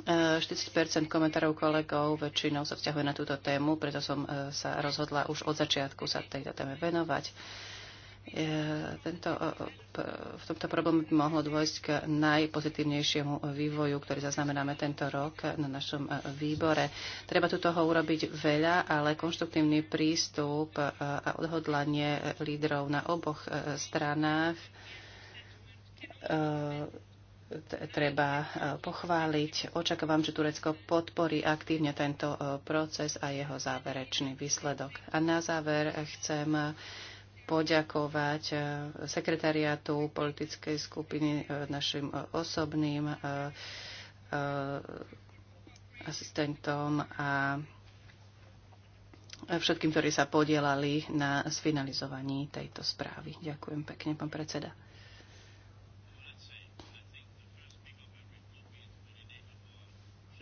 [SPEAKER 4] 40 e, komentárov kolegov väčšinou sa vzťahuje na túto tému, preto som e, sa rozhodla už od začiatku sa tejto téme venovať. E, tento, e, e, v tomto probléme by mohlo dôjsť k najpozitívnejšiemu vývoju, ktorý zaznamenáme tento rok na našom výbore. Treba tu toho urobiť veľa, ale konštruktívny prístup a odhodlanie lídrov na oboch stranách treba pochváliť. Očakávam, že Turecko podporí aktívne tento proces a jeho záverečný výsledok. A na záver chcem poďakovať e, sekretariátu politickej skupiny, e, našim e, osobným asistentom a všetkým, ktorí sa podielali na sfinalizovaní tejto správy. Ďakujem pekne, pán predseda.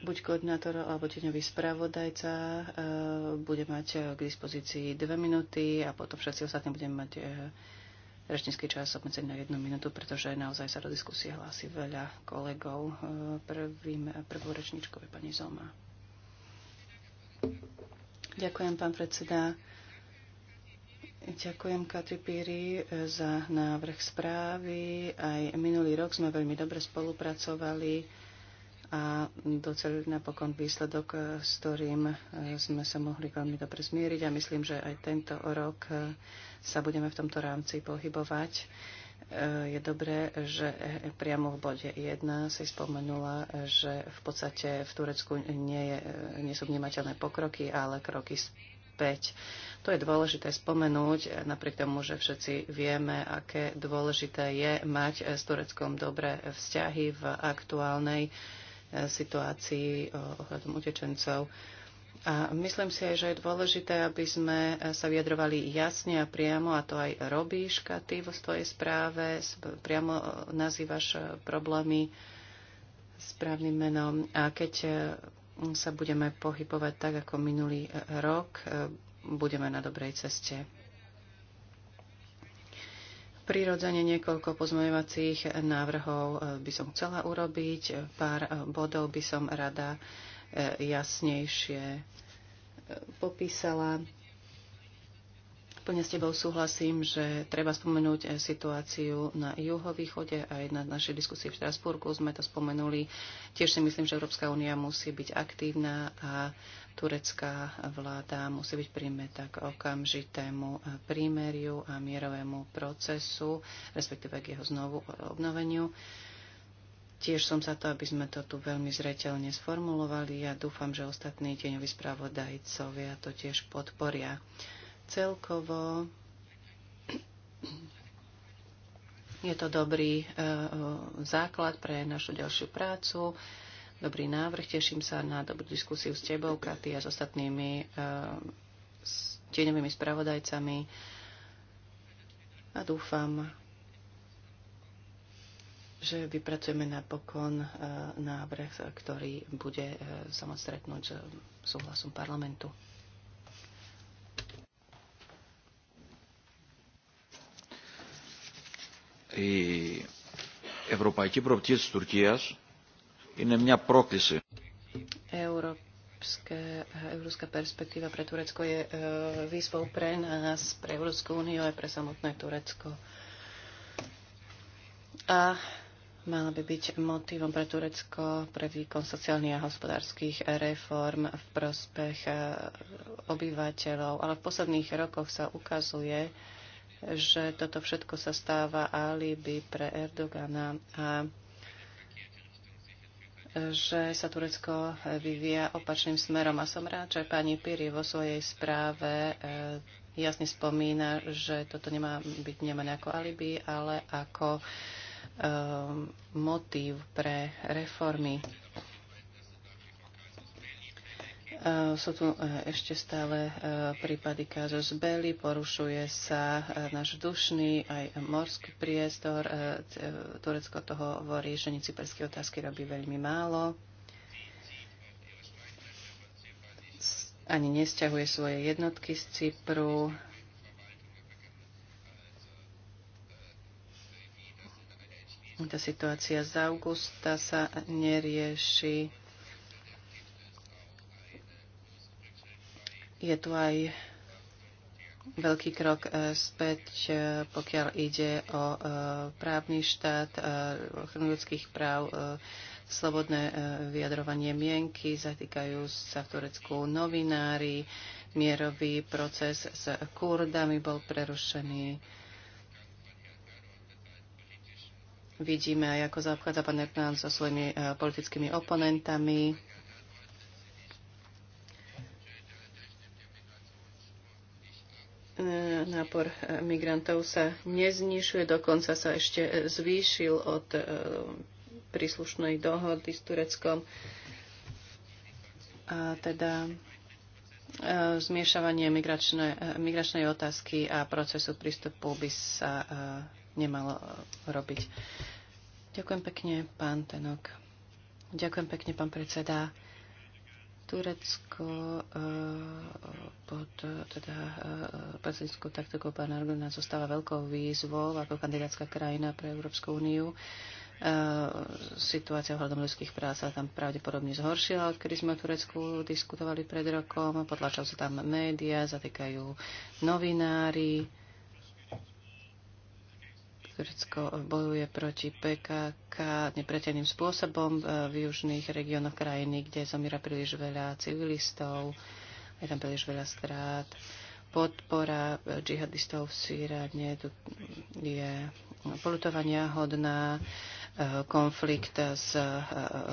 [SPEAKER 4] buď koordinátor alebo tieňový spravodajca eh, bude mať eh, k dispozícii dve minúty a potom všetci ostatní budeme mať eh, rečnícky čas obmedzený na jednu minútu, pretože naozaj sa do diskusie hlási veľa kolegov. Prvým, prvou rečníčkou je pani Zoma. Ďakujem, pán predseda. Ďakujem Katri Píri za návrh správy. Aj minulý rok sme veľmi dobre spolupracovali a docelili napokon výsledok, eh, s ktorým eh, sme sa mohli veľmi dobre zmieriť a myslím, že aj tento rok eh, sa budeme v tomto rámci pohybovať. Je dobré, že priamo v bode 1 si spomenula, že v podstate v Turecku nie, je, nie sú vnímateľné pokroky, ale kroky späť. To je dôležité spomenúť, napriek tomu, že všetci vieme, aké dôležité je mať s Tureckom dobré vzťahy v aktuálnej situácii eh, ohľadom utečencov. A myslím si aj, že je dôležité, aby sme eh, sa vyjadrovali jasne a priamo, a to aj robíš, Katy, vo svojej správe, priamo eh, nazývaš problémy správnym menom. A keď sa budeme pohybovať tak ako minulý rok, budeme na dobrej ceste. Prirodzene niekoľko pozmeňovacích návrhov e, by som chcela urobiť. E, Pár e, bodov by som rada jasnejšie popísala. Plne s tebou súhlasím, že treba spomenúť situáciu na juhovýchode. a Aj na našej diskusii v Štrasburku sme to spomenuli. Tiež si myslím, že Európska únia musí byť aktívna a turecká vláda musí byť príjme k okamžitému prímeriu a mierovému procesu, respektíve k jeho znovu obnoveniu. Tiež som za to, aby sme to tu veľmi zreteľne sformulovali a ja dúfam, že ostatní tieňoví spravodajcovia to tiež podporia. Celkovo je to dobrý e, e, základ pre našu ďalšiu prácu, dobrý návrh. Teším sa na dobrú diskusiu s tebou, Katy, a s ostatnými e, s tieňovými spravodajcami. A dúfam, že vypracujeme napokon návrh, ktorý bude samostretnúť s súhlasom parlamentu.
[SPEAKER 2] η ευρωπαϊκή προοπτική της Τουρκίας είναι μια πρόκληση.
[SPEAKER 4] Ευρωπαϊκή eh, európska perspektíva pre Turecko je eh, výzvou pre nás, pre Európsku úniu aj pre samotné Turecko. A mala by byť motivom pre Turecko pre výkon sociálnych a hospodárskych reform v prospech eh, obyvateľov. Ale v posledných rokoch sa ukazuje, že toto všetko sa stáva alibi pre Erdogana a že sa Turecko vyvíja opačným smerom. A som rád, že pani Piri vo svojej správe e, jasne spomína, že toto nemá byť nemá ako alibi, ale ako um, motív pre reformy. E, sú tu e, ešte stále e, prípady kazus Belly, porušuje sa náš dušný aj morský priestor. Turecko toho vo riešení cyperskej otázky robí veľmi málo. Ani nesťahuje svoje jednotky z Cypru. Tá situácia z augusta sa nerieši Je tu aj veľký krok e, späť, e, pokiaľ ide o e, právny štát, ochranu ľudských práv, slobodné vyjadrovanie mienky, zatýkajú sa v Turecku novinári, mierový proces s Kurdami bol prerušený. Vidíme, aj ako zaobchádza pán Erdogan so svojimi politickými oponentami E, nápor e, migrantov sa neznišuje, dokonca sa ešte zvýšil od e, príslušnej dohody s Tureckom. A teda zmiešavanie migračnej, migračnej otázky a procesu prístupu by sa nemalo robiť. Ďakujem pekne, pán Tenok. Ďakujem pekne, pán predseda. Turecko e, pod teda, e, prezidentskou taktikou pána Erdogana zostáva veľkou výzvou ako kandidátska krajina pre Európsku úniu. E, situácia ohľadom ľudských práv sa tam pravdepodobne zhoršila, odkedy sme o Turecku diskutovali pred rokom. Potlačajú sa tam médiá, zatýkajú novinári Turecko bojuje proti PKK nepreteným spôsobom e, v južných regiónoch krajiny, kde zomiera príliš veľa civilistov, je tam príliš veľa strát. Podpora e, džihadistov v Sýrane je polutovania hodná. E, konflikt s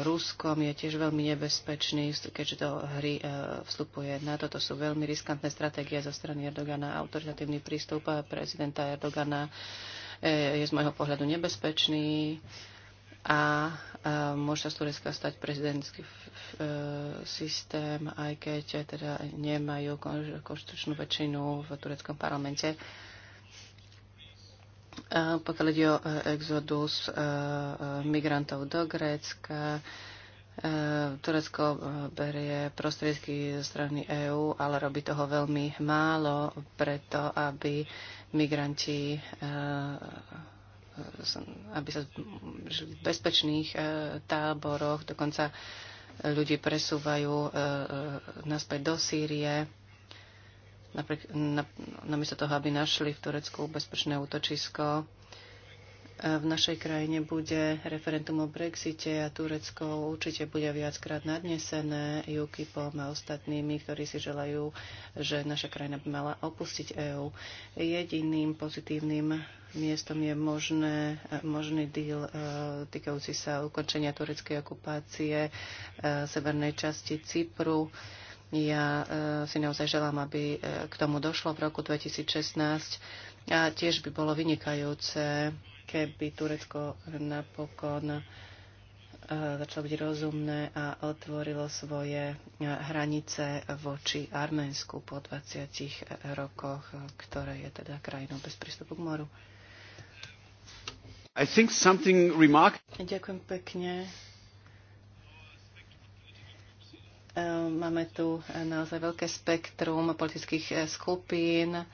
[SPEAKER 4] Ruskom je tiež veľmi nebezpečný, keďže do hry vstupuje na toto sú veľmi riskantné stratégie zo strany Erdogana, autoritatívny prístup prezidenta Erdogana E, je z môjho pohľadu nebezpečný a e, môže sa z Turecka stať prezidentský e, systém, aj keď teda nemajú konštručnú väčšinu v tureckom parlamente. Pokiaľ ide o exodus migrantov do Grécka, Turecko berie prostriedky zo strany EÚ, ale robí toho veľmi málo preto, aby migranti eh, aby sa žili v bezpečných eh, táboroch, dokonca ľudí presúvajú eh, naspäť do Sýrie, napriek, na, namiesto toho, aby našli v Turecku bezpečné útočisko v našej krajine bude referendum o Brexite a Turecko určite bude viackrát nadnesené UKIPom a ostatnými, ktorí si želajú, že naša krajina by mala opustiť EÚ. Jediným pozitívnym miestom je možné, možný díl e, týkajúci sa ukončenia tureckej okupácie e, severnej časti Cypru. Ja e, si naozaj želám, aby k tomu došlo v roku 2016 a tiež by bolo vynikajúce, keby Turecko napokon e, začalo byť rozumné a otvorilo svoje e, hranice voči Arménsku po 20 rokoch, ktoré je teda krajinou bez prístupu k moru. I think something remark- Ďakujem pekne. E, máme tu naozaj veľké spektrum politických skupín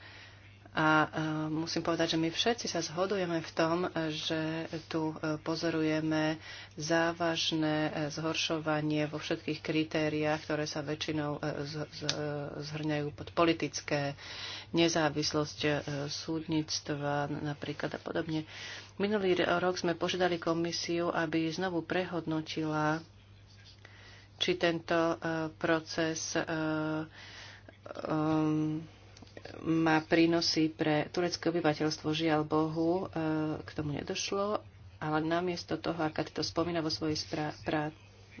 [SPEAKER 4] a e, musím povedať, že my všetci sa zhodujeme v tom, že tu e, pozorujeme závažné e, zhoršovanie vo všetkých kritériách, ktoré sa väčšinou zhrňajú pod politické nezávislosť súdnictva napríklad a podobne. Minulý rok sme požiadali komisiu, aby znovu prehodnotila, či tento proces um, má prínosy pre turecké obyvateľstvo. Žiaľ Bohu, e, k tomu nedošlo, ale namiesto toho, aká to spomína vo svojej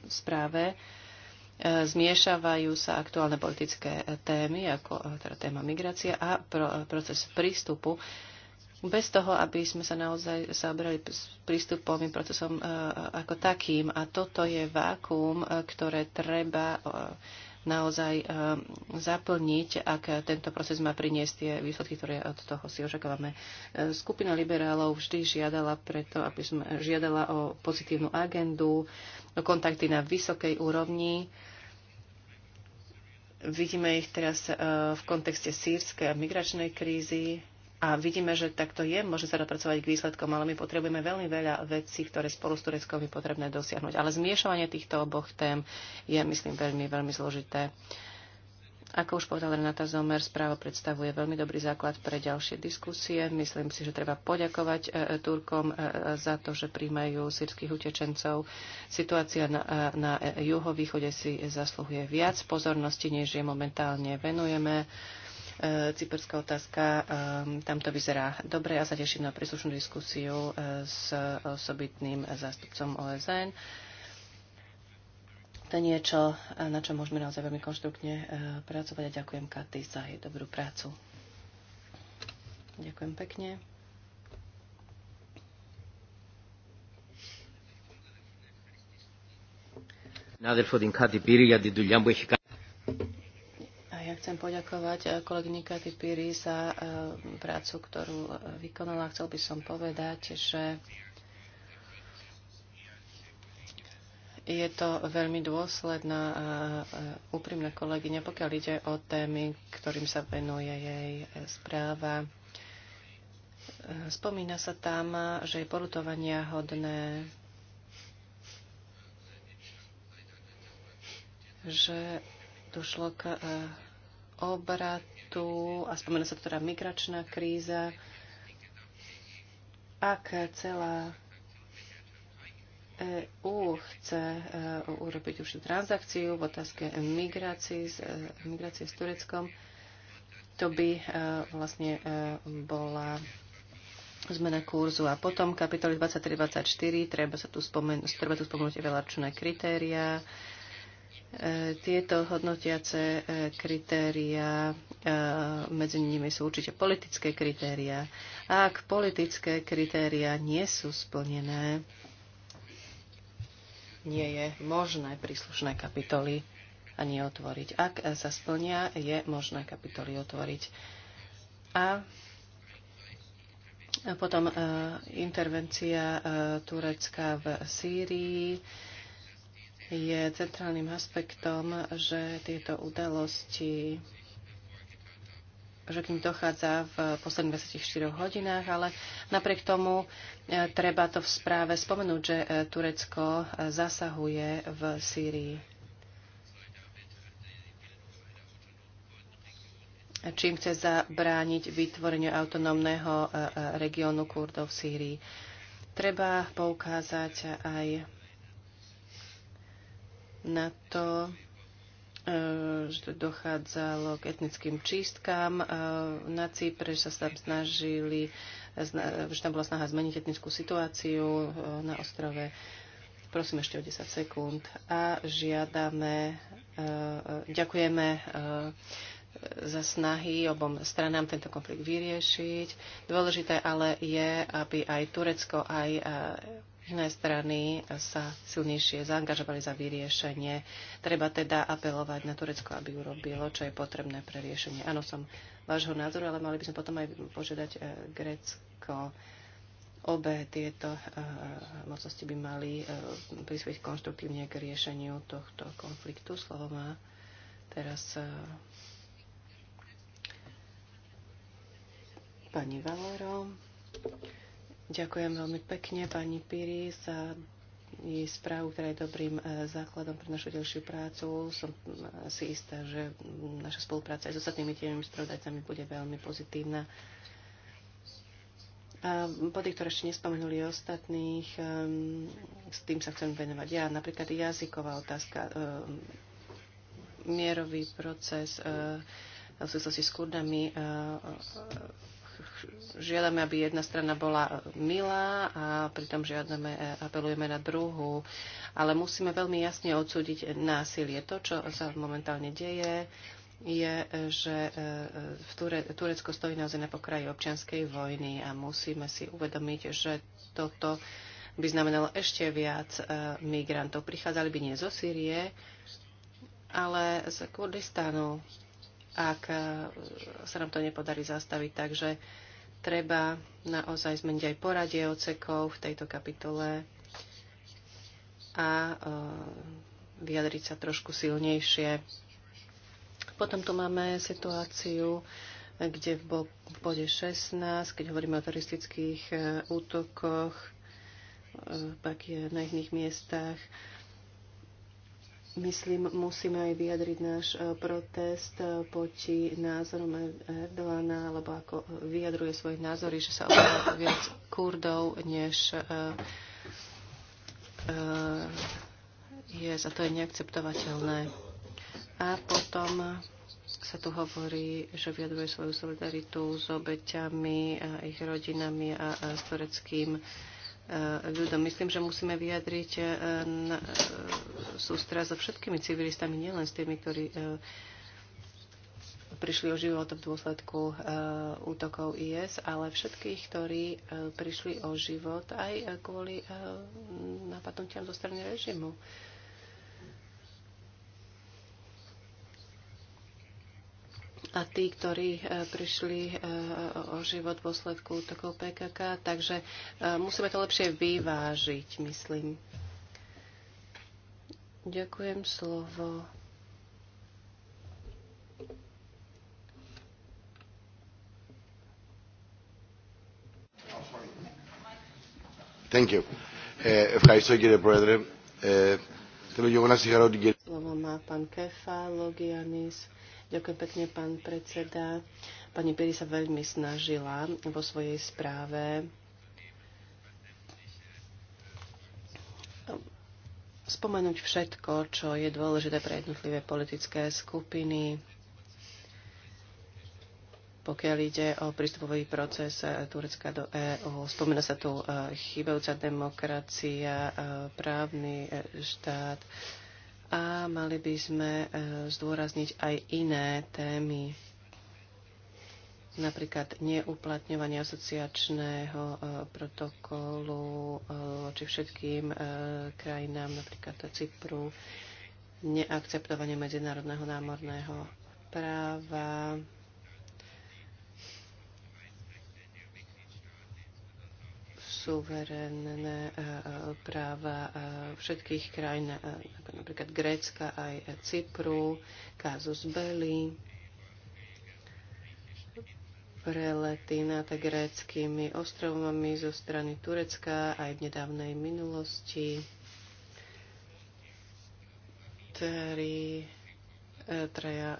[SPEAKER 4] správe, e, zmiešavajú sa aktuálne politické e, témy, ako teda téma migrácia a proces prístupu, bez toho, aby sme sa naozaj zaoberali prístupom procesom ako takým. A toto je vákum, ktoré treba naozaj eh, zaplniť, ak tento proces má priniesť tie výsledky, ktoré od toho si očakávame. Eh, skupina liberálov vždy žiadala preto, aby sme žiadala o pozitívnu agendu, o kontakty na vysokej úrovni. Vidíme ich teraz eh, v kontexte sírskej a migračnej krízy. A vidíme, že takto je, môže sa dopracovať k výsledkom, ale my potrebujeme veľmi veľa vecí, ktoré spolu s Tureckom je potrebné dosiahnuť. Ale zmiešovanie týchto oboch tém je, myslím, veľmi, veľmi zložité. Ako už povedal Renata Zomer, správa predstavuje veľmi dobrý základ pre ďalšie diskusie. Myslím si, že treba poďakovať e, e, Turkom e, za to, že príjmajú sírskych utečencov. Situácia na, na juhovýchode si zasluhuje viac pozornosti, než je momentálne venujeme. E, cyperská otázka, e, tam to vyzerá dobre. Ja sa teším na príslušnú diskusiu e, s osobitným zástupcom OSN. To je niečo, na čo môžeme naozaj veľmi konštruktne pracovať a ďakujem Katy za jej dobrú prácu. Ďakujem pekne.
[SPEAKER 2] συνάδελφο την Κάτι Πύρη για την δουλειά που
[SPEAKER 4] Chcem poďakovať eh, kolegyni Katy Piri za eh, prácu, ktorú eh, vykonala. Chcel by som povedať, že je to veľmi dôsledná a úprimná kolegyňa, pokiaľ ide o témy, ktorým sa venuje jej správa. Spomína sa tam, že je porutovania hodné, že došlo k obratu a spomenú sa teda migračná kríza. Ak celá EU chce e, urobiť už transakciu v otázke migrácie, e, s Tureckom, to by e, vlastne bola zmena kurzu. A potom kapitoly 23-24, treba, sa tu treba tu spomenúť evaluačné kritéria, E, tieto hodnotiace e, kritéria, e, medzi nimi sú určite politické kritéria. A ak politické kritéria nie sú splnené, nie je možné príslušné kapitoly ani otvoriť. Ak sa splnia, je možné kapitoly otvoriť. A potom intervencia Turecka v Sýrii je centrálnym aspektom, že tieto udalosti že k ním dochádza v posledných 24 hodinách, ale napriek tomu e, treba to v správe spomenúť, že e, Turecko e, zasahuje v Sýrii. čím chce zabrániť vytvoreniu autonómneho regiónu Kurdov v Sýrii. Treba poukázať aj na to, e, že dochádzalo k etnickým čistkám e, na Cypre, že sa tam snažili, e, že tam bola snaha zmeniť etnickú situáciu na ostrove. Prosím ešte o 10 sekúnd. A žiadame, ďakujeme za snahy obom stranám tento konflikt vyriešiť. Dôležité ale je, aby aj Turecko, aj Iné strany sa silnejšie zaangažovali za vyriešenie. Treba teda apelovať na Turecko, aby urobilo, čo je potrebné pre riešenie. Áno, som vášho názoru, ale mali by sme potom aj požiadať e, Grécko. Obe tieto e, mocnosti by mali e, prispieť konštruktívne k riešeniu tohto konfliktu. Slovo má teraz pani Valero. Ďakujem veľmi pekne pani Piri za jej správu, ktorá je dobrým e, základom pre našu ďalšiu prácu. Som si istá, že naša spolupráca aj s ostatnými tieňovými spravodajcami bude veľmi pozitívna. A body, ktoré ešte nespomenuli ostatných, e, s tým sa chcem venovať ja. Napríklad jazyková otázka, e, mierový proces v súvislosti s kurdami žiadame, aby jedna strana bola eh, milá a pritom žiadame, eh, apelujeme na druhú. Ale musíme veľmi jasne odsúdiť násilie. To, čo sa momentálne deje, je, že eh, v Ture- Turecko stojí naozaj na pokraji občianskej vojny a musíme si uvedomiť, že toto by znamenalo ešte viac migrantov. Prichádzali by nie zo Sýrie, ale z Kurdistanu, ak sa nám to nepodarí zastaviť. Takže treba naozaj zmeniť aj poradie ocekov v tejto kapitole a e, vyjadriť sa trošku silnejšie. Potom tu máme situáciu, kde v bode 16, keď hovoríme o teroristických e, útokoch, pak e, je na iných miestach, myslím, musíme aj vyjadriť náš e, protest e, proti názorom Erdogana, alebo ako vyjadruje svoje názory, že sa obáva viac Kurdov, než e, je za to je neakceptovateľné. A potom sa tu hovorí, že vyjadruje svoju solidaritu s obeťami a ich rodinami a, a s tureckým uh, E, ľuďom. Myslím, že musíme vyjadriť e, e, sústra so všetkými civilistami, nielen s tými, ktorí prišli o život v dôsledku útokov IS, ale všetkých, ktorí prišli o život aj kvôli napadnutiam zo strany režimu. a tí, ktorí e, prišli e, o život v posledku útokov PKK. Takže e, musíme to lepšie vyvážiť, myslím. Ďakujem slovo.
[SPEAKER 2] Thank you. Ε, ευχαριστώ κύριε Πρόεδρε. Ε, θέλω και εγώ να συγχαρώ την κυρία.
[SPEAKER 4] Λόγω μα πανκέφα, λόγιανής. Ďakujem pekne, pán predseda. Pani Piri sa veľmi snažila vo svojej správe spomenúť všetko, čo je dôležité pre jednotlivé politické skupiny, pokiaľ ide o prístupový proces Turecka do EÚ. Spomína sa tu e, chybajúca demokracia, e, právny e, štát, a mali by sme e, zdôrazniť aj iné témy, napríklad neuplatňovanie asociačného e, protokolu e, voči všetkým krajinám, napríklad Cypru, neakceptovanie medzinárodného námorného práva, suverénne e, práva e, všetkých krajín, e, napríklad Grécka aj Cypru, kazus belli, prelety nad gréckými ostrovami zo strany Turecka aj v nedávnej minulosti. ktorí traja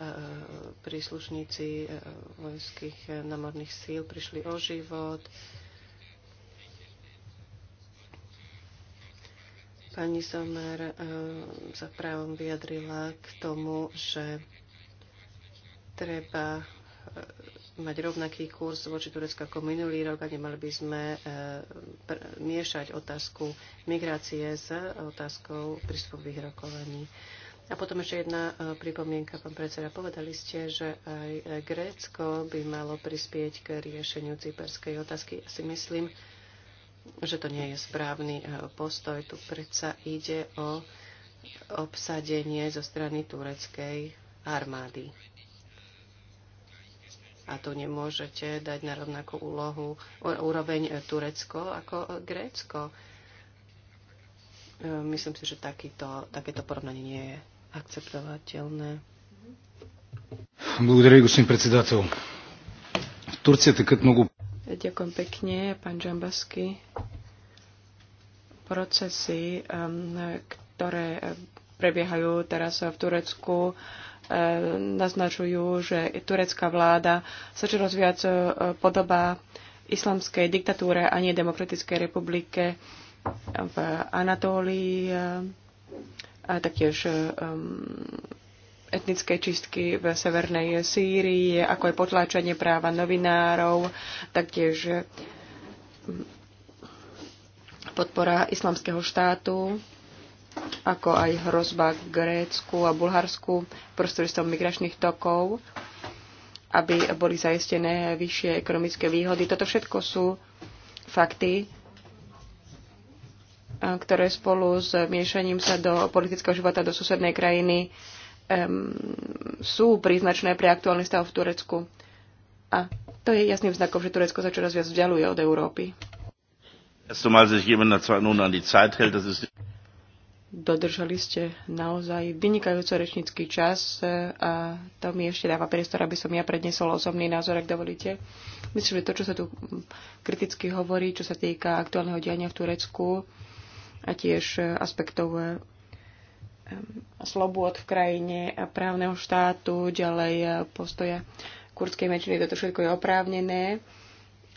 [SPEAKER 4] príslušníci vojenských námorných síl prišli o život. Pani Somer eh, sa právom vyjadrila k tomu, že treba eh, mať rovnaký kurz voči Turecku ako minulý rok a nemali by sme eh, miešať otázku migrácie s otázkou prístupových rokovaní. A potom ešte jedna pripomienka, pán predseda. Povedali ste, že aj Grécko by malo prispieť k riešeniu cyperskej otázky. Ja si myslím, že to nie je správny e, postoj. Tu predsa ide o obsadenie zo strany tureckej armády. A tu nemôžete dať na rovnakú úlohu, úroveň e, Turecko ako e, Grécko. Myslím si, že takýto, takéto porovnanie nie je akceptovateľné.
[SPEAKER 2] Благодаря господин председател. В
[SPEAKER 4] Турция текат много...
[SPEAKER 1] Ďakujem pekne, pán Džambasky. Procesy, ktoré prebiehajú teraz v Turecku, naznačujú, že turecká vláda sa čoraz viac e, podobá islamskej diktatúre a nie demokratickej republike v Anatólii, a taktiež etnické čistky v severnej Sýrii, ako aj potláčanie práva novinárov, taktiež eh, podpora islamského štátu, ako aj hrozba Grécku a Bulharsku prostredstvom migračných tokov, aby boli zaistené vyššie ekonomické výhody. Toto všetko sú fakty, eh, ktoré spolu s miešaním sa do politického života do susednej krajiny sú príznačné pre aktuálny stav v Turecku. A to je jasným znakom, že Turecko sa čoraz viac vzdialuje od Európy. Dodržali ste naozaj vynikajúco rečnícky čas e, a to mi ešte dáva priestor, aby som ja prednesol osobný názor, ak dovolíte. Myslím, že to, čo sa tu kriticky hovorí, čo sa týka aktuálneho diania v Turecku a tiež e, aspektov e, slobôd um, v krajine, právneho štátu, ďalej uh, postoja kurdskej menšiny. Toto všetko je oprávnené,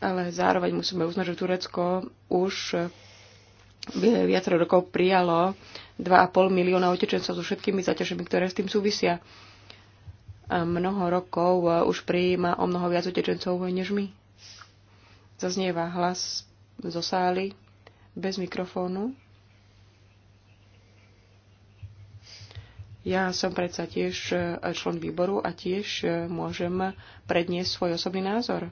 [SPEAKER 1] ale zároveň musíme uznať, že Turecko už uh, viacero rokov prijalo 2,5 milióna utečencov so všetkými zaťažami, ktoré s tým súvisia. A mnoho rokov uh, už prijíma o mnoho viac utečencov než my. Zaznieva hlas zo sály bez mikrofónu. Ja som predsa tiež e, člen výboru a tiež e, môžem predniesť svoj osobný názor.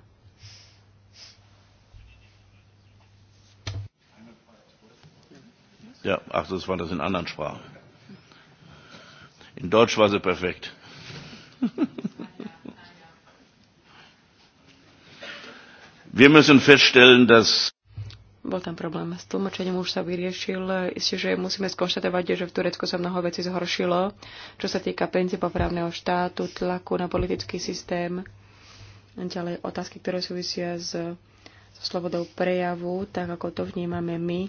[SPEAKER 2] Ja, ach, das war das in anderen Sprachen. In Deutsch war sie perfekt. Wir müssen feststellen, dass
[SPEAKER 1] bol tam problém s tlmočením, už sa vyriešil. Isté, že musíme skonštatovať, že v Turecku sa mnoho vecí zhoršilo, čo sa týka princípov právneho štátu, tlaku na politický systém, ďalej otázky, ktoré súvisia s, so slobodou prejavu, tak ako to vnímame my.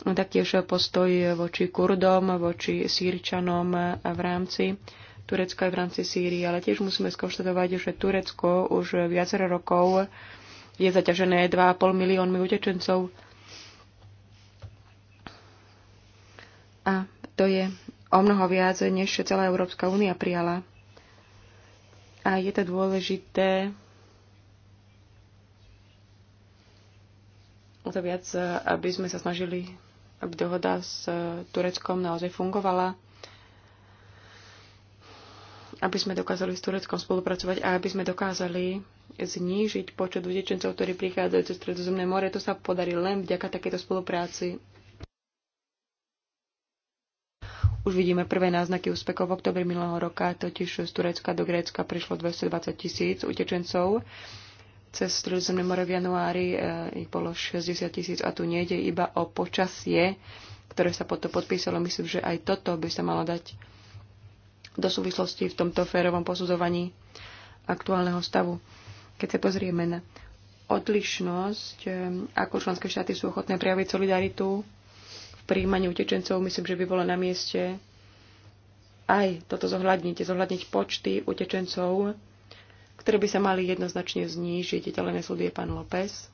[SPEAKER 1] No, taktiež postoj voči Kurdom, voči Sýrčanom v rámci Turecka aj v rámci Sýrii, ale tiež musíme skonštatovať, že Turecko už viacero rokov je zaťažené 2,5 miliónmi utečencov. A to je o mnoho viac, než celá Európska únia prijala. A je to dôležité o to viac, aby sme sa snažili, aby dohoda s Tureckom naozaj fungovala aby sme dokázali s Tureckom spolupracovať a aby sme dokázali znížiť počet utečencov, ktorí prichádzajú cez Stredozemné more. To sa podarí len vďaka takejto spolupráci. Už vidíme prvé náznaky úspechov. V oktobri minulého roka totiž z Turecka do Grécka prišlo 220 tisíc utečencov. Cez Stredozemné more v januári eh, ich bolo 60 tisíc a tu nejde iba o počasie, ktoré sa potom podpísalo. Myslím, že aj toto by sa malo dať do súvislosti v tomto férovom posudzovaní aktuálneho stavu. Keď sa pozrieme na odlišnosť, eh, ako členské štáty sú ochotné prejaviť solidaritu v príjmaní utečencov, myslím, že by bolo na mieste aj toto zohľadniť, zohľadniť počty utečencov, ktoré by sa mali jednoznačne znížiť. Ďalej nesleduje pán López.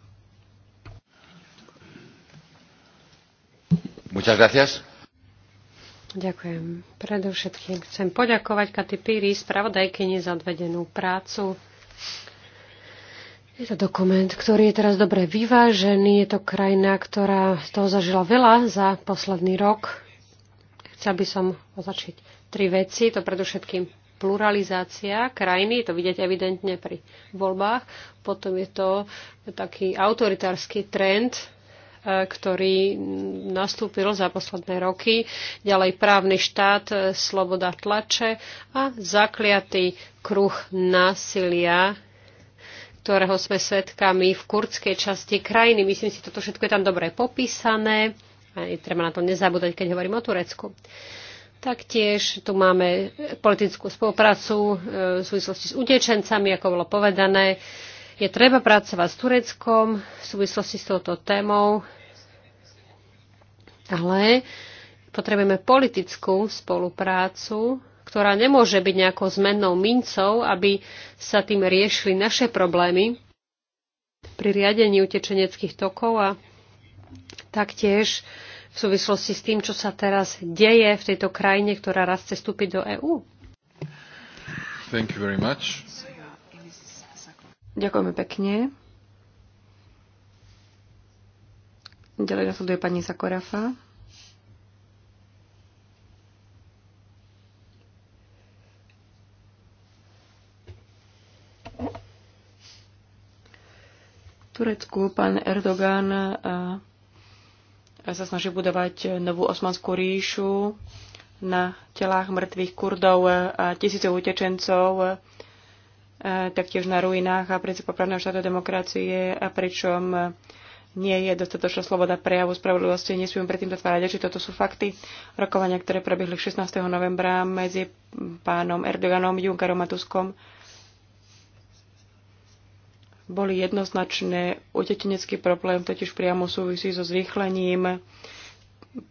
[SPEAKER 2] Muchas gracias.
[SPEAKER 3] Ďakujem. Predovšetkým chcem poďakovať Katy Píri, spravodajkyni za odvedenú prácu. Je to dokument, ktorý je teraz dobre vyvážený. Je to krajina, ktorá toho zažila veľa za posledný rok. Chcel by som označiť tri veci. To predovšetkým pluralizácia krajiny, to vidieť evidentne pri voľbách. Potom je to taký autoritársky trend, ktorý nastúpil za posledné roky, ďalej právny štát, sloboda tlače a zakliatý kruh násilia, ktorého sme svetkami v kurdskej časti krajiny. Myslím si, toto všetko je tam dobre popísané a treba na to nezabúdať, keď hovorím o Turecku. Taktiež tu máme politickú spoluprácu e, v súvislosti s utečencami, ako bolo povedané je treba pracovať s Tureckom v súvislosti s touto témou, ale potrebujeme politickú spoluprácu, ktorá nemôže byť nejakou zmennou mincov, aby sa tým riešili naše problémy pri riadení utečeneckých tokov a taktiež v súvislosti s tým, čo sa teraz deje v tejto krajine, ktorá raz chce vstúpiť do EÚ.
[SPEAKER 2] Thank you very much.
[SPEAKER 3] Ďakujeme pekne.
[SPEAKER 2] Ďalej
[SPEAKER 1] nasleduje pani Sakorafa. Turecku pán Erdogan a, eh, a sa snaží budovať novú osmanskú ríšu na telách mŕtvych Kurdov a tisíce utečencov taktiež na ruinách a princípa právneho štátu demokracie, a pričom nie je dostatočná sloboda prejavu spravodlivosti. Nesmieme predtým zatvárať oči. Toto sú fakty. Rokovania, ktoré prebehli 16. novembra medzi pánom Erdoganom, Junkerom a Tuskom, boli jednoznačné. Utečenecký problém totiž priamo súvisí so zrýchlením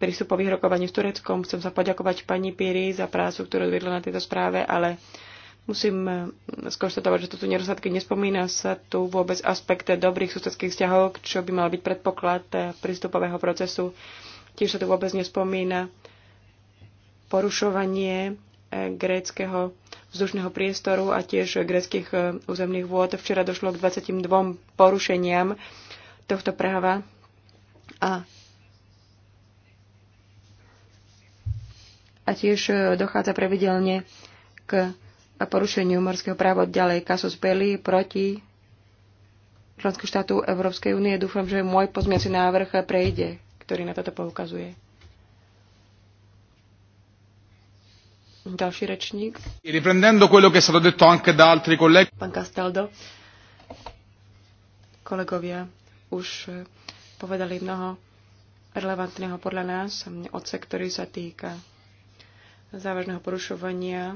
[SPEAKER 1] prístupových rokovaní s Tureckom. Chcem sa poďakovať pani Piri za prácu, ktorú odvedla na tejto správe, ale Musím eh, skonštatovať, že toto nedostatky nespomína sa tu vôbec aspekt dobrých susedských vzťahov, čo by mal byť predpoklad eh, prístupového procesu. Tiež sa tu vôbec nespomína porušovanie eh, gréckého vzdušného priestoru a tiež gréckých územných vôd. Včera došlo k 22 porušeniam tohto práva a a tiež dochádza pravidelne k a porušeniu morského práva ďalej Kasus Belli proti Členským štátu Európskej únie. Dúfam, že môj pozmiaci návrh prejde, ktorý na toto poukazuje. Ďalší rečník.
[SPEAKER 2] Riprendendo quello che stato detto anche da altri colleghi. Pán
[SPEAKER 1] Castaldo, kolegovia už povedali mnoho relevantného podľa nás odsek, ktorý sa týka závažného porušovania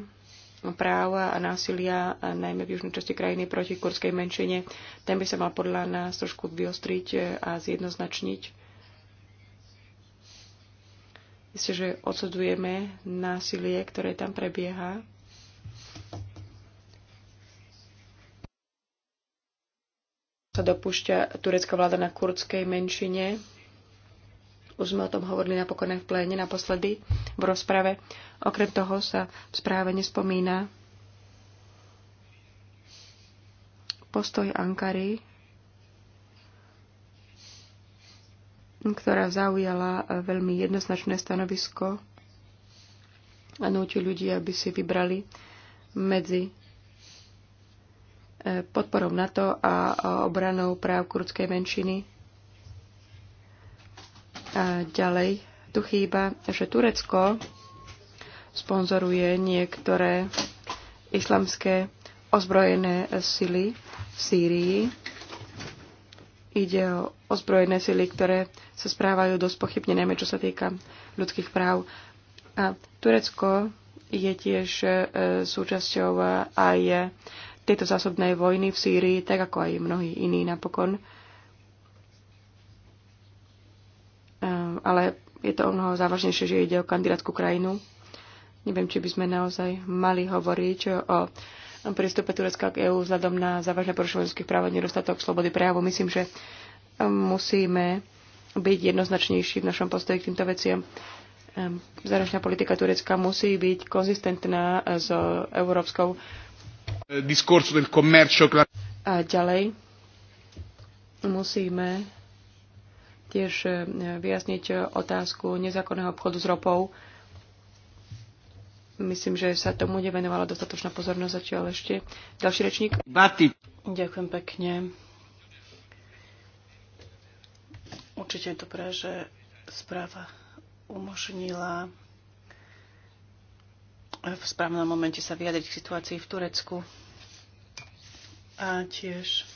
[SPEAKER 1] práva a násilia, najmä v južnej časti krajiny proti kurskej menšine. Ten by sa mal podľa nás trošku vyostriť a zjednoznačniť. Myslím, že odsudujeme násilie, ktoré tam prebieha. sa dopúšťa turecká vláda na kurdskej menšine už sme o tom hovorili napokon aj v pléne naposledy v rozprave. Okrem toho sa v správe nespomína postoj Ankary, ktorá zaujala veľmi jednoznačné stanovisko a núti ľudí, aby si vybrali medzi eh, podporou NATO a obranou práv kurdskej menšiny a ďalej tu chýba, že Turecko sponzoruje niektoré islamské ozbrojené sily v Sýrii. Ide o ozbrojené sily, ktoré sa správajú dosť pochybne, najmä čo sa týka ľudských práv. A Turecko je tiež e, súčasťou aj e, tejto zásobnej vojny v Sýrii, tak ako aj mnohí iní napokon. ale je to o mnoho závažnejšie, že ide o kandidátku krajinu. Neviem, či by sme naozaj mali hovoriť o prístupe Turecka k EÚ vzhľadom na závažné porušovanie ľudských práv a nedostatok slobody prejavu. Myslím, že musíme byť jednoznačnejší v našom postoji k týmto veciam. Ehm, zahraničná politika Turecka musí byť konzistentná s európskou.
[SPEAKER 2] Eh,
[SPEAKER 1] a ďalej musíme tiež e, vyjasniť e, otázku nezákonného obchodu s ropou. Myslím, že sa tomu nevenovala dostatočná pozornosť zatiaľ ešte. Ďalší rečník. Baty. Ďakujem
[SPEAKER 4] pekne. Určite je to pre, že správa umožnila v správnom momente sa vyjadriť k situácii v Turecku a tiež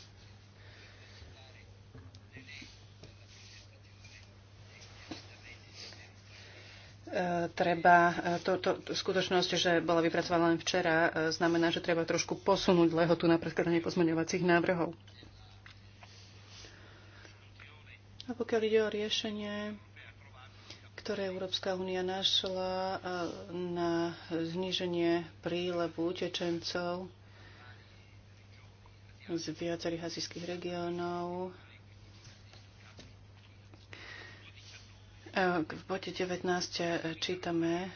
[SPEAKER 4] treba, to, to, skutočnosť, že bola vypracovaná len včera, e, znamená, že treba trošku posunúť lehotu na predkladanie pozmeňovacích návrhov. A pokiaľ ide o riešenie, ktoré Európska únia našla e, na zníženie prílevu tečencov z viacerých azijských regiónov, V bode 19 eh, čítame,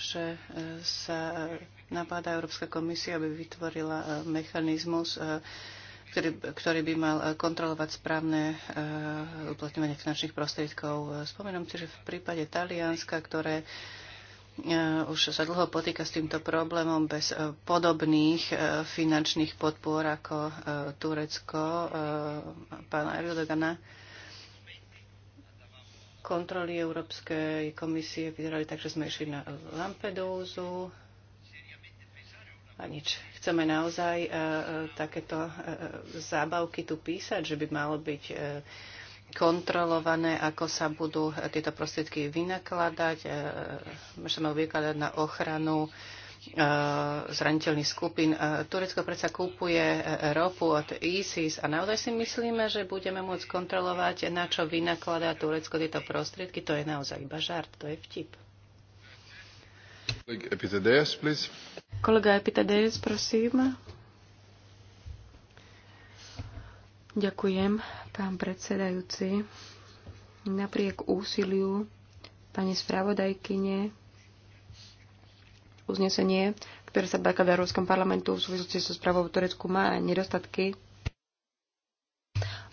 [SPEAKER 4] že eh, sa napáda Európska komisia, aby vytvorila eh, mechanizmus, ktorý, ktorý by mal kontrolovať správne uplatňovanie finančných prostriedkov. Spomenám si, že v prípade Talianska, ktoré už sa dlho potýka s týmto problémom bez podobných finančných podpor ako Turecko pána Erdogana, kontroly Európskej komisie vyzerali tak, že sme išli na lampedózu. a nič. Chceme naozaj uh, takéto uh, zábavky tu písať, že by malo byť uh, kontrolované, ako sa budú tieto prostriedky vynakladať, že sa vykladať na ochranu uh, Eh, zraniteľných skupín. Eh, Turecko predsa kúpuje eh, ropu od ISIS a naozaj si myslíme, že budeme môcť kontrolovať, na čo vynakladá Turecko tieto prostriedky. To je naozaj iba žart, to je vtip.
[SPEAKER 2] Epitadeus,
[SPEAKER 4] Kolega Epitadeus, prosím.
[SPEAKER 1] Ďakujem, pán predsedajúci. Napriek úsiliu pani spravodajkyne uznesenie, ktoré sa v Európskom parlamentu v súvislosti so správou o Turecku, má nedostatky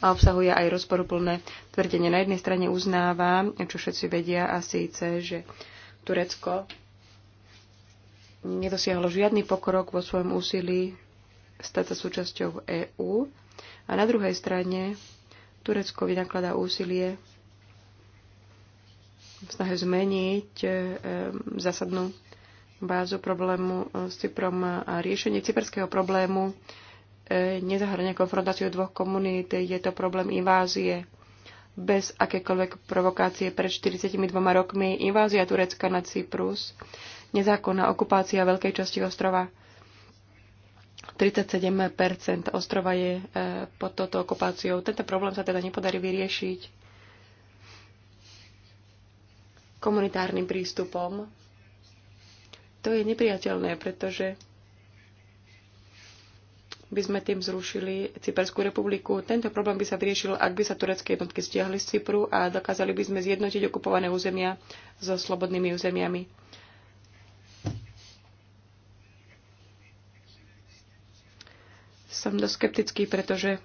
[SPEAKER 1] a obsahuje aj rozporuplné tvrdenie. Na jednej strane uznáva, čo všetci vedia, a síce, že Turecko nedosiahlo žiadny pokrok vo svojom úsilí stať sa súčasťou EÚ. A na druhej strane Turecko vynakladá úsilie v snahe zmeniť ehm, zásadnú bázu problému e, s Cyprom a riešenie cyperského problému e, nezahrania konfrontáciu dvoch komunít. Je to problém invázie bez akékoľvek provokácie pred 42 rokmi. Invázia Turecka na Cyprus, nezákonná okupácia veľkej časti ostrova. 37 ostrova je e, pod touto okupáciou. Tento problém sa teda nepodarí vyriešiť komunitárnym prístupom to je nepriateľné, pretože by sme tým zrušili Cyperskú republiku. Tento problém by sa vyriešil, ak by sa turecké jednotky stiahli z Cypru a dokázali by sme zjednotiť okupované územia so slobodnými územiami. Som dosť skeptický, pretože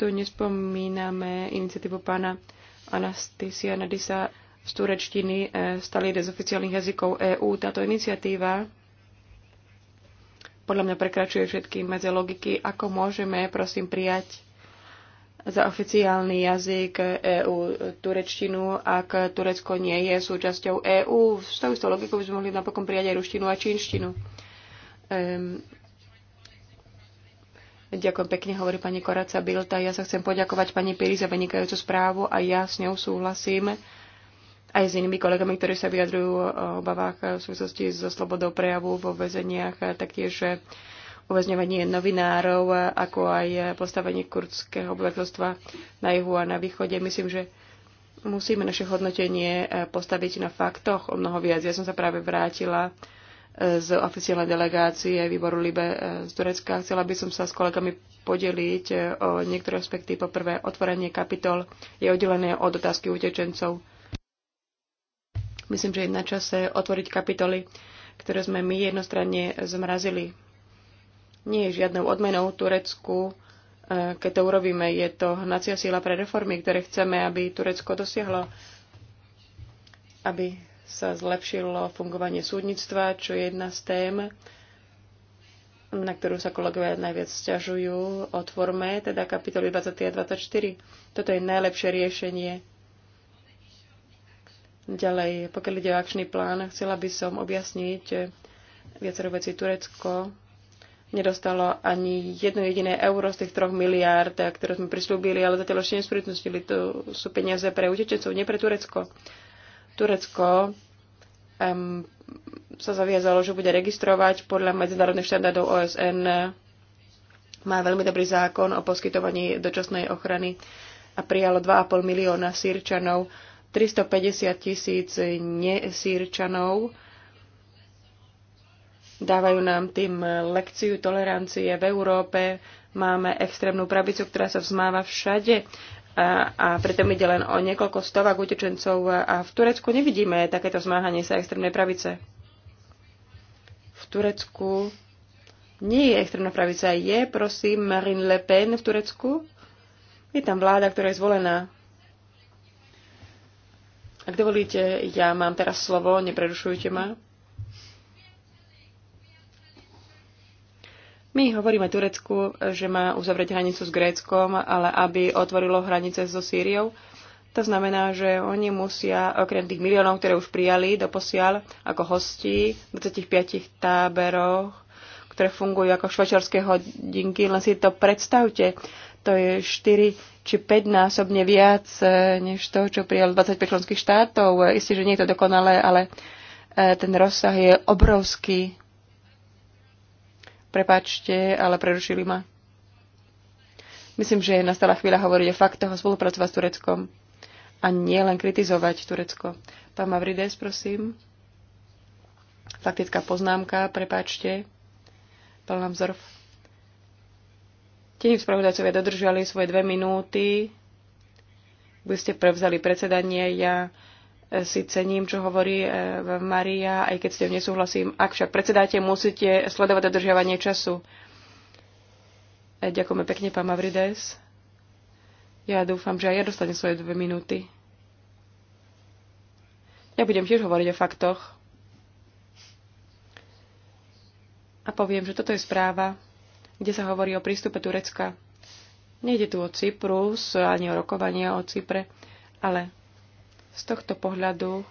[SPEAKER 1] tu nespomíname iniciatívu pána Anastasia Nadisa z turečtiny e, stali jeden z oficiálnych jazykov EÚ. Táto iniciatíva podľa mňa prekračuje všetky medze logiky, ako môžeme, prosím, prijať za oficiálny jazyk EÚ turečtinu, ak Turecko nie je súčasťou EÚ. S tou istou logikou by sme mohli napokon prijať aj ruštinu a čínštinu. Um, Ďakujem pekne, hovorí pani Koraca Bilta. Ja sa chcem poďakovať pani Piri za vynikajúcu správu a ja s ňou súhlasím aj s inými kolegami, ktorí sa vyjadrujú o obavách v súvislosti so slobodou prejavu vo väzeniach, taktiež uväzňovanie novinárov, ako aj postavenie kurdského obyvateľstva na juhu a na východe. Myslím, že musíme naše hodnotenie e, postaviť na faktoch o mnoho viac. Ja som sa práve vrátila e, z oficiálnej delegácie výboru Libe e, z Turecka. Chcela by som sa s kolegami podeliť o niektoré aspekty. Poprvé, otvorenie kapitol je oddelené od otázky utečencov. Myslím, že je na čase otvoriť kapitoly, ktoré sme my jednostranne zmrazili. Nie je žiadnou odmenou Turecku, e, keď to urobíme. Je to hnacia síla pre reformy, ktoré chceme, aby Turecko dosiahlo, aby sa zlepšilo fungovanie súdnictva, čo je jedna z tém, na ktorú sa kolegovia najviac sťažujú o tvorme, teda kapitoly 20 a 24. Toto je najlepšie riešenie Ďalej, pokiaľ ide o akčný plán, chcela by som objasniť eh, viacero veci. Turecko nedostalo ani jedno jediné euro z tých troch miliárd, eh, ktoré sme prislúbili, ale zatiaľ ešte nespritnostili. To sú peniaze pre utečencov, nie pre Turecko. Turecko um, sa zaviazalo, že bude registrovať podľa medzinárodných štandardov OSN. Má veľmi dobrý zákon o poskytovaní dočasnej ochrany a prijalo 2,5 milióna sírčanov 350 tisíc nesírčanov. Dávajú nám tým lekciu tolerancie v Európe. Máme extrémnu pravicu, ktorá sa vzmáva všade. A, a pritom ide len o niekoľko stovák utečencov a v Turecku nevidíme takéto zmáhanie sa extrémnej pravice. V Turecku nie je extrémna pravica. Je, prosím, Marine Le Pen v Turecku? Je tam vláda, ktorá je zvolená ak dovolíte, ja mám teraz slovo, neprerušujte ma. My hovoríme Turecku, že má uzavrieť hranicu s Gréckom, ale aby otvorilo hranice so Sýriou. To znamená, že oni musia, okrem tých miliónov, ktoré už prijali do posiaľ ako hostí v 25 táberoch, ktoré fungujú ako švečerské hodinky, len si to predstavte. To je 4 či 5 násobne viac e, než to, čo prijal 25 členských štátov. E, Isté, že nie je to dokonalé, ale e, ten rozsah je obrovský. Prepačte, ale prerušili ma. Myslím, že nastala chvíľa hovoriť o faktoch a spolupracovať s Tureckom. A nie len kritizovať Turecko. Pán Mavrides, prosím. Faktická poznámka, prepáčte. Pán Lambsdorff. Tiež spravodajcovia dodržali svoje dve minúty. Vy ste prevzali predsedanie. Ja e, si cením, čo hovorí e, Maria, aj keď s tým nesúhlasím. Ak však predsedáte, musíte sledovať dodržiavanie času. E, ďakujeme pekne, pán Mavrides. Ja dúfam, že aj ja dostanem svoje dve minúty. Ja budem tiež hovoriť o faktoch. A poviem, že toto je správa, kde sa hovorí o prístupe Turecka. Nejde tu o Cyprus ani o rokovania o Cypre, ale z tohto pohľadu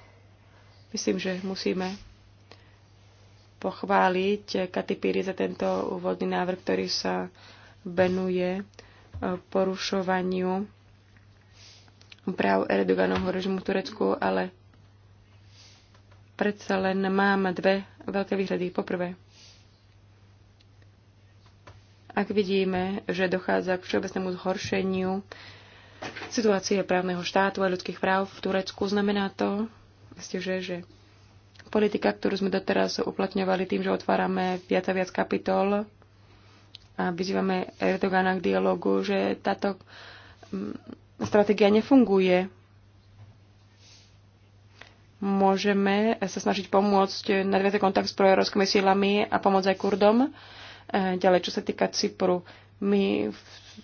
[SPEAKER 1] myslím, že musíme pochváliť Katy Píry za tento úvodný návrh, ktorý sa venuje e, porušovaniu práv Erdoganovho režimu v Turecku, ale predsa len mám dve veľké výhrady. Poprvé, ak vidíme, že dochádza k všeobecnému zhoršeniu situácie právneho štátu a ľudských práv v Turecku, znamená to, že, že politika, ktorú sme doteraz uplatňovali tým, že otvárame viac a viac kapitol a vyzývame Erdogana k dialogu, že táto mm, stratégia nefunguje. Môžeme sa snažiť pomôcť nadviazať kontakt s proeurovskými sílami a pomôcť aj Kurdom Eh, ďalej, čo sa týka Cypru, my v,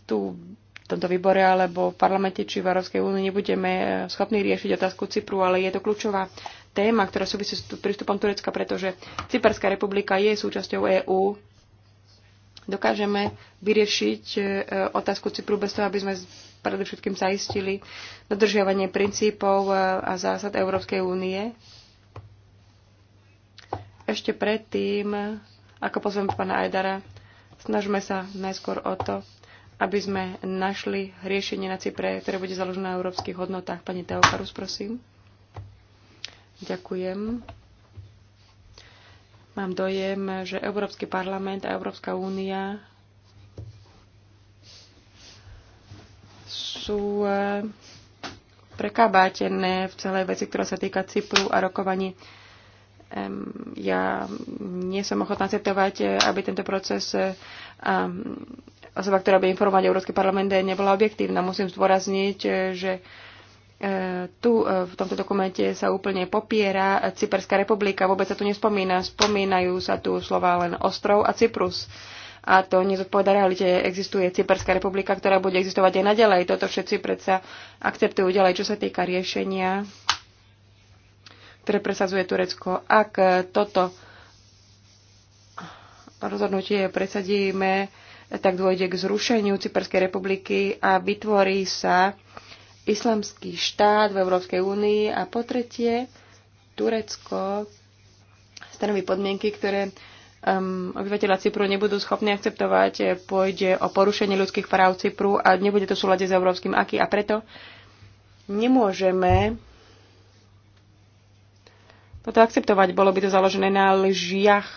[SPEAKER 1] tu v tomto výbore alebo v parlamente či v Európskej únii nebudeme eh, schopní riešiť otázku Cypru, ale je to kľúčová téma, ktorá súvisí s prístupom Turecka, pretože Cyperská republika je súčasťou EÚ. Dokážeme vyriešiť eh, otázku Cypru bez toho, aby sme predovšetkým zaistili dodržiavanie princípov a zásad Európskej únie. Ešte predtým ako pozvem pána Ajdara, snažme sa najskôr o to, aby sme našli riešenie na Cypre, ktoré bude založené na európskych hodnotách. Pani Teokarus, prosím. Ďakujem. Mám dojem, že Európsky parlament a Európska únia sú eh, prekábátené v celej veci, ktorá sa týka Cypru a rokovaní ja nie som ochotná akceptovať, e, aby tento proces e, osoba, ktorá bude informovať Európsky parlament, e, nebola objektívna. Musím zdôrazniť, že tu v tomto dokumente sa úplne popiera Cyperská republika. Vôbec sa tu nespomína. Spomínajú sa tu slova len ostrov a Cyprus. A to nezodpovedá realite. Existuje Cyperská republika, ktorá bude existovať aj naďalej. Toto všetci predsa akceptujú ďalej, čo sa týka riešenia ktoré presazuje Turecko. Ak toto rozhodnutie presadíme, tak dôjde k zrušeniu Cyperskej republiky a vytvorí sa islamský štát v Európskej únii a po tretie Turecko stanoví podmienky, ktoré um, obyvateľa Cypru nebudú schopní akceptovať, pôjde o porušenie ľudských práv Cypru a nebude to v s európskym aký a preto nemôžeme toto akceptovať. Bolo by to založené na lžiach,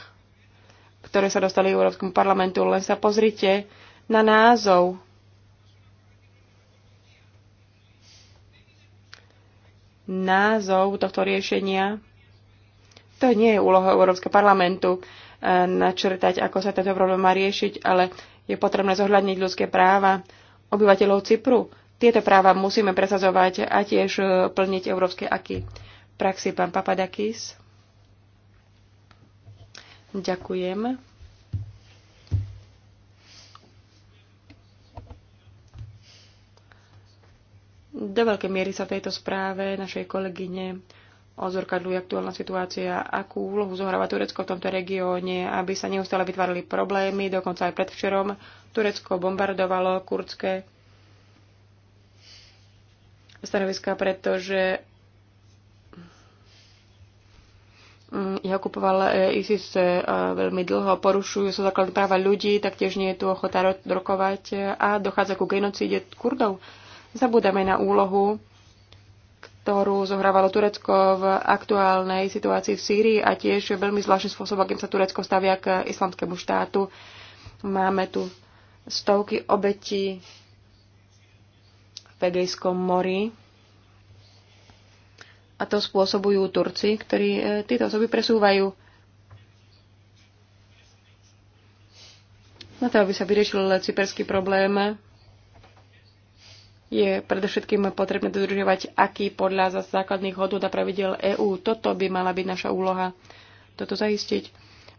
[SPEAKER 1] ktoré sa dostali Európskemu parlamentu. Len sa pozrite na názov. Názov tohto riešenia. To nie je úloha Európskeho parlamentu eh, načrtať, ako sa tento problém má riešiť, ale je potrebné zohľadniť ľudské práva obyvateľov Cypru. Tieto práva musíme presazovať a tiež eh, plniť európske aky praxi. Pán Papadakis. Ďakujem. Do veľkej miery sa v tejto správe našej kolegyne ozorkadľuje aktuálna situácia, akú úlohu zohráva Turecko v tomto regióne, aby sa neustále vytvárali problémy, dokonca aj predvčerom Turecko bombardovalo kurdské stanoviska, pretože Mm, ja okupoval e, ISIS e, e, veľmi dlho, porušujú sa základné práva ľudí, taktiež nie je tu ochota rokovať a dochádza ku genocíde Kurdov. Zabúdame na úlohu, ktorú zohrávalo Turecko v aktuálnej situácii v Sýrii a tiež veľmi zvláštny spôsob, akým sa Turecko stavia k islamskému štátu. Máme tu stovky obetí v Egejskom mori a to spôsobujú Turci, ktorí e, tieto osoby presúvajú. Na to, aby sa vyriešil cyperský problém, je predovšetkým potrebné dodržovať, aký podľa základných hodnot a pravidel EÚ. Toto by mala byť naša úloha, toto zaistiť.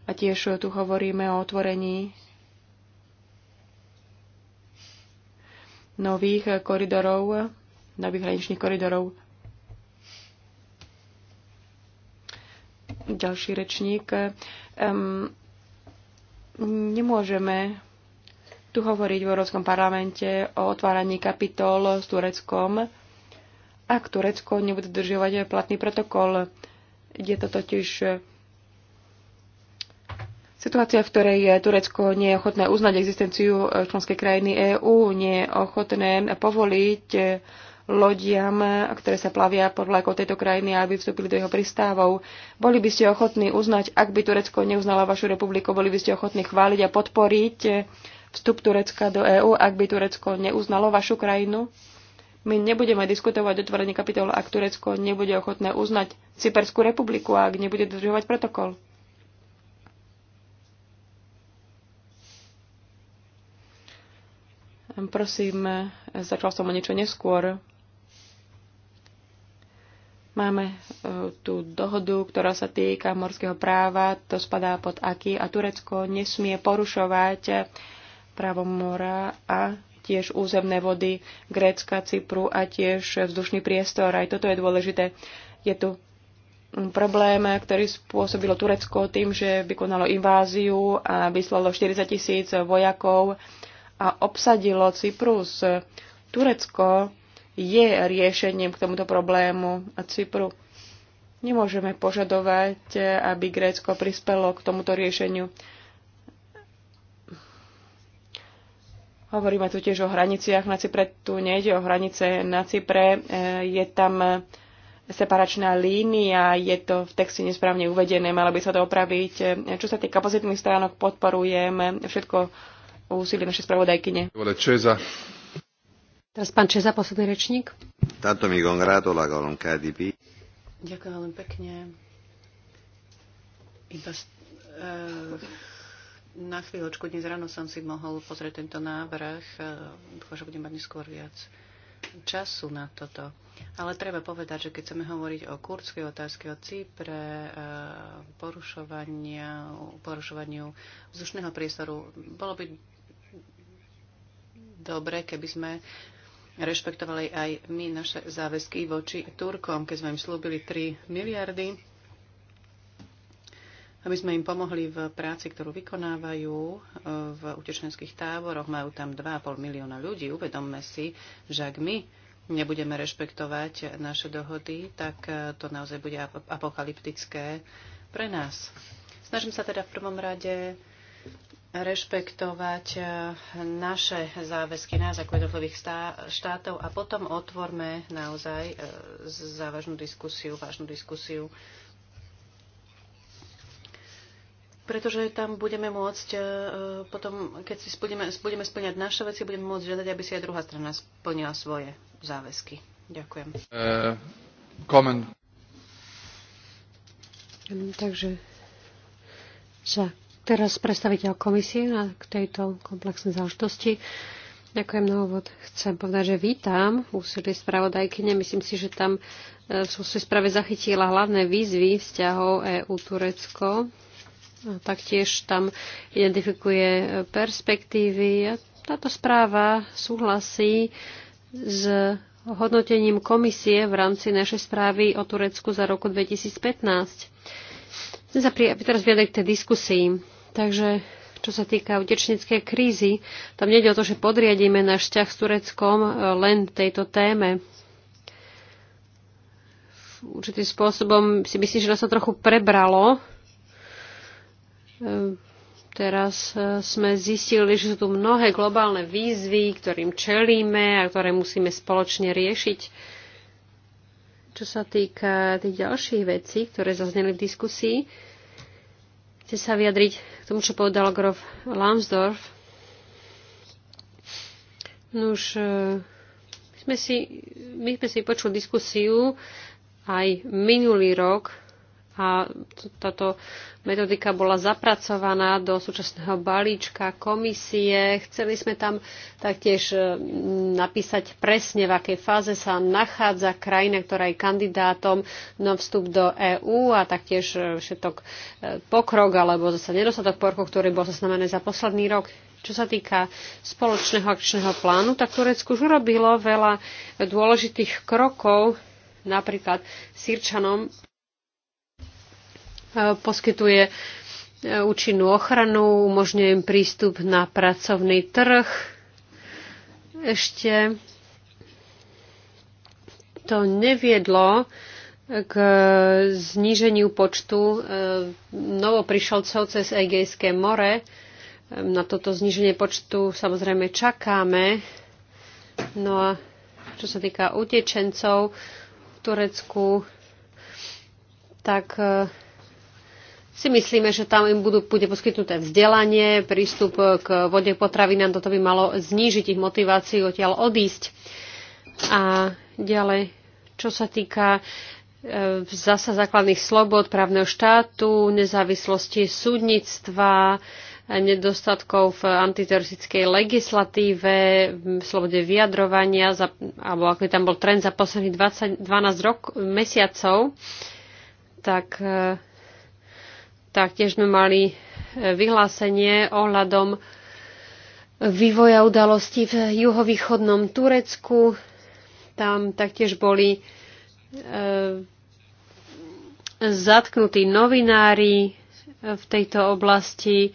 [SPEAKER 1] A tiež tu hovoríme o otvorení nových koridorov, nových hraničných koridorov. ďalší rečník. Um, nemôžeme tu hovoriť v Európskom parlamente o otváraní kapitol s Tureckom, ak Turecko nebude dodržiavať platný protokol. Je to totiž situácia, v ktorej Turecko nie je ochotné uznať existenciu členskej krajiny EÚ, nie je ochotné povoliť lodiam, ktoré sa plavia pod vlajkou tejto krajiny, aby vstúpili do jeho pristávov. Boli by ste ochotní uznať, ak by Turecko neuznala vašu republiku, boli by ste ochotní chváliť a podporiť vstup Turecka do EÚ, ak by Turecko neuznalo vašu krajinu? My nebudeme diskutovať otvorenie kapitolu, ak Turecko nebude ochotné uznať Cyperskú republiku, ak nebude dodržovať protokol. Prosím, začal som o niečo neskôr. Máme e, tú dohodu, ktorá sa týka morského práva, to spadá pod aký a Turecko nesmie porušovať právo mora a tiež územné vody Grécka, Cypru a tiež vzdušný priestor. Aj toto je dôležité. Je tu problém, ktorý spôsobilo Turecko tým, že vykonalo inváziu a vyslalo 40 tisíc vojakov a obsadilo Cyprus. Turecko je riešením k tomuto problému a Cypru. Nemôžeme požadovať, aby Grécko prispelo k tomuto riešeniu. Hovoríme tu tiež o hraniciach na Cypre. Tu nejde o hranice na Cypre. Je tam separačná línia, je to v texte nesprávne uvedené, malo by sa to opraviť. Čo sa týka pozitívnych stránok, podporujem všetko úsilie našej spravodajkyne.
[SPEAKER 3] Teraz pán Čeza, posledný rečník.
[SPEAKER 2] Tanto mi congratula con KDP.
[SPEAKER 3] Ďakujem
[SPEAKER 4] veľmi pekne. Iba e, na chvíľočku dnes ráno som si mohol pozrieť tento návrh. E, dúfam, že budem mať neskôr viac času na toto. Ale treba povedať, že keď chceme hovoriť o kurdskej otázke, o Cypre, e, porušovania, porušovaniu vzdušného priestoru, bolo by dobre, keby sme rešpektovali aj my naše záväzky voči Turkom, keď sme im slúbili 3 miliardy, aby sme im pomohli v práci, ktorú vykonávajú e, v utečenských táboroch. Majú tam 2,5 milióna ľudí. Uvedomme si, že ak my nebudeme rešpektovať naše dohody, tak e, to naozaj bude apokalyptické pre nás. Snažím sa teda v prvom rade rešpektovať eh, naše záväzky nás ako jednotlivých štátov a potom otvorme naozaj eh, závažnú diskusiu, vážnu diskusiu. Pretože tam budeme môcť eh, potom, keď si budeme, budeme splňať naše veci, budeme môcť žiadať, aby si aj druhá strana splnila svoje záväzky. Ďakujem.
[SPEAKER 2] Uh,
[SPEAKER 3] Takže za Teraz predstaviteľ komisie na tejto komplexnej záležitosti. Ďakujem na úvod. Chcem povedať, že vítam úsilie spravodajkyne. Myslím si, že tam e, sú si sprave zachytila hlavné výzvy vzťahov EU-Turecko. Taktiež tam identifikuje e, perspektívy. Táto správa súhlasí s hodnotením komisie v rámci našej správy o Turecku za roku 2015. Chcem sa pri, teraz viedať k tej diskusii Takže čo sa týka utečnickej krízy, tam nejde o to, že podriadíme náš vzťah s Tureckom e, len tejto téme. určitým spôsobom si myslím, že nás to trochu prebralo. E, teraz e, sme zistili, že sú tu mnohé globálne výzvy, ktorým čelíme a ktoré musíme spoločne riešiť. Čo sa týka tých ďalších vecí, ktoré zazneli v diskusii, Chcem sa vyjadriť k tomu, čo povedal grof Lambsdorff. Nuž, e, my sme si, my sme si počuli diskusiu aj minulý rok a táto metodika bola zapracovaná do súčasného balíčka komisie. Chceli sme tam taktiež e, napísať presne, v akej fáze sa nachádza krajina, ktorá je kandidátom na vstup do EÚ a taktiež e, všetok e, pokrok alebo zase nedostatok pokroku, ktorý bol zaznamený za posledný rok. Čo sa týka spoločného akčného plánu, tak Turecku už urobilo veľa dôležitých krokov, napríklad Sirčanom poskytuje e, účinnú ochranu, umožňuje im prístup na pracovný trh. Ešte to neviedlo k zníženiu počtu e, novoprišelcov cez Egejské more. E, na toto zníženie počtu samozrejme čakáme. No a čo sa týka utečencov v Turecku, tak si myslíme, že tam im budú, bude poskytnuté vzdelanie, prístup k vode potravinám, toto by malo znížiť ich motiváciu odtiaľ odísť. A ďalej, čo sa týka e, zasa základných slobod právneho štátu, nezávislosti súdnictva, nedostatkov v antiteroristickej legislatíve, v slobode vyjadrovania, za, alebo ako tam bol trend za posledných 20, 12 rok, mesiacov, tak e, tak tiež sme mali e, vyhlásenie ohľadom vývoja udalostí v juhovýchodnom Turecku. Tam taktiež boli e, zatknutí novinári e, v tejto oblasti.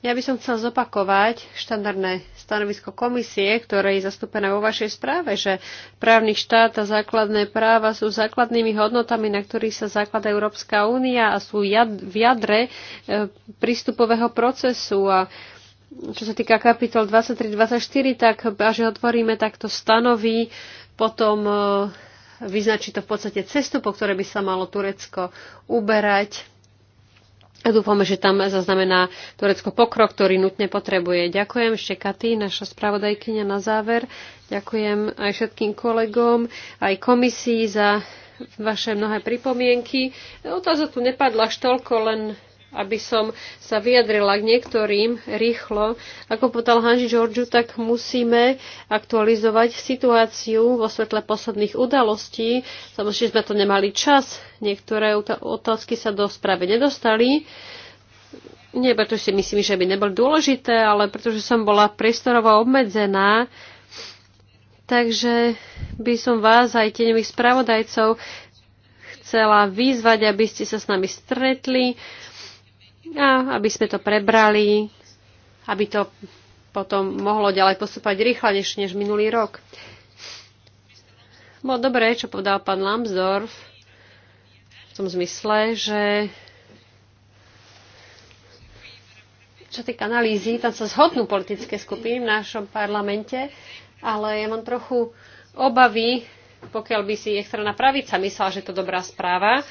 [SPEAKER 3] Ja by som chcela zopakovať štandardné stanovisko komisie, ktoré je zastúpené vo vašej správe, že právny štát a základné práva sú základnými hodnotami, na ktorých sa zaklada Európska únia a sú jad, v jadre e, prístupového procesu. A čo sa týka kapitol 23-24, tak až otvoríme, tak to stanoví potom e, vyznačí to v podstate cestu, po ktorej by sa malo Turecko uberať a dúfame, že tam zaznamená Turecko pokrok, ktorý nutne potrebuje. Ďakujem ešte Katy, naša spravodajkyňa na záver. Ďakujem aj všetkým kolegom, aj komisii za vaše mnohé pripomienky. Otázka tu nepadla až toľko, len aby som sa vyjadrila k niektorým rýchlo. Ako povedal Hanži Georgiu, tak musíme aktualizovať situáciu vo svetle posledných udalostí. Samozrejme, sme to nemali čas. Niektoré otázky sa do správy nedostali. Nie, pretože si myslím, že by nebol dôležité, ale pretože som bola priestorovo obmedzená. Takže by som vás aj tenových spravodajcov chcela vyzvať, aby ste sa s nami stretli a aby sme to prebrali, aby to potom mohlo ďalej postúpať rýchlejšie než minulý rok. Bolo dobré, čo povedal pán Lambsdorff v tom zmysle, že čo týka analýzy, tam sa zhodnú politické skupiny v našom parlamente, ale ja mám trochu obavy, pokiaľ by si extrémna pravica myslela, že je to dobrá správa,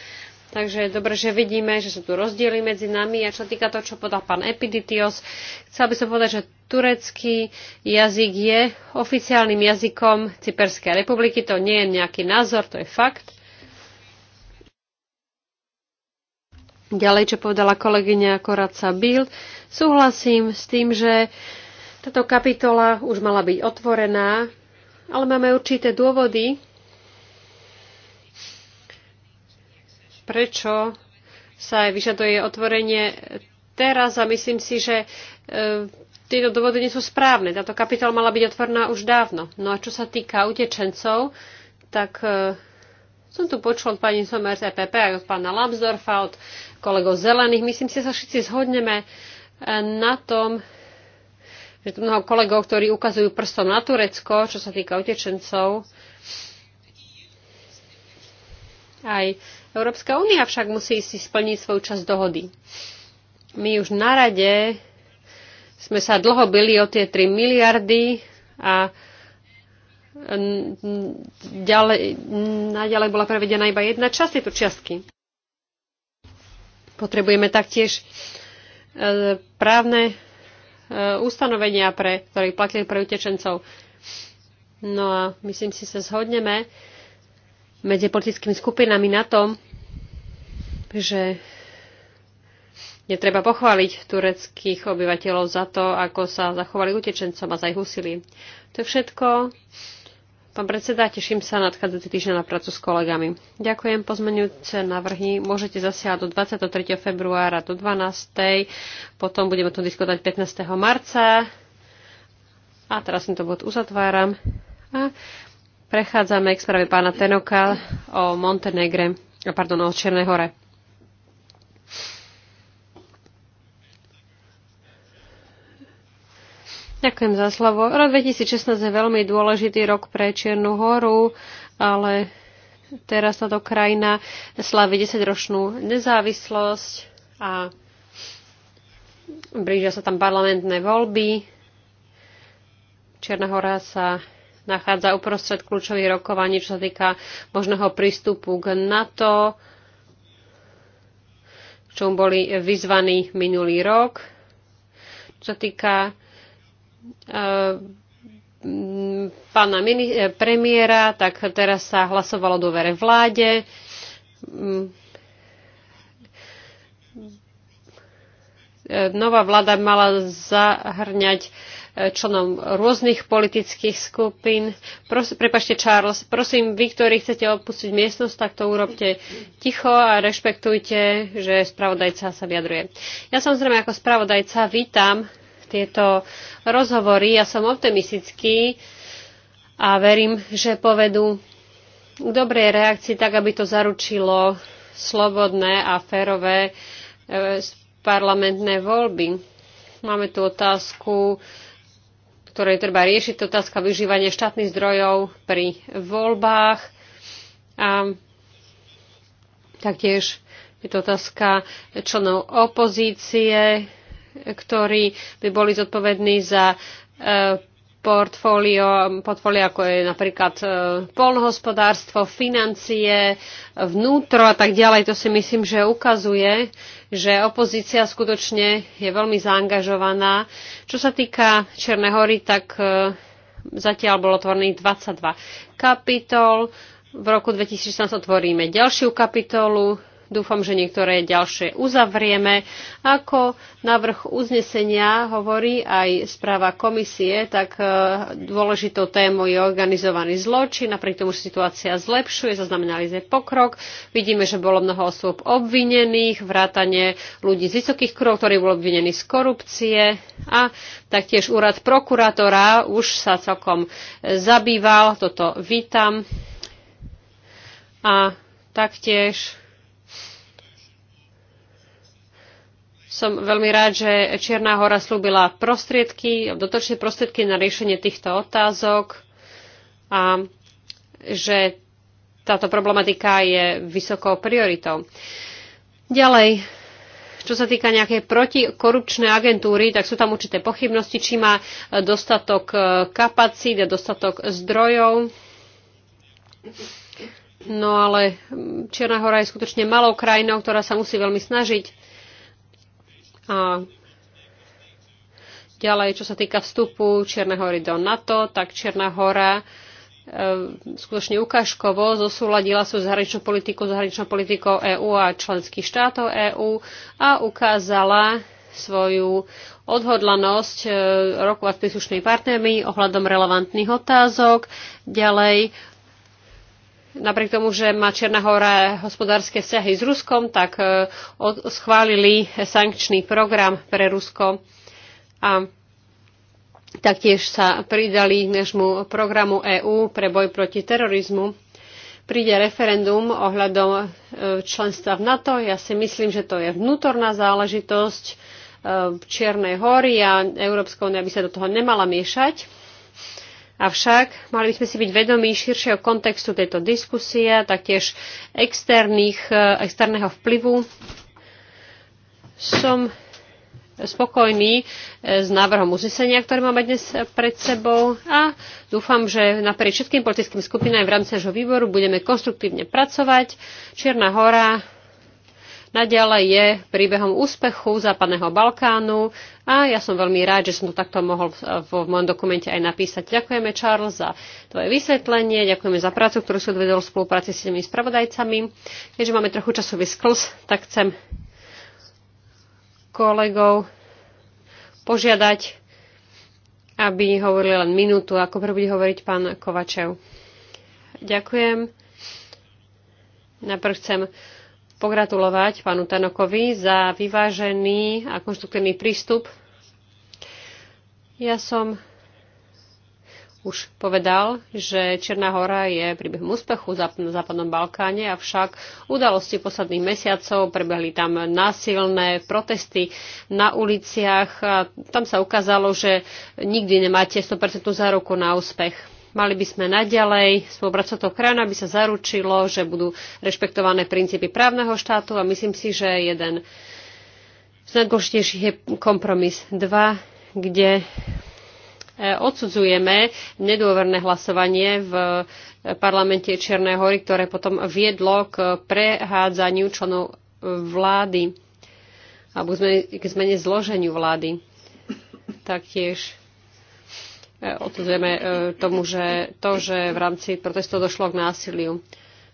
[SPEAKER 3] Takže je dobré, že vidíme, že sú tu rozdiely medzi nami. A čo týka toho, čo podal pán Epiditios, chcel by som povedať, že turecký jazyk je oficiálnym jazykom Cyperskej republiky. To nie je nejaký názor, to je fakt. Ďalej, čo povedala kolegyňa Koraca Bild, súhlasím s tým, že táto kapitola už mala byť otvorená, ale máme určité dôvody, prečo sa aj vyžaduje otvorenie teraz a myslím si, že e, tieto dôvody nie sú správne. Táto kapitola mala byť otvorená už dávno. No a čo sa týka utečencov, tak e, som tu počul od pani Somers EPP, aj od pána Lambsdorfa, od kolegov zelených. Myslím si, že sa všetci zhodneme e, na tom, že tu mnoho kolegov, ktorí ukazujú prstom na Turecko, čo sa týka utečencov, aj Európska únia však musí si splniť svoju časť dohody. My už na rade sme sa dlho byli o tie 3 miliardy a ďalej, naďalej bola prevedená iba jedna časť tejto čiastky. Potrebujeme taktiež e, právne e, ustanovenia, pre, ktoré platili pre utečencov. No a myslím si, sa zhodneme, medzi politickými skupinami na tom, že netreba pochváliť tureckých obyvateľov za to, ako sa zachovali utečencom a za ich úsilí. To je všetko. Pán predseda, teším sa na odchádzajúci týždeň na prácu s kolegami. Ďakujem. Pozmenujúce návrhy môžete zasiahať do 23. februára do 12. Potom budeme tu diskutovať 15. marca. A teraz to bod uzatváram. A Prechádzame k správe pána Tenoka o Montenegre, pardon, o Čiernej hore. Ďakujem za slovo. Rok 2016 je veľmi dôležitý rok pre Čiernu horu, ale teraz táto krajina slaví 10-ročnú nezávislosť a blížia sa tam parlamentné voľby. Čierna hora sa nachádza uprostred kľúčových rokovaní, čo sa týka možného prístupu k NATO, čomu boli vyzvaní minulý rok. Čo sa týka e, pána mini, e, premiéra, tak teraz sa hlasovalo do vere vláde. E, nová vláda mala zahrňať členom rôznych politických skupín. Pros, prepašte, Charles, prosím, vy, ktorí chcete opustiť miestnosť, tak to urobte ticho a rešpektujte, že spravodajca sa vyjadruje. Ja samozrejme ako spravodajca vítam tieto rozhovory. Ja som optimistický a verím, že povedú k dobrej reakcii, tak aby to zaručilo slobodné a férové e, parlamentné voľby. Máme tu otázku ktoré treba riešiť, to otázka využívania štátnych zdrojov pri voľbách. A taktiež je to otázka členov opozície, ktorí by boli zodpovední za e, portfólio, portfólio ako je napríklad e, polnohospodárstvo, financie, vnútro a tak ďalej. To si myslím, že ukazuje, že opozícia skutočne je veľmi zaangažovaná. Čo sa týka Černej hory, tak e, zatiaľ bolo otvorených 22 kapitol. V roku 2016 otvoríme ďalšiu kapitolu Dúfam, že niektoré ďalšie uzavrieme. Ako návrh uznesenia hovorí aj správa komisie, tak e, dôležitou témou je organizovaný zločin. Napriek tomu, že situácia zlepšuje, zaznamenali sme pokrok. Vidíme, že bolo mnoho osôb obvinených, vrátane ľudí z vysokých krov, ktorí boli obvinení z korupcie a taktiež úrad prokurátora už sa celkom e, zabýval. Toto vítam. A taktiež som veľmi rád, že Čierna hora slúbila prostriedky, dotočné prostriedky na riešenie týchto otázok a že táto problematika je vysokou prioritou. Ďalej, čo sa týka nejakej protikorupčnej agentúry, tak sú tam určité pochybnosti, či má dostatok e, kapacít a dostatok zdrojov. No ale Čierna hora je skutočne malou krajinou, ktorá sa musí veľmi snažiť. A ďalej, čo sa týka vstupu Čiernej hory do NATO, tak Čierna hora e, skutočne ukážkovo zosúladila svoju zahraničnú politiku zahraničnou politikou EÚ a členských štátov EÚ a ukázala svoju odhodlanosť e, rokovať s príslušnými partnermi ohľadom relevantných otázok. Ďalej napriek tomu, že má Čierna hora hospodárske vzťahy s Ruskom, tak e, schválili sankčný program pre Rusko a taktiež sa pridali k nášmu programu EÚ pre boj proti terorizmu. Príde referendum ohľadom e, členstva v NATO. Ja si myslím, že to je vnútorná záležitosť e, Čiernej hory a Európska únia by sa do toho nemala miešať Avšak mali by sme si byť vedomí širšieho kontextu tejto diskusie, a taktiež externých, e, externého vplyvu. Som spokojný e, s návrhom uznesenia, ktoré máme dnes pred sebou a dúfam, že naprieč všetkým politickým skupinám v rámci nášho výboru budeme konstruktívne pracovať. Čierna hora naďalej je príbehom úspechu Západného Balkánu a ja som veľmi rád, že som to takto mohol eh, v mojom dokumente aj napísať. Ďakujeme, Charles, za tvoje vysvetlenie, ďakujeme za prácu, ktorú si odvedol v spolupráci s tými spravodajcami. Keďže máme trochu časový sklz, tak chcem kolegov požiadať, aby hovorili len minútu, ako prvý bude hovoriť pán Kovačev. Ďakujem. Najprv chcem pogratulovať pánu Tanokovi za vyvážený a konštruktívny prístup. Ja som už povedal, že Černá hora je príbehom úspechu na Západnom Balkáne, avšak udalosti posledných mesiacov prebehli tam násilné protesty na uliciach a tam sa ukázalo, že nikdy nemáte 100% záruku na úspech. Mali by sme naďalej spolupracovať tou krajinou, aby sa zaručilo, že budú rešpektované princípy právneho štátu a myslím si, že jeden z najdôležitejších je kompromis 2, kde e, odsudzujeme nedôverné hlasovanie v e, parlamente Čiernej hory, ktoré potom viedlo k prehádzaniu členov e, vlády alebo k zmene zloženiu vlády. Taktiež E, odsudzujeme e, tomu, že to, že v rámci protestov došlo k násiliu.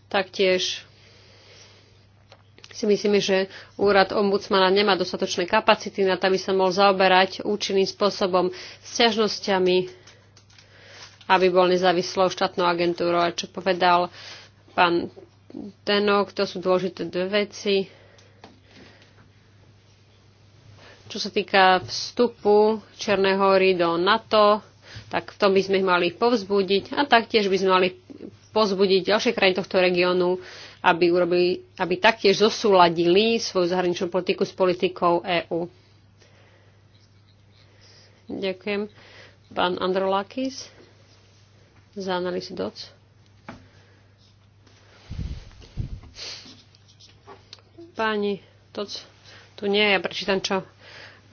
[SPEAKER 3] Taktiež si myslíme, že úrad ombudsmana nemá dostatočné kapacity na to, aby sa mohol zaoberať účinným spôsobom s ťažnosťami, aby bol nezávislou štátnou agentúrou. A čo povedal pán Tenok, to sú dôležité dve veci. Čo sa týka vstupu Černej hory do NATO, tak v tom by sme mali povzbudiť a taktiež by sme mali pozbudiť ďalšie krajiny tohto regiónu, aby, urobili, aby taktiež zosúladili svoju zahraničnú politiku s politikou EÚ. Ďakujem. Pán Androlakis za analýzu DOC. Páni, to tu nie, ja prečítam, čo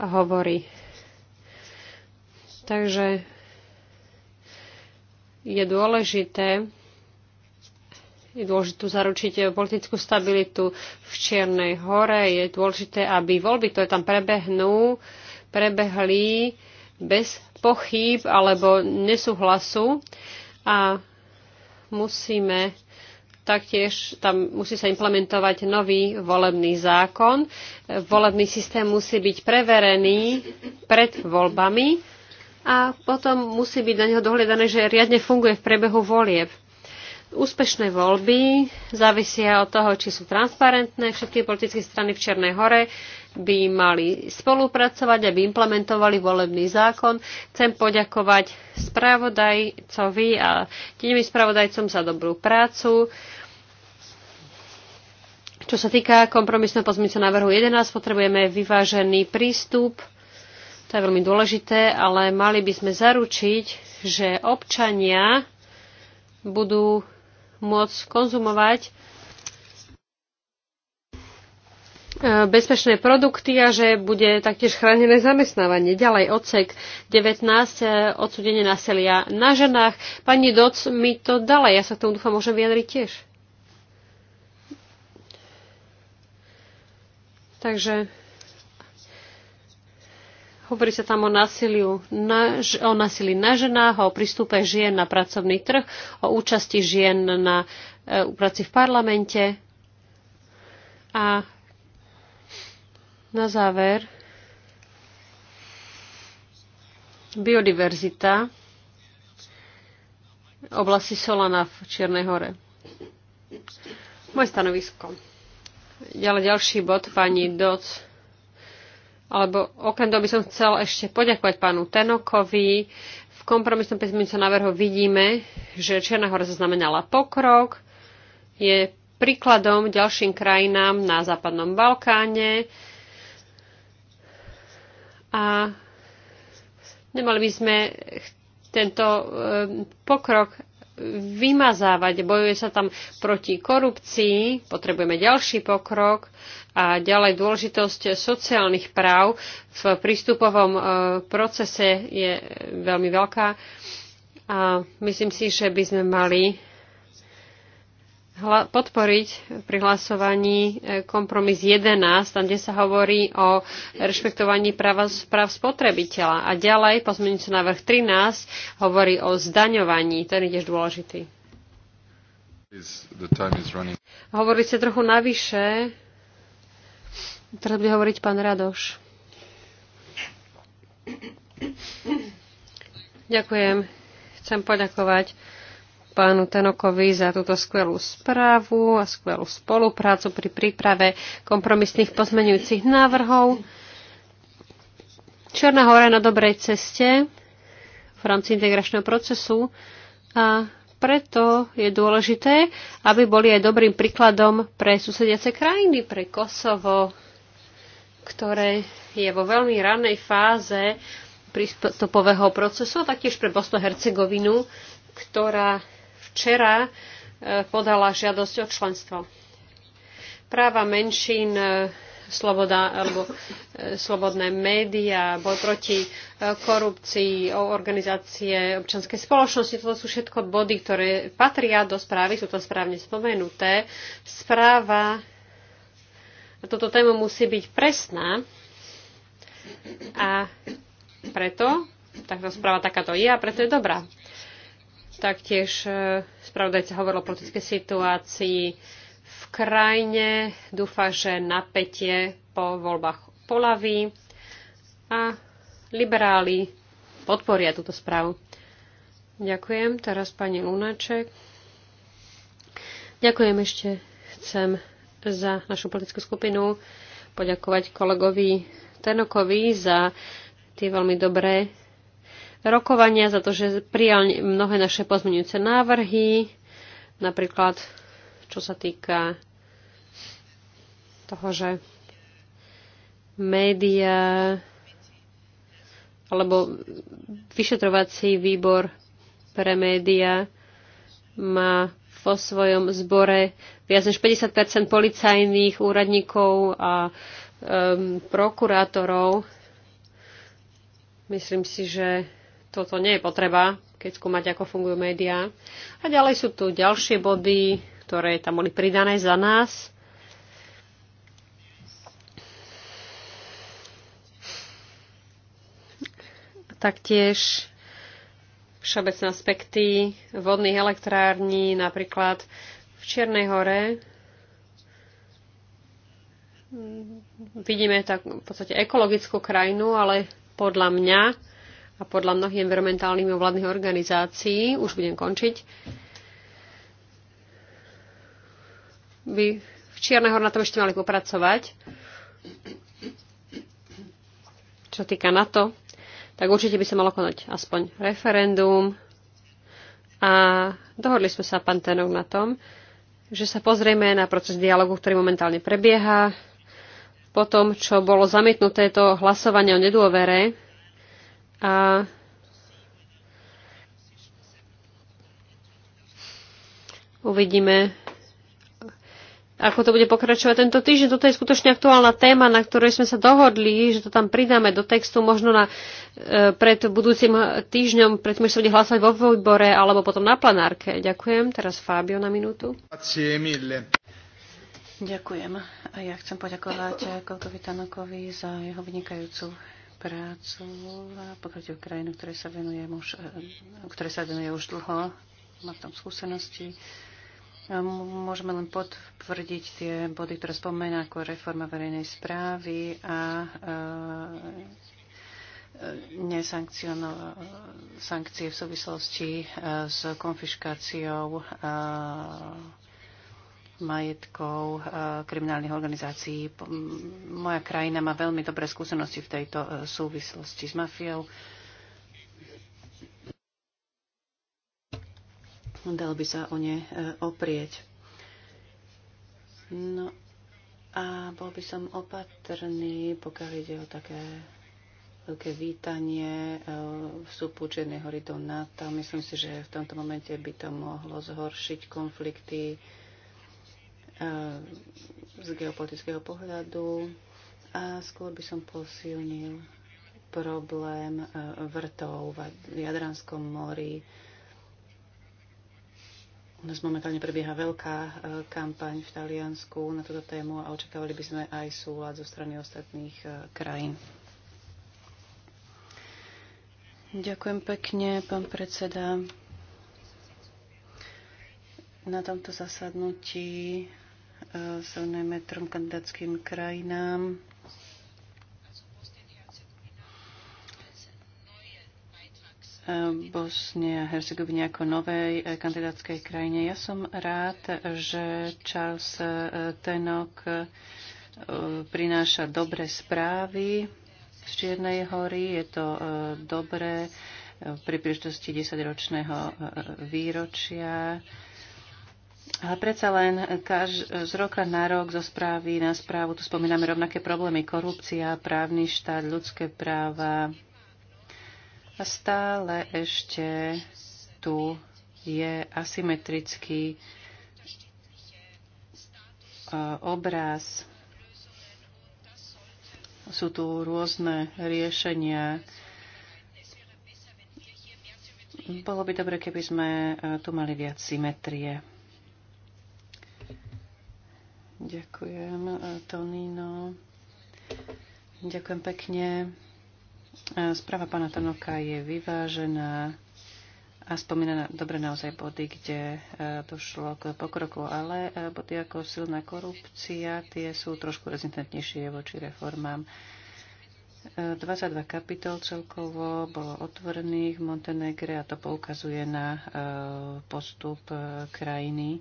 [SPEAKER 3] hovorí. Takže je dôležité, je dôležité zaručiť politickú stabilitu v Čiernej hore. Je dôležité, aby voľby, ktoré tam prebehnú, prebehli bez pochýb alebo nesúhlasu a musíme taktiež tam musí sa implementovať nový volebný zákon. Volebný systém musí byť preverený pred voľbami a potom musí byť na neho dohľadané, že riadne funguje v priebehu volieb. Úspešné voľby závisia od toho, či sú transparentné. Všetky politické strany v Černej hore by mali spolupracovať, aby implementovali volebný zákon. Chcem poďakovať spravodajcovi a tým spravodajcom za dobrú prácu. Čo sa týka kompromisného pozmyslu návrhu 11, potrebujeme vyvážený prístup to je veľmi dôležité, ale mali by sme zaručiť, že občania budú môcť konzumovať e, bezpečné produkty a že bude taktiež chránené zamestnávanie. Ďalej odsek 19, e, odsudenie násilia na ženách. Pani Doc mi to dala, ja sa k tomu dúfam môžem vyjadriť tiež. Takže Hovorí sa tam o, násiliu na, o násilí na ženách, o prístupe žien na pracovný trh, o účasti žien na e, práci v parlamente. A na záver biodiverzita oblasti Solana v Čiernej hore. Moje stanovisko. Ďalej ďalší bod, pani Doc alebo okrem toho by som chcel ešte poďakovať pánu Tenokovi. V kompromisnom sa návrhu vidíme, že Čierna hora zaznamenala pokrok, je príkladom ďalším krajinám na Západnom Balkáne a nemali by sme tento e, pokrok vymazávať. Bojuje sa tam proti korupcii, potrebujeme ďalší pokrok a ďalej dôležitosť sociálnych práv v prístupovom e, procese je veľmi veľká. A myslím si, že by sme mali podporiť pri hlasovaní e, kompromis 11, tam, kde sa hovorí o rešpektovaní práva, práv spotrebiteľa. A ďalej pozmeňujúci návrh 13 hovorí o zdaňovaní, ten je tiež dôležitý. Hovorí sa trochu navyše. Teraz bude hovoriť pán Radoš. Ďakujem. Chcem poďakovať pánu Tenokovi za túto skvelú správu a skvelú spoluprácu pri príprave kompromisných pozmenujúcich návrhov. Čierna hora na dobrej ceste v rámci integračného procesu a preto je dôležité, aby boli aj dobrým príkladom pre susediace krajiny, pre Kosovo, ktoré je vo veľmi ranej fáze prístupového procesu a taktiež pre Bosnu-Hercegovinu, ktorá včera e, podala žiadosť o členstvo. Práva menšín, e, sloboda, alebo e, slobodné médiá, boj proti korupcii, organizácie občanskej spoločnosti. Toto sú všetko body, ktoré patria do správy, sú to správne spomenuté. Správa toto téma musí byť presná a preto takto správa takáto je a preto je dobrá. Taktiež e, spravodajca hovoril o politickej situácii v krajine. Dúfa, že napätie po voľbách polaví a liberáli podporia túto správu. Ďakujem. Teraz pani Lunáček. Ďakujem ešte. Chcem za našu politickú skupinu poďakovať kolegovi Tenokovi za tie veľmi dobré rokovania, za to, že prijal mnohé naše pozmeňujúce návrhy, napríklad čo sa týka toho, že média alebo vyšetrovací výbor pre média má vo svojom zbore viac než 50 policajných úradníkov a um, prokurátorov. Myslím si, že toto nie je potreba, keď skúmať, ako fungujú médiá. A ďalej sú tu ďalšie body, ktoré tam boli pridané za nás. Taktiež všeobecné aspekty vodných elektrární, napríklad v Čiernej hore vidíme tak v podstate ekologickú krajinu, ale podľa mňa a podľa mnohých environmentálnych mimovládnych organizácií, už budem končiť, by v Čiernej hor na tom ešte mali popracovať. Čo týka NATO, tak určite by sa malo konať aspoň referendum. A dohodli sme sa pán na tom, že sa pozrieme na proces dialogu, ktorý momentálne prebieha. Po tom, čo bolo zamietnuté to hlasovanie o nedôvere, a uvidíme, ako to bude pokračovať tento týždeň. Toto je skutočne aktuálna téma, na ktorej sme sa dohodli, že to tam pridáme do textu možno na, e, pred budúcim týždňom, predtým, sa bude hlasovať vo výbore alebo potom na planárke. Ďakujem. Teraz Fábio na minútu. Ďakujem. A
[SPEAKER 4] ja chcem poďakovať Kolkovi Tanokovi za jeho vynikajúcu prácu, a ide krajinu, ktoré sa venuje už, e, ktoré sa venuje už dlho, má v tom skúsenosti. Môžeme len potvrdiť tie body, ktoré spomená ako reforma verejnej správy a e, e, nesankcie v súvislosti s konfiškáciou majetkov eh, kriminálnych organizácií. Moja krajina má veľmi dobré skúsenosti v tejto eh, súvislosti s mafiou. Dal by sa o ne eh, oprieť. No a bol by som opatrný, pokiaľ ide o také veľké vítanie vstupu Čiernej hory do NATO. Myslím si, že v tomto momente by to mohlo zhoršiť konflikty Eh, z geopolitického pohľadu a skôr by som posilnil problém eh, vrtov v Jadranskom mori. U nás momentálne prebieha veľká eh, kampaň v Taliansku na túto tému a očakávali by sme aj súlad zo strany ostatných krajín. Ďakujem pekne, pán predseda. Na tomto zasadnutí sú najmä trom kandidátským krajinám. Bosne a Hercegovine ako novej e, kandidátskej krajine. Ja som rád, že Charles e, Tenok e, prináša dobré správy z Čiernej hory. Je to dobré pri príležitosti 10-ročného výročia ale predsa len kaž, z roka na rok zo správy na správu tu spomíname rovnaké problémy. Korupcia, právny štát, ľudské práva. A stále ešte tu je asymetrický e, obraz. Sú tu rôzne riešenia. Bolo by dobre, keby sme e, tu mali viac symetrie. Ďakujem, e, Tonino. Ďakujem pekne. E, správa pána Tanoka je vyvážená a spomína na, dobre naozaj body, kde e, došlo k pokroku, ale body ako silná korupcia, tie sú trošku rezistentnejšie voči reformám. 22 kapitol celkovo bolo otvorených v Montenegre a to poukazuje na postup krajiny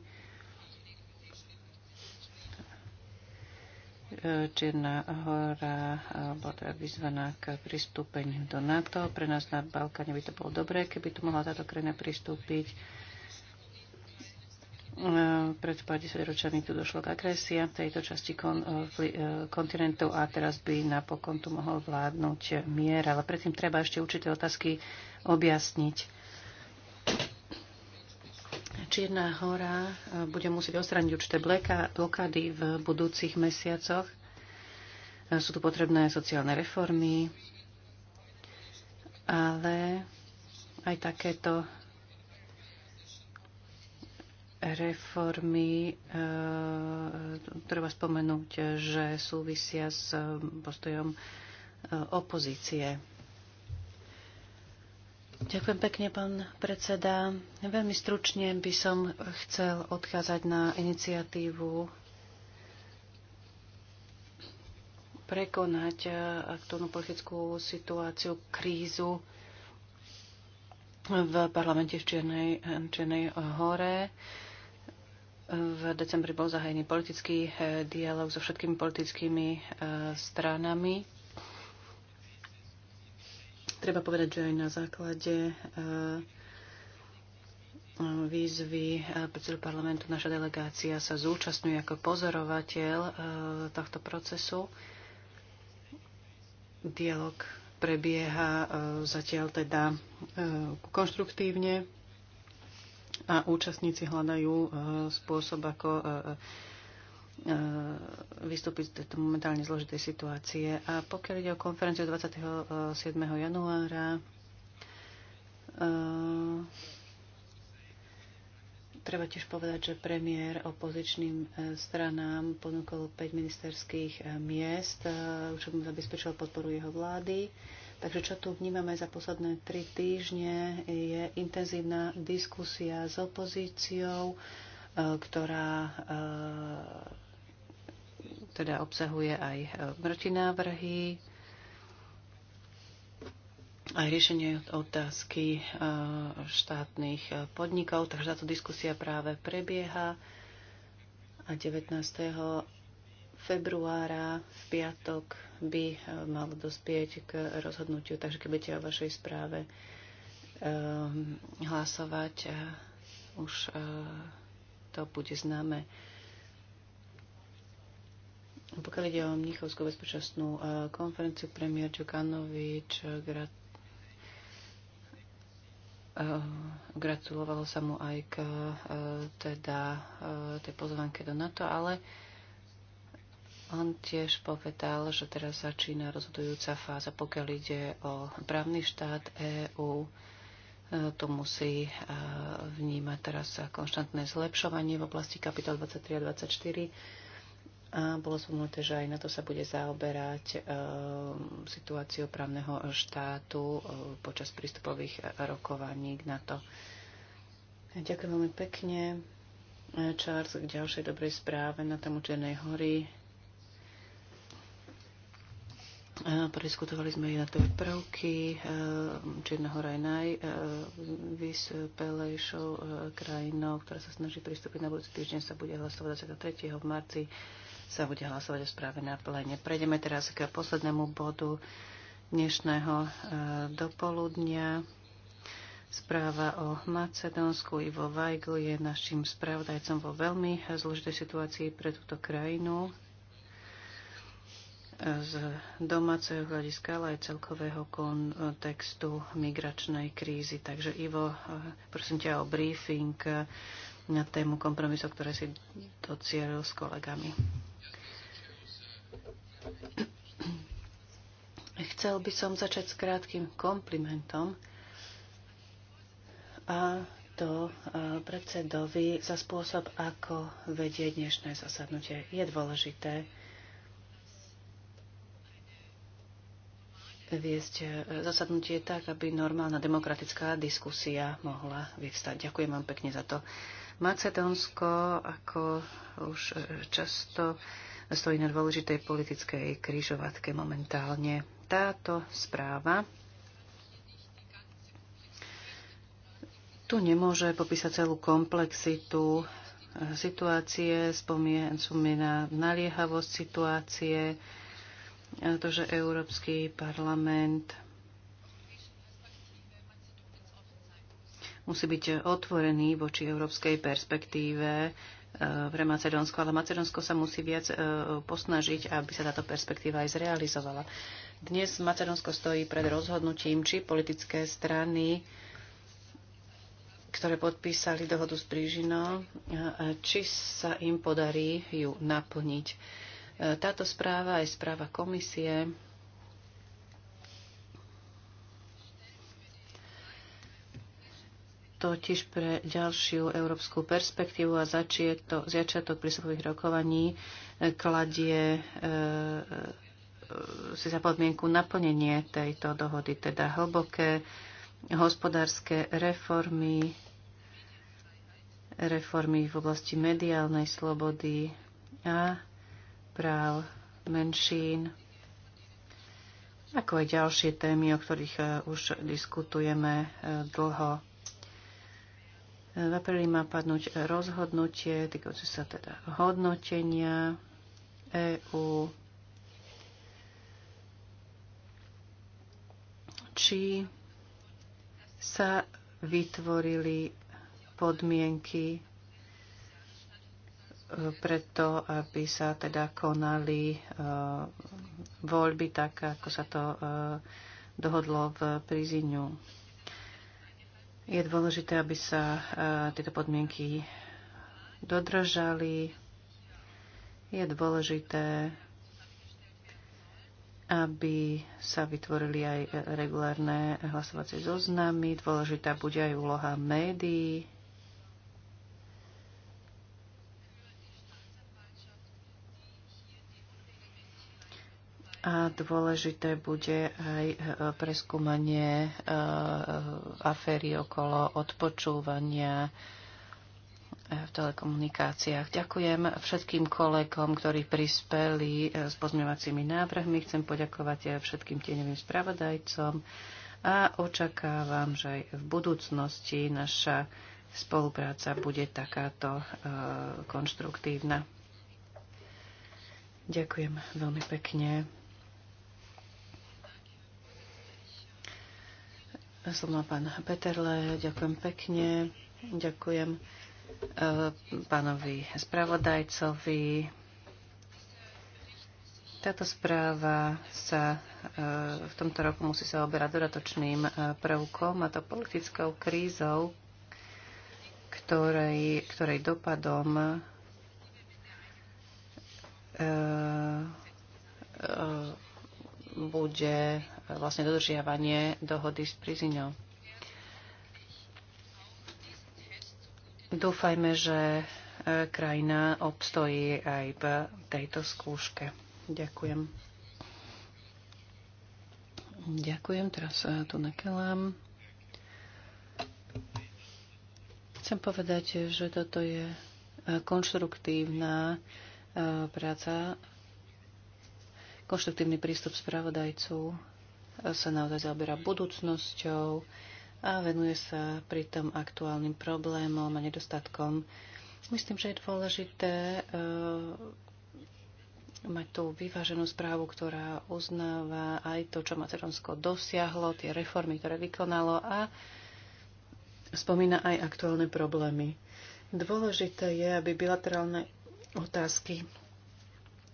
[SPEAKER 4] Čierna hora eh, bola teda vyzvaná k pristúpeniu do NATO. Pre nás na Balkáne by to bolo dobré, keby tu mohla táto krajina pristúpiť. Eh, pred 50 ročami tu došlo k agresia v tejto časti kon, eh, kontinentov a teraz by napokon tu mohol vládnuť mier. Ale predtým treba ešte určité otázky objasniť. Čierna hora e, bude musieť ostraniť určité blokády v budúcich mesiacoch. E, sú tu potrebné sociálne reformy, ale aj takéto reformy e, treba spomenúť, že súvisia s postojom opozície. Ďakujem pekne, pán predseda. Veľmi stručne by som chcel odkázať na iniciatívu prekonať eh, aktuálnu politickú situáciu, krízu v parlamente v Čiernej, eh, Čiernej hore. V decembri bol zahajený politický eh, dialog so všetkými politickými stranami Treba povedať, že aj na základe eh, výzvy eh, predsedu parlamentu naša delegácia sa zúčastňuje ako pozorovateľ eh, tohto procesu. Dialog prebieha zatiaľ teda konštruktívne a účastníci hľadajú spôsob, ako E, vystúpiť z tejto momentálne zložitej situácie. A pokiaľ ide o konferenciu 27. E, januára, e, treba tiež povedať, že premiér opozičným stranám ponúkol 5 ministerských miest, čo mu zabezpečilo podporu jeho vlády. Takže čo tu vnímame za posledné tri týždne je intenzívna diskusia s opozíciou, ktorá teda obsahuje aj e, protinávrhy, aj riešenie otázky e, štátnych e, podnikov, takže táto diskusia práve prebieha a 19. februára v piatok by malo dospieť k rozhodnutiu, takže keď budete o vašej správe hlasovať, už to bude známe. Pokiaľ ide o Mnichovskú bezpečnostnú e, konferenciu, premiér Čukanovič e, grat... E, gratulovalo sa mu aj k teda, tej pozvanke do NATO, ale on tiež povedal, že teraz začína rozhodujúca fáza, pokiaľ ide o právny štát EÚ. To musí vnímať teraz konštantné zlepšovanie v oblasti kapitol 23 a 24 a bolo spomenuté, že aj na to sa bude zaoberať e, situáciu právneho štátu e, počas prístupových rokovaní k NATO. Ďakujem veľmi pekne. Eh, Charles, k ďalšej dobrej správe na tému Černej hory. Prediskutovali sme aj jednotlivé prvky. Čierna hora je najvyspelejšou krajinou, ktorá sa snaží pristúpiť na budúci týždeň, sa bude hlasovať 23. v marci sa bude hlasovať o správe na plene. Prejdeme teraz k poslednému bodu dnešného e, dopoludnia. Správa o Macedónsku. Ivo Vajgl je našim spravodajcom vo veľmi zložitej situácii pre túto krajinu e, z domáceho hľadiska, ale aj celkového kontextu migračnej krízy. Takže Ivo, e, prosím ťa o briefing na tému kompromisov, ktoré si docieril s kolegami. Chcel by som začať s krátkým komplimentom a to predsedovi za spôsob, ako vedie dnešné zasadnutie. Je dôležité viesť e, zasadnutie tak, aby normálna demokratická diskusia mohla vyvstať. Ďakujem vám pekne za to. Macedónsko, ako už e, často stojí na dôležitej politickej križovatke momentálne táto správa tu nemôže popísať celú komplexitu eh, situácie, spomína naliehavosť situácie, eh, to, že Európsky parlament musí byť otvorený voči európskej perspektíve eh, pre Macedónsko, ale Macedónsko sa musí viac posnažiť, aby sa táto perspektíva aj zrealizovala. Dnes Macedónsko stojí pred rozhodnutím, či politické strany ktoré podpísali dohodu s Prížinou, či sa im podarí ju naplniť. E, táto správa je správa komisie. totiž pre ďalšiu európsku perspektívu a začiatok prístupových rokovaní e, kladie e, E, si za podmienku naplnenie tejto dohody, teda hlboké hospodárske reformy, reformy v oblasti mediálnej slobody a práv menšín, ako aj ďalšie témy, o ktorých e, už diskutujeme e, dlho. V apríli má padnúť rozhodnutie týkajúce sa teda hodnotenia EÚ či sa vytvorili podmienky e, preto, aby sa teda konali e, voľby tak, ako sa to e, dohodlo v Príziňu. Je dôležité, aby sa tieto podmienky dodržali. Je dôležité, aby sa vytvorili aj regulárne hlasovacie zoznamy. Dôležitá bude aj úloha médií. A dôležité bude aj e, preskúmanie e, e, aféry okolo odpočúvania v telekomunikáciách. Ďakujem všetkým kolegom, ktorí prispeli eh, s pozmeňovacími návrhmi. Chcem poďakovať eh, všetkým tieňovým spravodajcom a očakávam, že aj v budúcnosti naša spolupráca bude takáto eh, konštruktívna. Ďakujem veľmi pekne. Slovo pán Peterle, ďakujem pekne. Ďakujem Eh, pánovi spravodajcovi. Táto správa sa eh, v tomto roku musí sa oberať dodatočným eh, prvkom, a to politickou krízou, ktorej, ktorej dopadom bude vlastne dodržiavanie dohody s prizinou. Dúfajme, že e, krajina obstojí aj v tejto skúške. Ďakujem. Ďakujem, teraz e, tu nakelám. Chcem povedať, že toto je e, konštruktívna práca, konštruktívny prístup spravodajcu sa naozaj zaoberá budúcnosťou, a venuje sa pritom aktuálnym problémom a nedostatkom. Myslím, že je dôležité e, mať tú vyváženú správu, ktorá uznáva aj to, čo Macedónsko dosiahlo, tie reformy, ktoré vykonalo a spomína aj aktuálne problémy. Dôležité je, aby bilaterálne otázky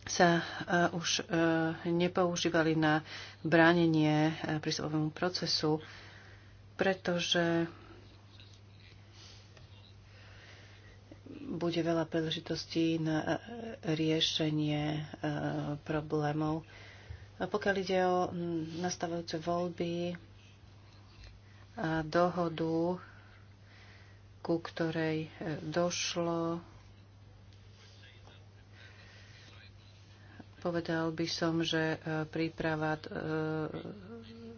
[SPEAKER 4] sa e, už e, nepoužívali na bránenie prísobovému procesu pretože bude veľa príležitostí na riešenie e, problémov. A pokiaľ ide o nastavujúce voľby a dohodu, ku ktorej e, došlo, povedal by som, že e, príprava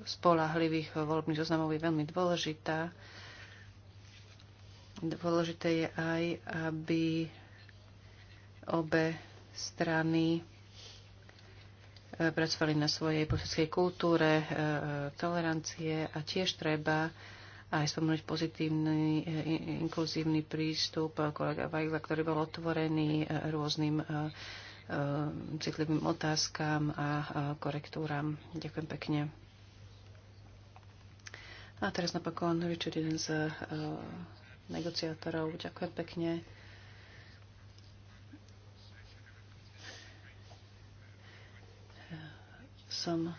[SPEAKER 4] spolahlivých voľbných zoznamov je veľmi dôležitá. Dôležité je aj, aby obe strany eh, pracovali na svojej politickej kultúre, eh, eh, tolerancie a tiež treba aj spomenúť pozitívny, inkluzívny prístup kolega Vajla, ktorý bol otvorený rôznym citlivým otázkam a korektúram. Ďakujem pekne. A teraz napokon Richard, jeden z uh, negociátorov. Ďakujem pekne. Som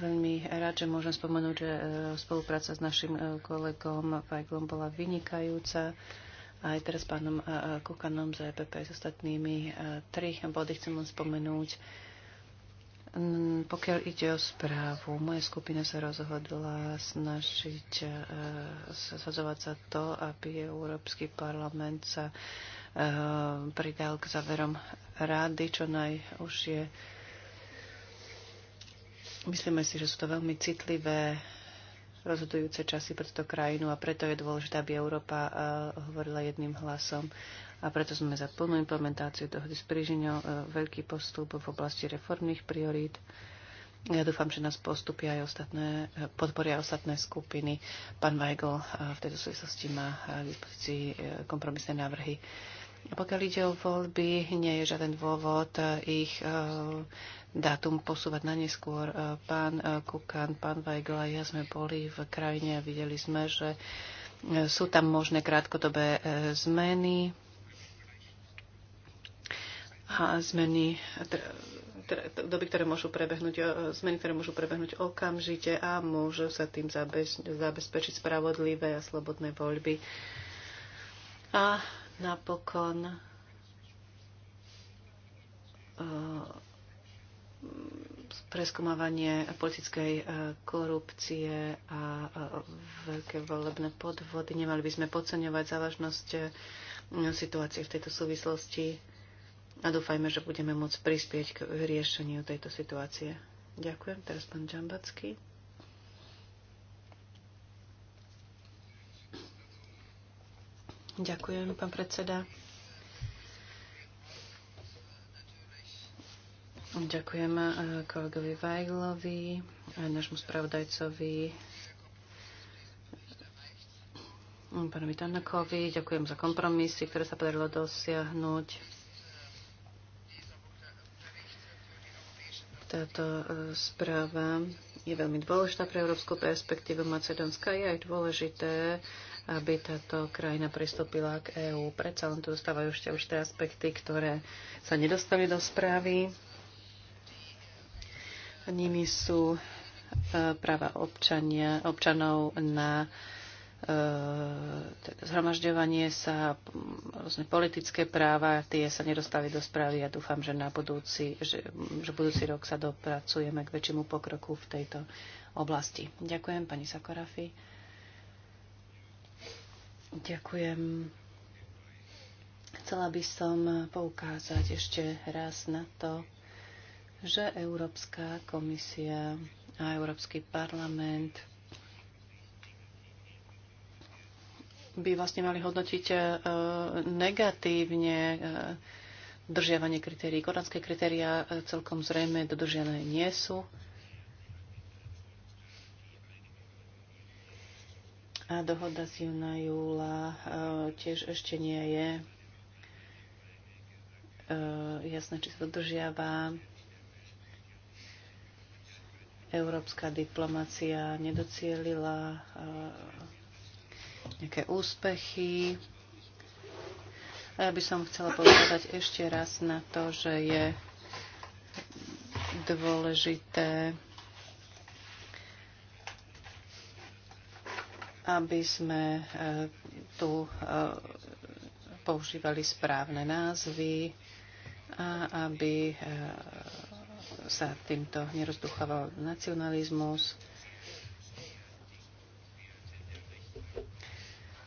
[SPEAKER 4] veľmi rád, že môžem spomenúť, že uh, spolupráca s našim uh, kolegom Pajglom bola vynikajúca. Aj teraz pánom uh, Kukanom z EPP s ostatnými uh, tri body chcem len spomenúť Uh, Mm, pokiaľ ide o správu, moja skupina sa rozhodla snažiť sazovať e, sa to, aby Európsky parlament sa e, pridal k záverom rády, čo už je. Myslíme si, že sú to veľmi citlivé rozhodujúce časy pre túto krajinu a preto je dôležité, aby Európa e, hovorila jedným hlasom a preto sme za plnú implementáciu dohody s Prížiňou e, veľký postup v oblasti reformných priorít. Ja dúfam, že nás postupia aj ostatné, e, podporia ostatné skupiny. Pán Weigl e, v tejto súvislosti má k dispozícii kompromisné návrhy. A pokiaľ ide o voľby, nie je žiaden dôvod ich dátum posúvať na neskôr. Pán Kukan, pán Weigl a ja sme boli v krajine a videli sme, že sú tam možné krátkodobé zmeny a zmeny doby, ktoré môžu prebehnúť, zmeny, ktoré môžu prebehnúť okamžite a môžu sa tým zabezpečiť spravodlivé a slobodné voľby. A napokon preskúmavanie politickej e, korupcie a e, veľké volebné podvody. Nemali by sme podceňovať závažnosť e, situácie v tejto súvislosti a dúfajme, že budeme môcť prispieť k riešeniu tejto situácie. Ďakujem. Teraz pán Džambacký. Ďakujem, pán predseda. Ďakujem eh, kolegovi Vajglovi, eh, nášmu spravodajcovi, eh, pánovi Tanakovi. Ďakujem za kompromisy, ktoré sa podarilo dosiahnuť. Táto e, správa je veľmi dôležitá pre európsku perspektívu Macedónska. Je aj dôležité, aby táto krajina pristúpila k EÚ. Predsa len tu zostávajú ešte tie aspekty, ktoré sa nedostali do správy. Nimi sú e, práva občania, občanov na E, teda zhromažďovanie sa, rôzne politické práva, tie sa nedostali do správy. Ja dúfam, že na budúci, že, že budúci rok sa dopracujeme k väčšiemu pokroku v tejto oblasti. Ďakujem, pani Sakorafi. Ďakujem. Chcela by som poukázať ešte raz na to, že Európska komisia a Európsky parlament by vlastne mali hodnotiť e, negatívne dodržiavanie e, kritérií. Koránske kritéria e, celkom zrejme dodržiavané nie sú. A dohoda z júna júla tiež ešte nie je jasné, či sa dodržiava. Európska diplomácia nedocielila nejaké úspechy. A ja by som chcela povedať ešte raz na to, že je dôležité, aby sme e, tu e, používali správne názvy a aby e, sa týmto nerozduchával nacionalizmus.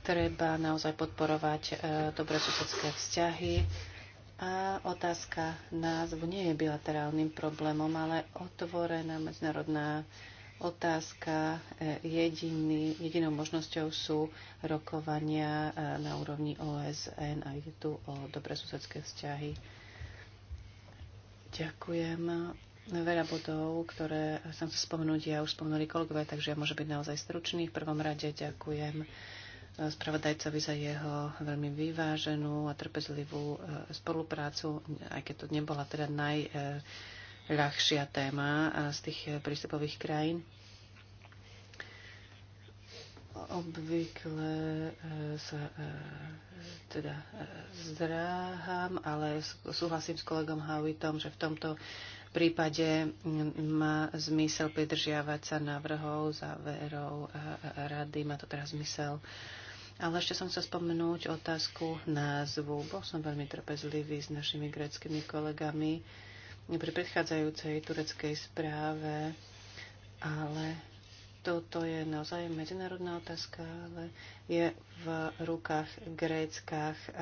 [SPEAKER 4] treba naozaj podporovať e, dobré susedské vzťahy. A otázka názvu nie je bilaterálnym problémom, ale otvorená medzinárodná otázka. E, jediný, jedinou možnosťou sú rokovania e, na úrovni OSN a ide tu o dobré susedské vzťahy. Ďakujem. Veľa bodov, ktoré som chcel spomenúť, ja už spomenuli kolegové, takže ja môžem byť naozaj stručný. V prvom rade ďakujem spravodajcovi za jeho veľmi vyváženú a trpezlivú e, spoluprácu, aj keď to nebola teda najľahšia téma e, z tých e, prístupových krajín. Obvykle sa teda zdráham, ale súhlasím s kolegom Howitom, že v tomto prípade má zmysel pridržiavať sa návrhov, záverov rady, má to teraz zmysel. Uh, ale ešte som chcel spomenúť otázku názvu. Bol som veľmi trpezlivý s našimi greckými kolegami pri predchádzajúcej tureckej správe, ale toto je naozaj medzinárodná otázka, ale je v rukách gréckach e, e,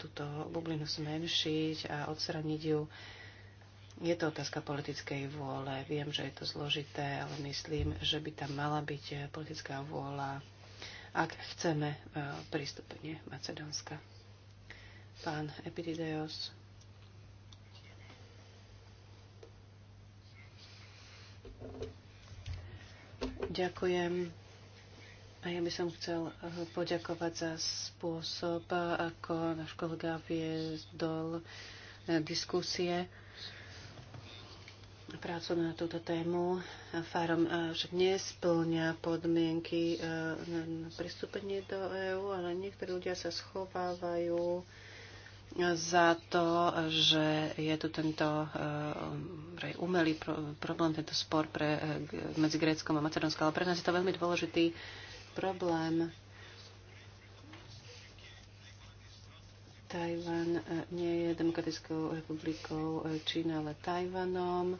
[SPEAKER 4] túto bublinu zmenšiť a odstraniť ju. Je to otázka politickej vôle. Viem, že je to zložité, ale myslím, že by tam mala byť politická vôľa ak chceme e, prístupenie Macedónska. Pán Epidideos. Ďakujem. A ja by som chcel e, poďakovať za spôsob, ako náš kolega viedol e, diskusie prácu na túto tému. Fárom eh, však nesplňa podmienky eh, na pristúpenie do EÚ, ale niektorí ľudia sa schovávajú eh, za to, že je tu tento umelý problém, tento spor pre, medzi Gréckom a Macedónskom. Ale pre nás je to veľmi dôležitý problém Tajvan e, nie je demokratickou republikou e, Čína, ale Tajvanom. E,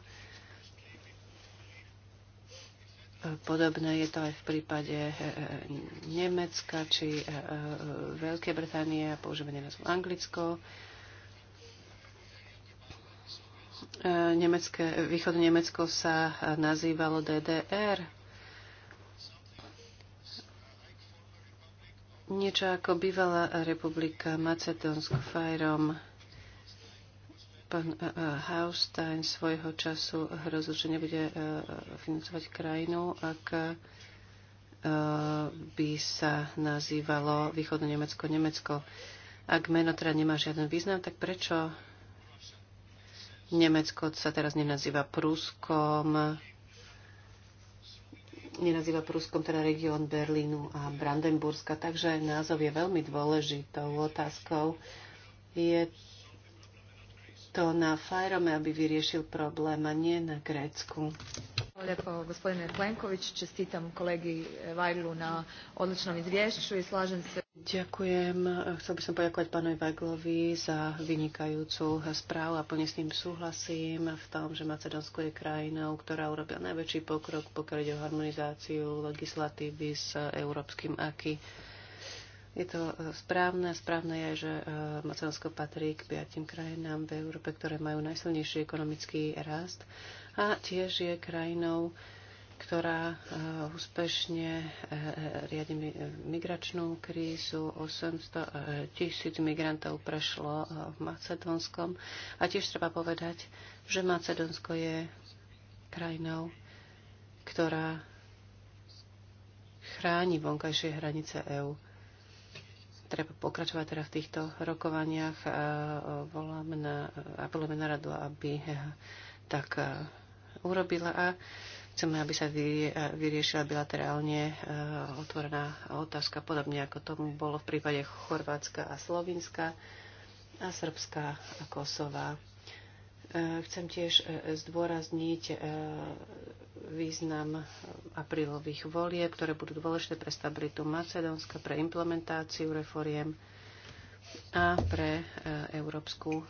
[SPEAKER 4] podobné je to aj v prípade Nemecka či Veľkej Británie a používanie názvu Anglicko. Nemecké, východ Nemecko sa nazývalo DDR niečo ako bývalá republika Macedónsk Fajrom. Pán eh, eh, Haustein svojho času hrozil, že nebude eh, financovať krajinu, ak by sa nazývalo Východné Nemecko Nemecko. Ak meno teda nemá žiaden význam, tak prečo Nemecko sa teraz nenazýva Pruskom, nenazýva Pruskom teda región Berlínu a Brandenburska, takže názov je veľmi dôležitou otázkou. Je to na Fajrome, aby vyriešil problém a nie na Grécku gospodine Plenković, čestitam kolegi Vajglu na odličnom izvješću i slažem se. Ďakujem. Chcel by som poďakovať pánovi Vajglovi za vynikajúcu správu a plne s ním súhlasím v tom, že Macedónsko je krajinou, ktorá urobila najväčší pokrok, pokiaľ ide o harmonizáciu legislatívy s európskym AKI. Je to e, správne. Správne je, že e, Macedónsko patrí k piatim krajinám v Európe, ktoré majú najsilnejší ekonomický rast a tiež je krajinou, ktorá e, úspešne e, e, riadi migračnú krízu. 800 tisíc migrantov prešlo v Macedónskom. A tiež treba povedať, že Macedónsko je krajinou, ktorá chráni vonkajšie hranice EÚ. Treba pokračovať teda v týchto rokovaniach. Voláme na, na radu, aby tak urobila a chceme, aby sa vy, e, vyriešila bilaterálne e, otvorená otázka, podobne ako tomu bolo v prípade Chorvátska a Slovinska a Srbska a Kosova. E, chcem tiež zdôrazniť význam aprílových volieb, ktoré budú dôležité pre stabilitu Macedónska, pre implementáciu reforiem a pre európsku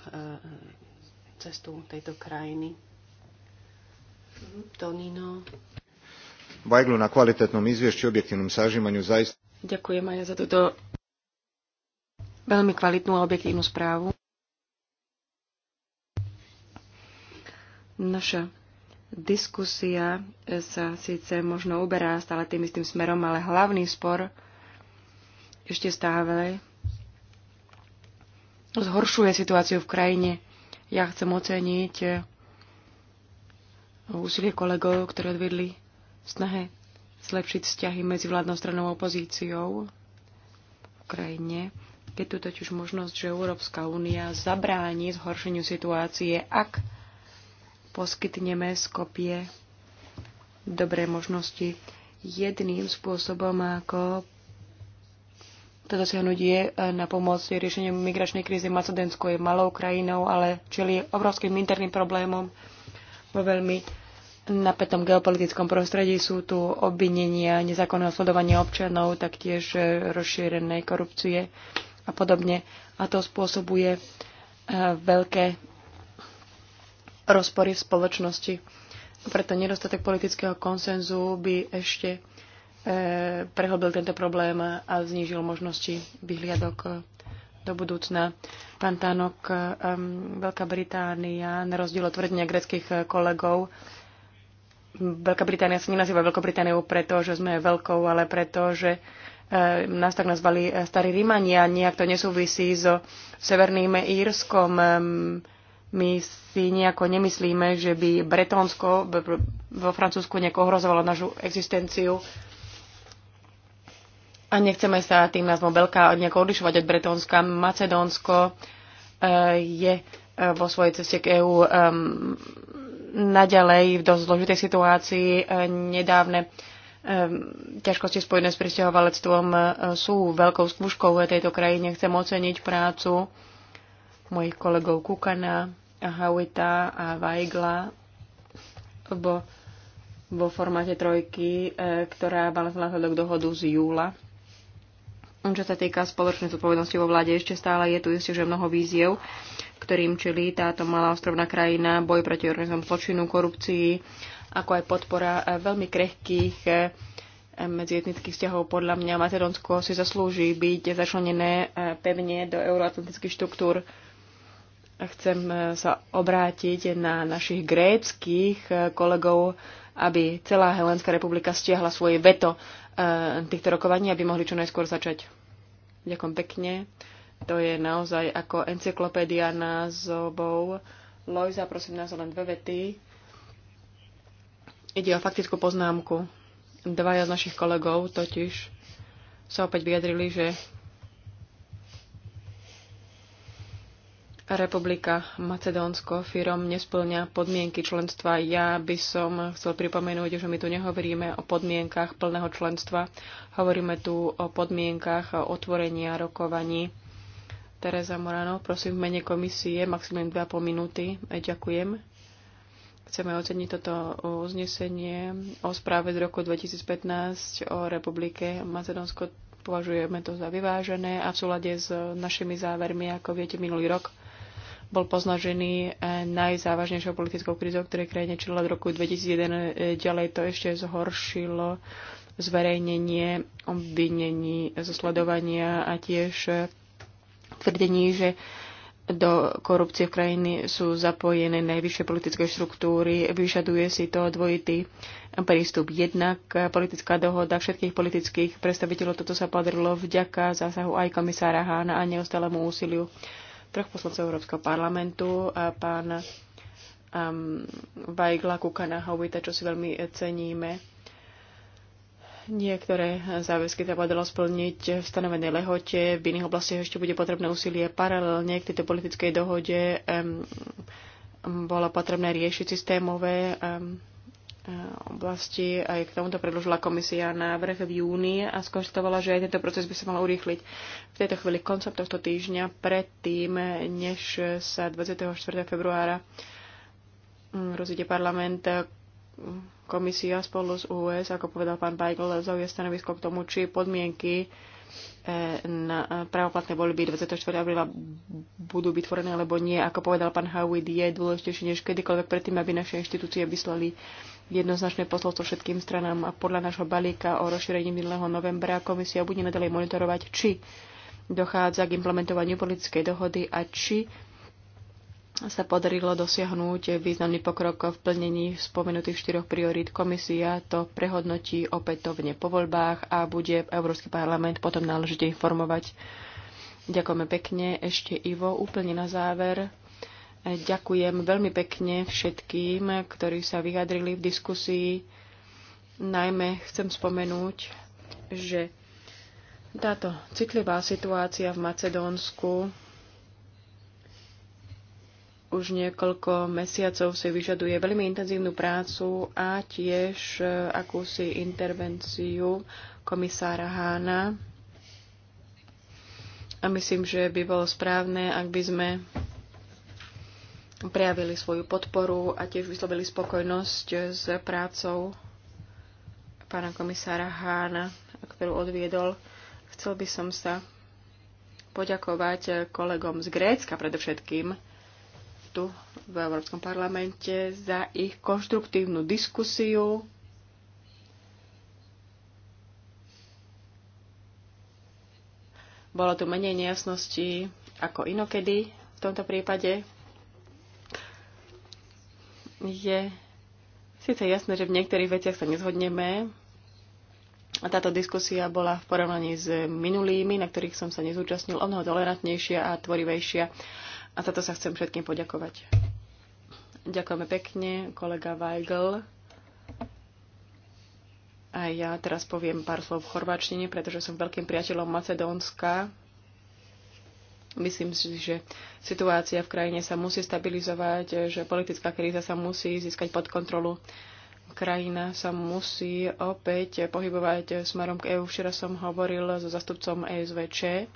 [SPEAKER 4] cestu tejto krajiny. Tonino.
[SPEAKER 2] Vajglu na kvalitetnom izvješću i objektivnom sažimanju zaista...
[SPEAKER 1] Ďakujem aj za túto veľmi kvalitnú a objektívnu správu. Naša diskusia sa síce možno uberá stále tým istým smerom, ale hlavný spor ešte stále zhoršuje situáciu v krajine. Ja chcem oceniť úsilie kolegov, ktoré odvedli v snahe zlepšiť vzťahy medzi vládnou stranou a opozíciou v krajine. Je tu totiž možnosť, že Európska únia zabráni zhoršeniu situácie, ak poskytneme Skopie dobré možnosti. Jedným spôsobom, ako to dosiahnuť je e, na pomoc riešeniu migračnej krízy Macedensko je malou krajinou, ale čili obrovským interným problémom vo veľmi napätom geopolitickom prostredí sú tu obvinenia nezákonného sledovania občanov, taktiež e, rozšírenej korupcie a podobne. A to spôsobuje e, veľké rozpory v spoločnosti. Preto nedostatek politického konsenzu by ešte e, prehlbil tento problém a znížil možnosti vyhliadok do budúcna. Pán Tánok, um, Veľká Británia, na rozdiel od tvrdenia greckých uh, kolegov, Veľká Británia sa nenazýva Veľkou Britániou preto, že sme veľkou, ale preto, že uh, nás tak nazvali uh, starí Rímania. Nijak to nesúvisí so Severným Írskom. Um, my si nejako nemyslíme, že by Bretónsko vo Francúzsku nejako ohrozovalo našu existenciu. A nechceme sa tým názvom Belka nejako odlišovať od Bretónska. Macedónsko eh, je eh, vo svojej ceste k EÚ ehm, naďalej v dosť zložitej situácii. Eh, nedávne ehm, ťažkosti spojené s pristahovalectvom sú veľkou skúškou tejto krajine. Chcem oceniť prácu mojich kolegov Kukana, Hawita a Weigla vo, vo formáte trojky, ktorá mala následok dohodu z júla čo sa týka spoločnej zodpovednosti vo vláde, ešte stále je tu isté, že mnoho víziev, ktorým čili táto malá ostrovná krajina, boj proti organizmom zločinu, korupcii, ako aj podpora eh, veľmi krehkých eh, medzietnických vzťahov. Podľa mňa Macedónsko si zaslúži byť začlenené eh, pevne do euroatlantických štruktúr. Chcem sa obrátiť na našich gréckých kolegov, aby celá Helenská republika stiahla svoje veto Eh, týchto rokovaní, aby mohli čo najskôr začať. Ďakujem pekne. To je naozaj ako encyklopédia názovou. Lojza, prosím nás len dve vety. Ide o faktickú poznámku. Dvaja z našich kolegov totiž sa opäť vyjadrili, že Republika Macedónsko firom nesplňa podmienky členstva. Ja by som chcel pripomenúť, že my tu nehovoríme o podmienkach plného členstva, hovoríme tu o podmienkach otvorenia rokovaní. Tereza Morano, prosím v mene komisie, maximum 2,5 minúty. E, ďakujem. Chceme oceniť toto uznesenie o správe z roku 2015 o Republike Macedónsko. Považujeme to za vyvážené a v súlade s našimi závermi, ako viete, minulý rok bol poznažený e, najzávažnejšou politickou krízou, ktoré krajine čilo od roku 2001. E, ďalej to ešte zhoršilo zverejnenie obvinení zo sledovania a tiež e, tvrdení, že do korupcie v krajiny sú zapojené najvyššie politické štruktúry. Vyžaduje si to dvojitý prístup. Jednak politická dohoda všetkých politických predstaviteľov, toto sa podarilo vďaka zásahu aj komisára Hána a neostalému úsiliu troch poslancov Európskeho parlamentu, pán um, Vajgla Kukana Hovita, čo si veľmi ceníme. Niektoré záväzky sa podarilo splniť v stanovenej lehote, v iných oblastiach ešte bude potrebné úsilie paralelne k tejto politickej dohode. Um, bolo potrebné riešiť systémové um, oblasti. Aj k tomuto predložila komisia návrh v júni a skonštatovala, že aj tento proces by sa mal urýchliť v tejto chvíli koncom tohto týždňa, predtým, než sa 24. februára mm, rozíde parlament komisia spolu s US, ako povedal pán Bajgl, zaujie stanovisko k tomu, či podmienky e, na právoplatné voľby 24. apríla budú vytvorené alebo nie. Ako povedal pán Howitt, je dôležitejšie než kedykoľvek predtým, aby naše inštitúcie vyslali jednoznačné posolstvo všetkým stranám a podľa nášho balíka o rozšírení minulého novembra komisia bude nadalej monitorovať, či dochádza k implementovaniu politickej dohody a či sa podarilo dosiahnuť významný pokrok v plnení spomenutých štyroch priorít. Komisia to prehodnotí opätovne po voľbách a bude Európsky parlament potom náležite informovať. Ďakujeme pekne. Ešte Ivo, úplne na záver. Ďakujem veľmi pekne všetkým, ktorí sa vyjadrili v diskusii. Najmä chcem spomenúť, že táto citlivá situácia v Macedónsku už niekoľko mesiacov si vyžaduje veľmi intenzívnu prácu a tiež e, akúsi intervenciu komisára Hána. A myslím, že by bolo správne, ak by sme prejavili svoju podporu a tiež vyslovili spokojnosť s prácou pána komisára Hána, ktorú odviedol. Chcel by som sa poďakovať kolegom z Grécka predovšetkým tu v Európskom parlamente za ich konštruktívnu diskusiu. Bolo tu menej nejasností ako inokedy v tomto prípade je síce jasné, že v niektorých veciach sa nezhodneme. A táto diskusia bola v porovnaní s minulými, na ktorých som sa nezúčastnil, o mnoho tolerantnejšia a tvorivejšia. A za to sa chcem všetkým poďakovať. Ďakujeme pekne, kolega Weigl. A ja teraz poviem pár slov v chorváčtine, pretože som veľkým priateľom Macedónska. Myslím si, že situácia v krajine sa musí stabilizovať, že politická kríza sa musí získať pod kontrolu. Krajina sa musí opäť pohybovať smerom k EÚ. Včera som hovoril so zastupcom ESVČ.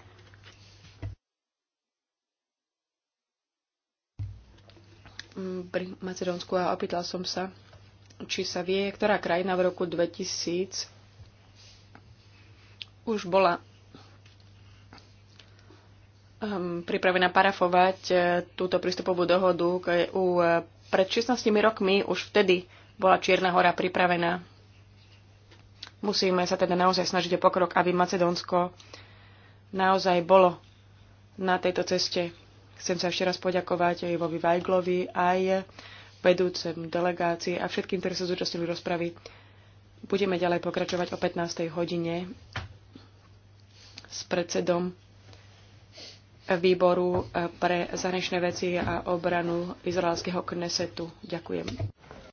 [SPEAKER 1] pri Macedónsku a opýtal som sa, či sa vie, ktorá krajina v roku 2000 už bola um, pripravená parafovať uh, túto prístupovú dohodu k EU. Pred 16 rokmi už vtedy bola Čierna hora pripravená. Musíme sa teda naozaj snažiť o pokrok, aby Macedónsko naozaj bolo na tejto ceste. Chcem sa ešte raz poďakovať aj Vovi Vajglovi, aj vedúcem delegácie a všetkým, ktorí sa zúčastnili rozpravy. Budeme ďalej pokračovať o 15. hodine s predsedom výboru
[SPEAKER 2] eh, pre zahraničné veci a obranu izraelského knesetu. Ďakujem.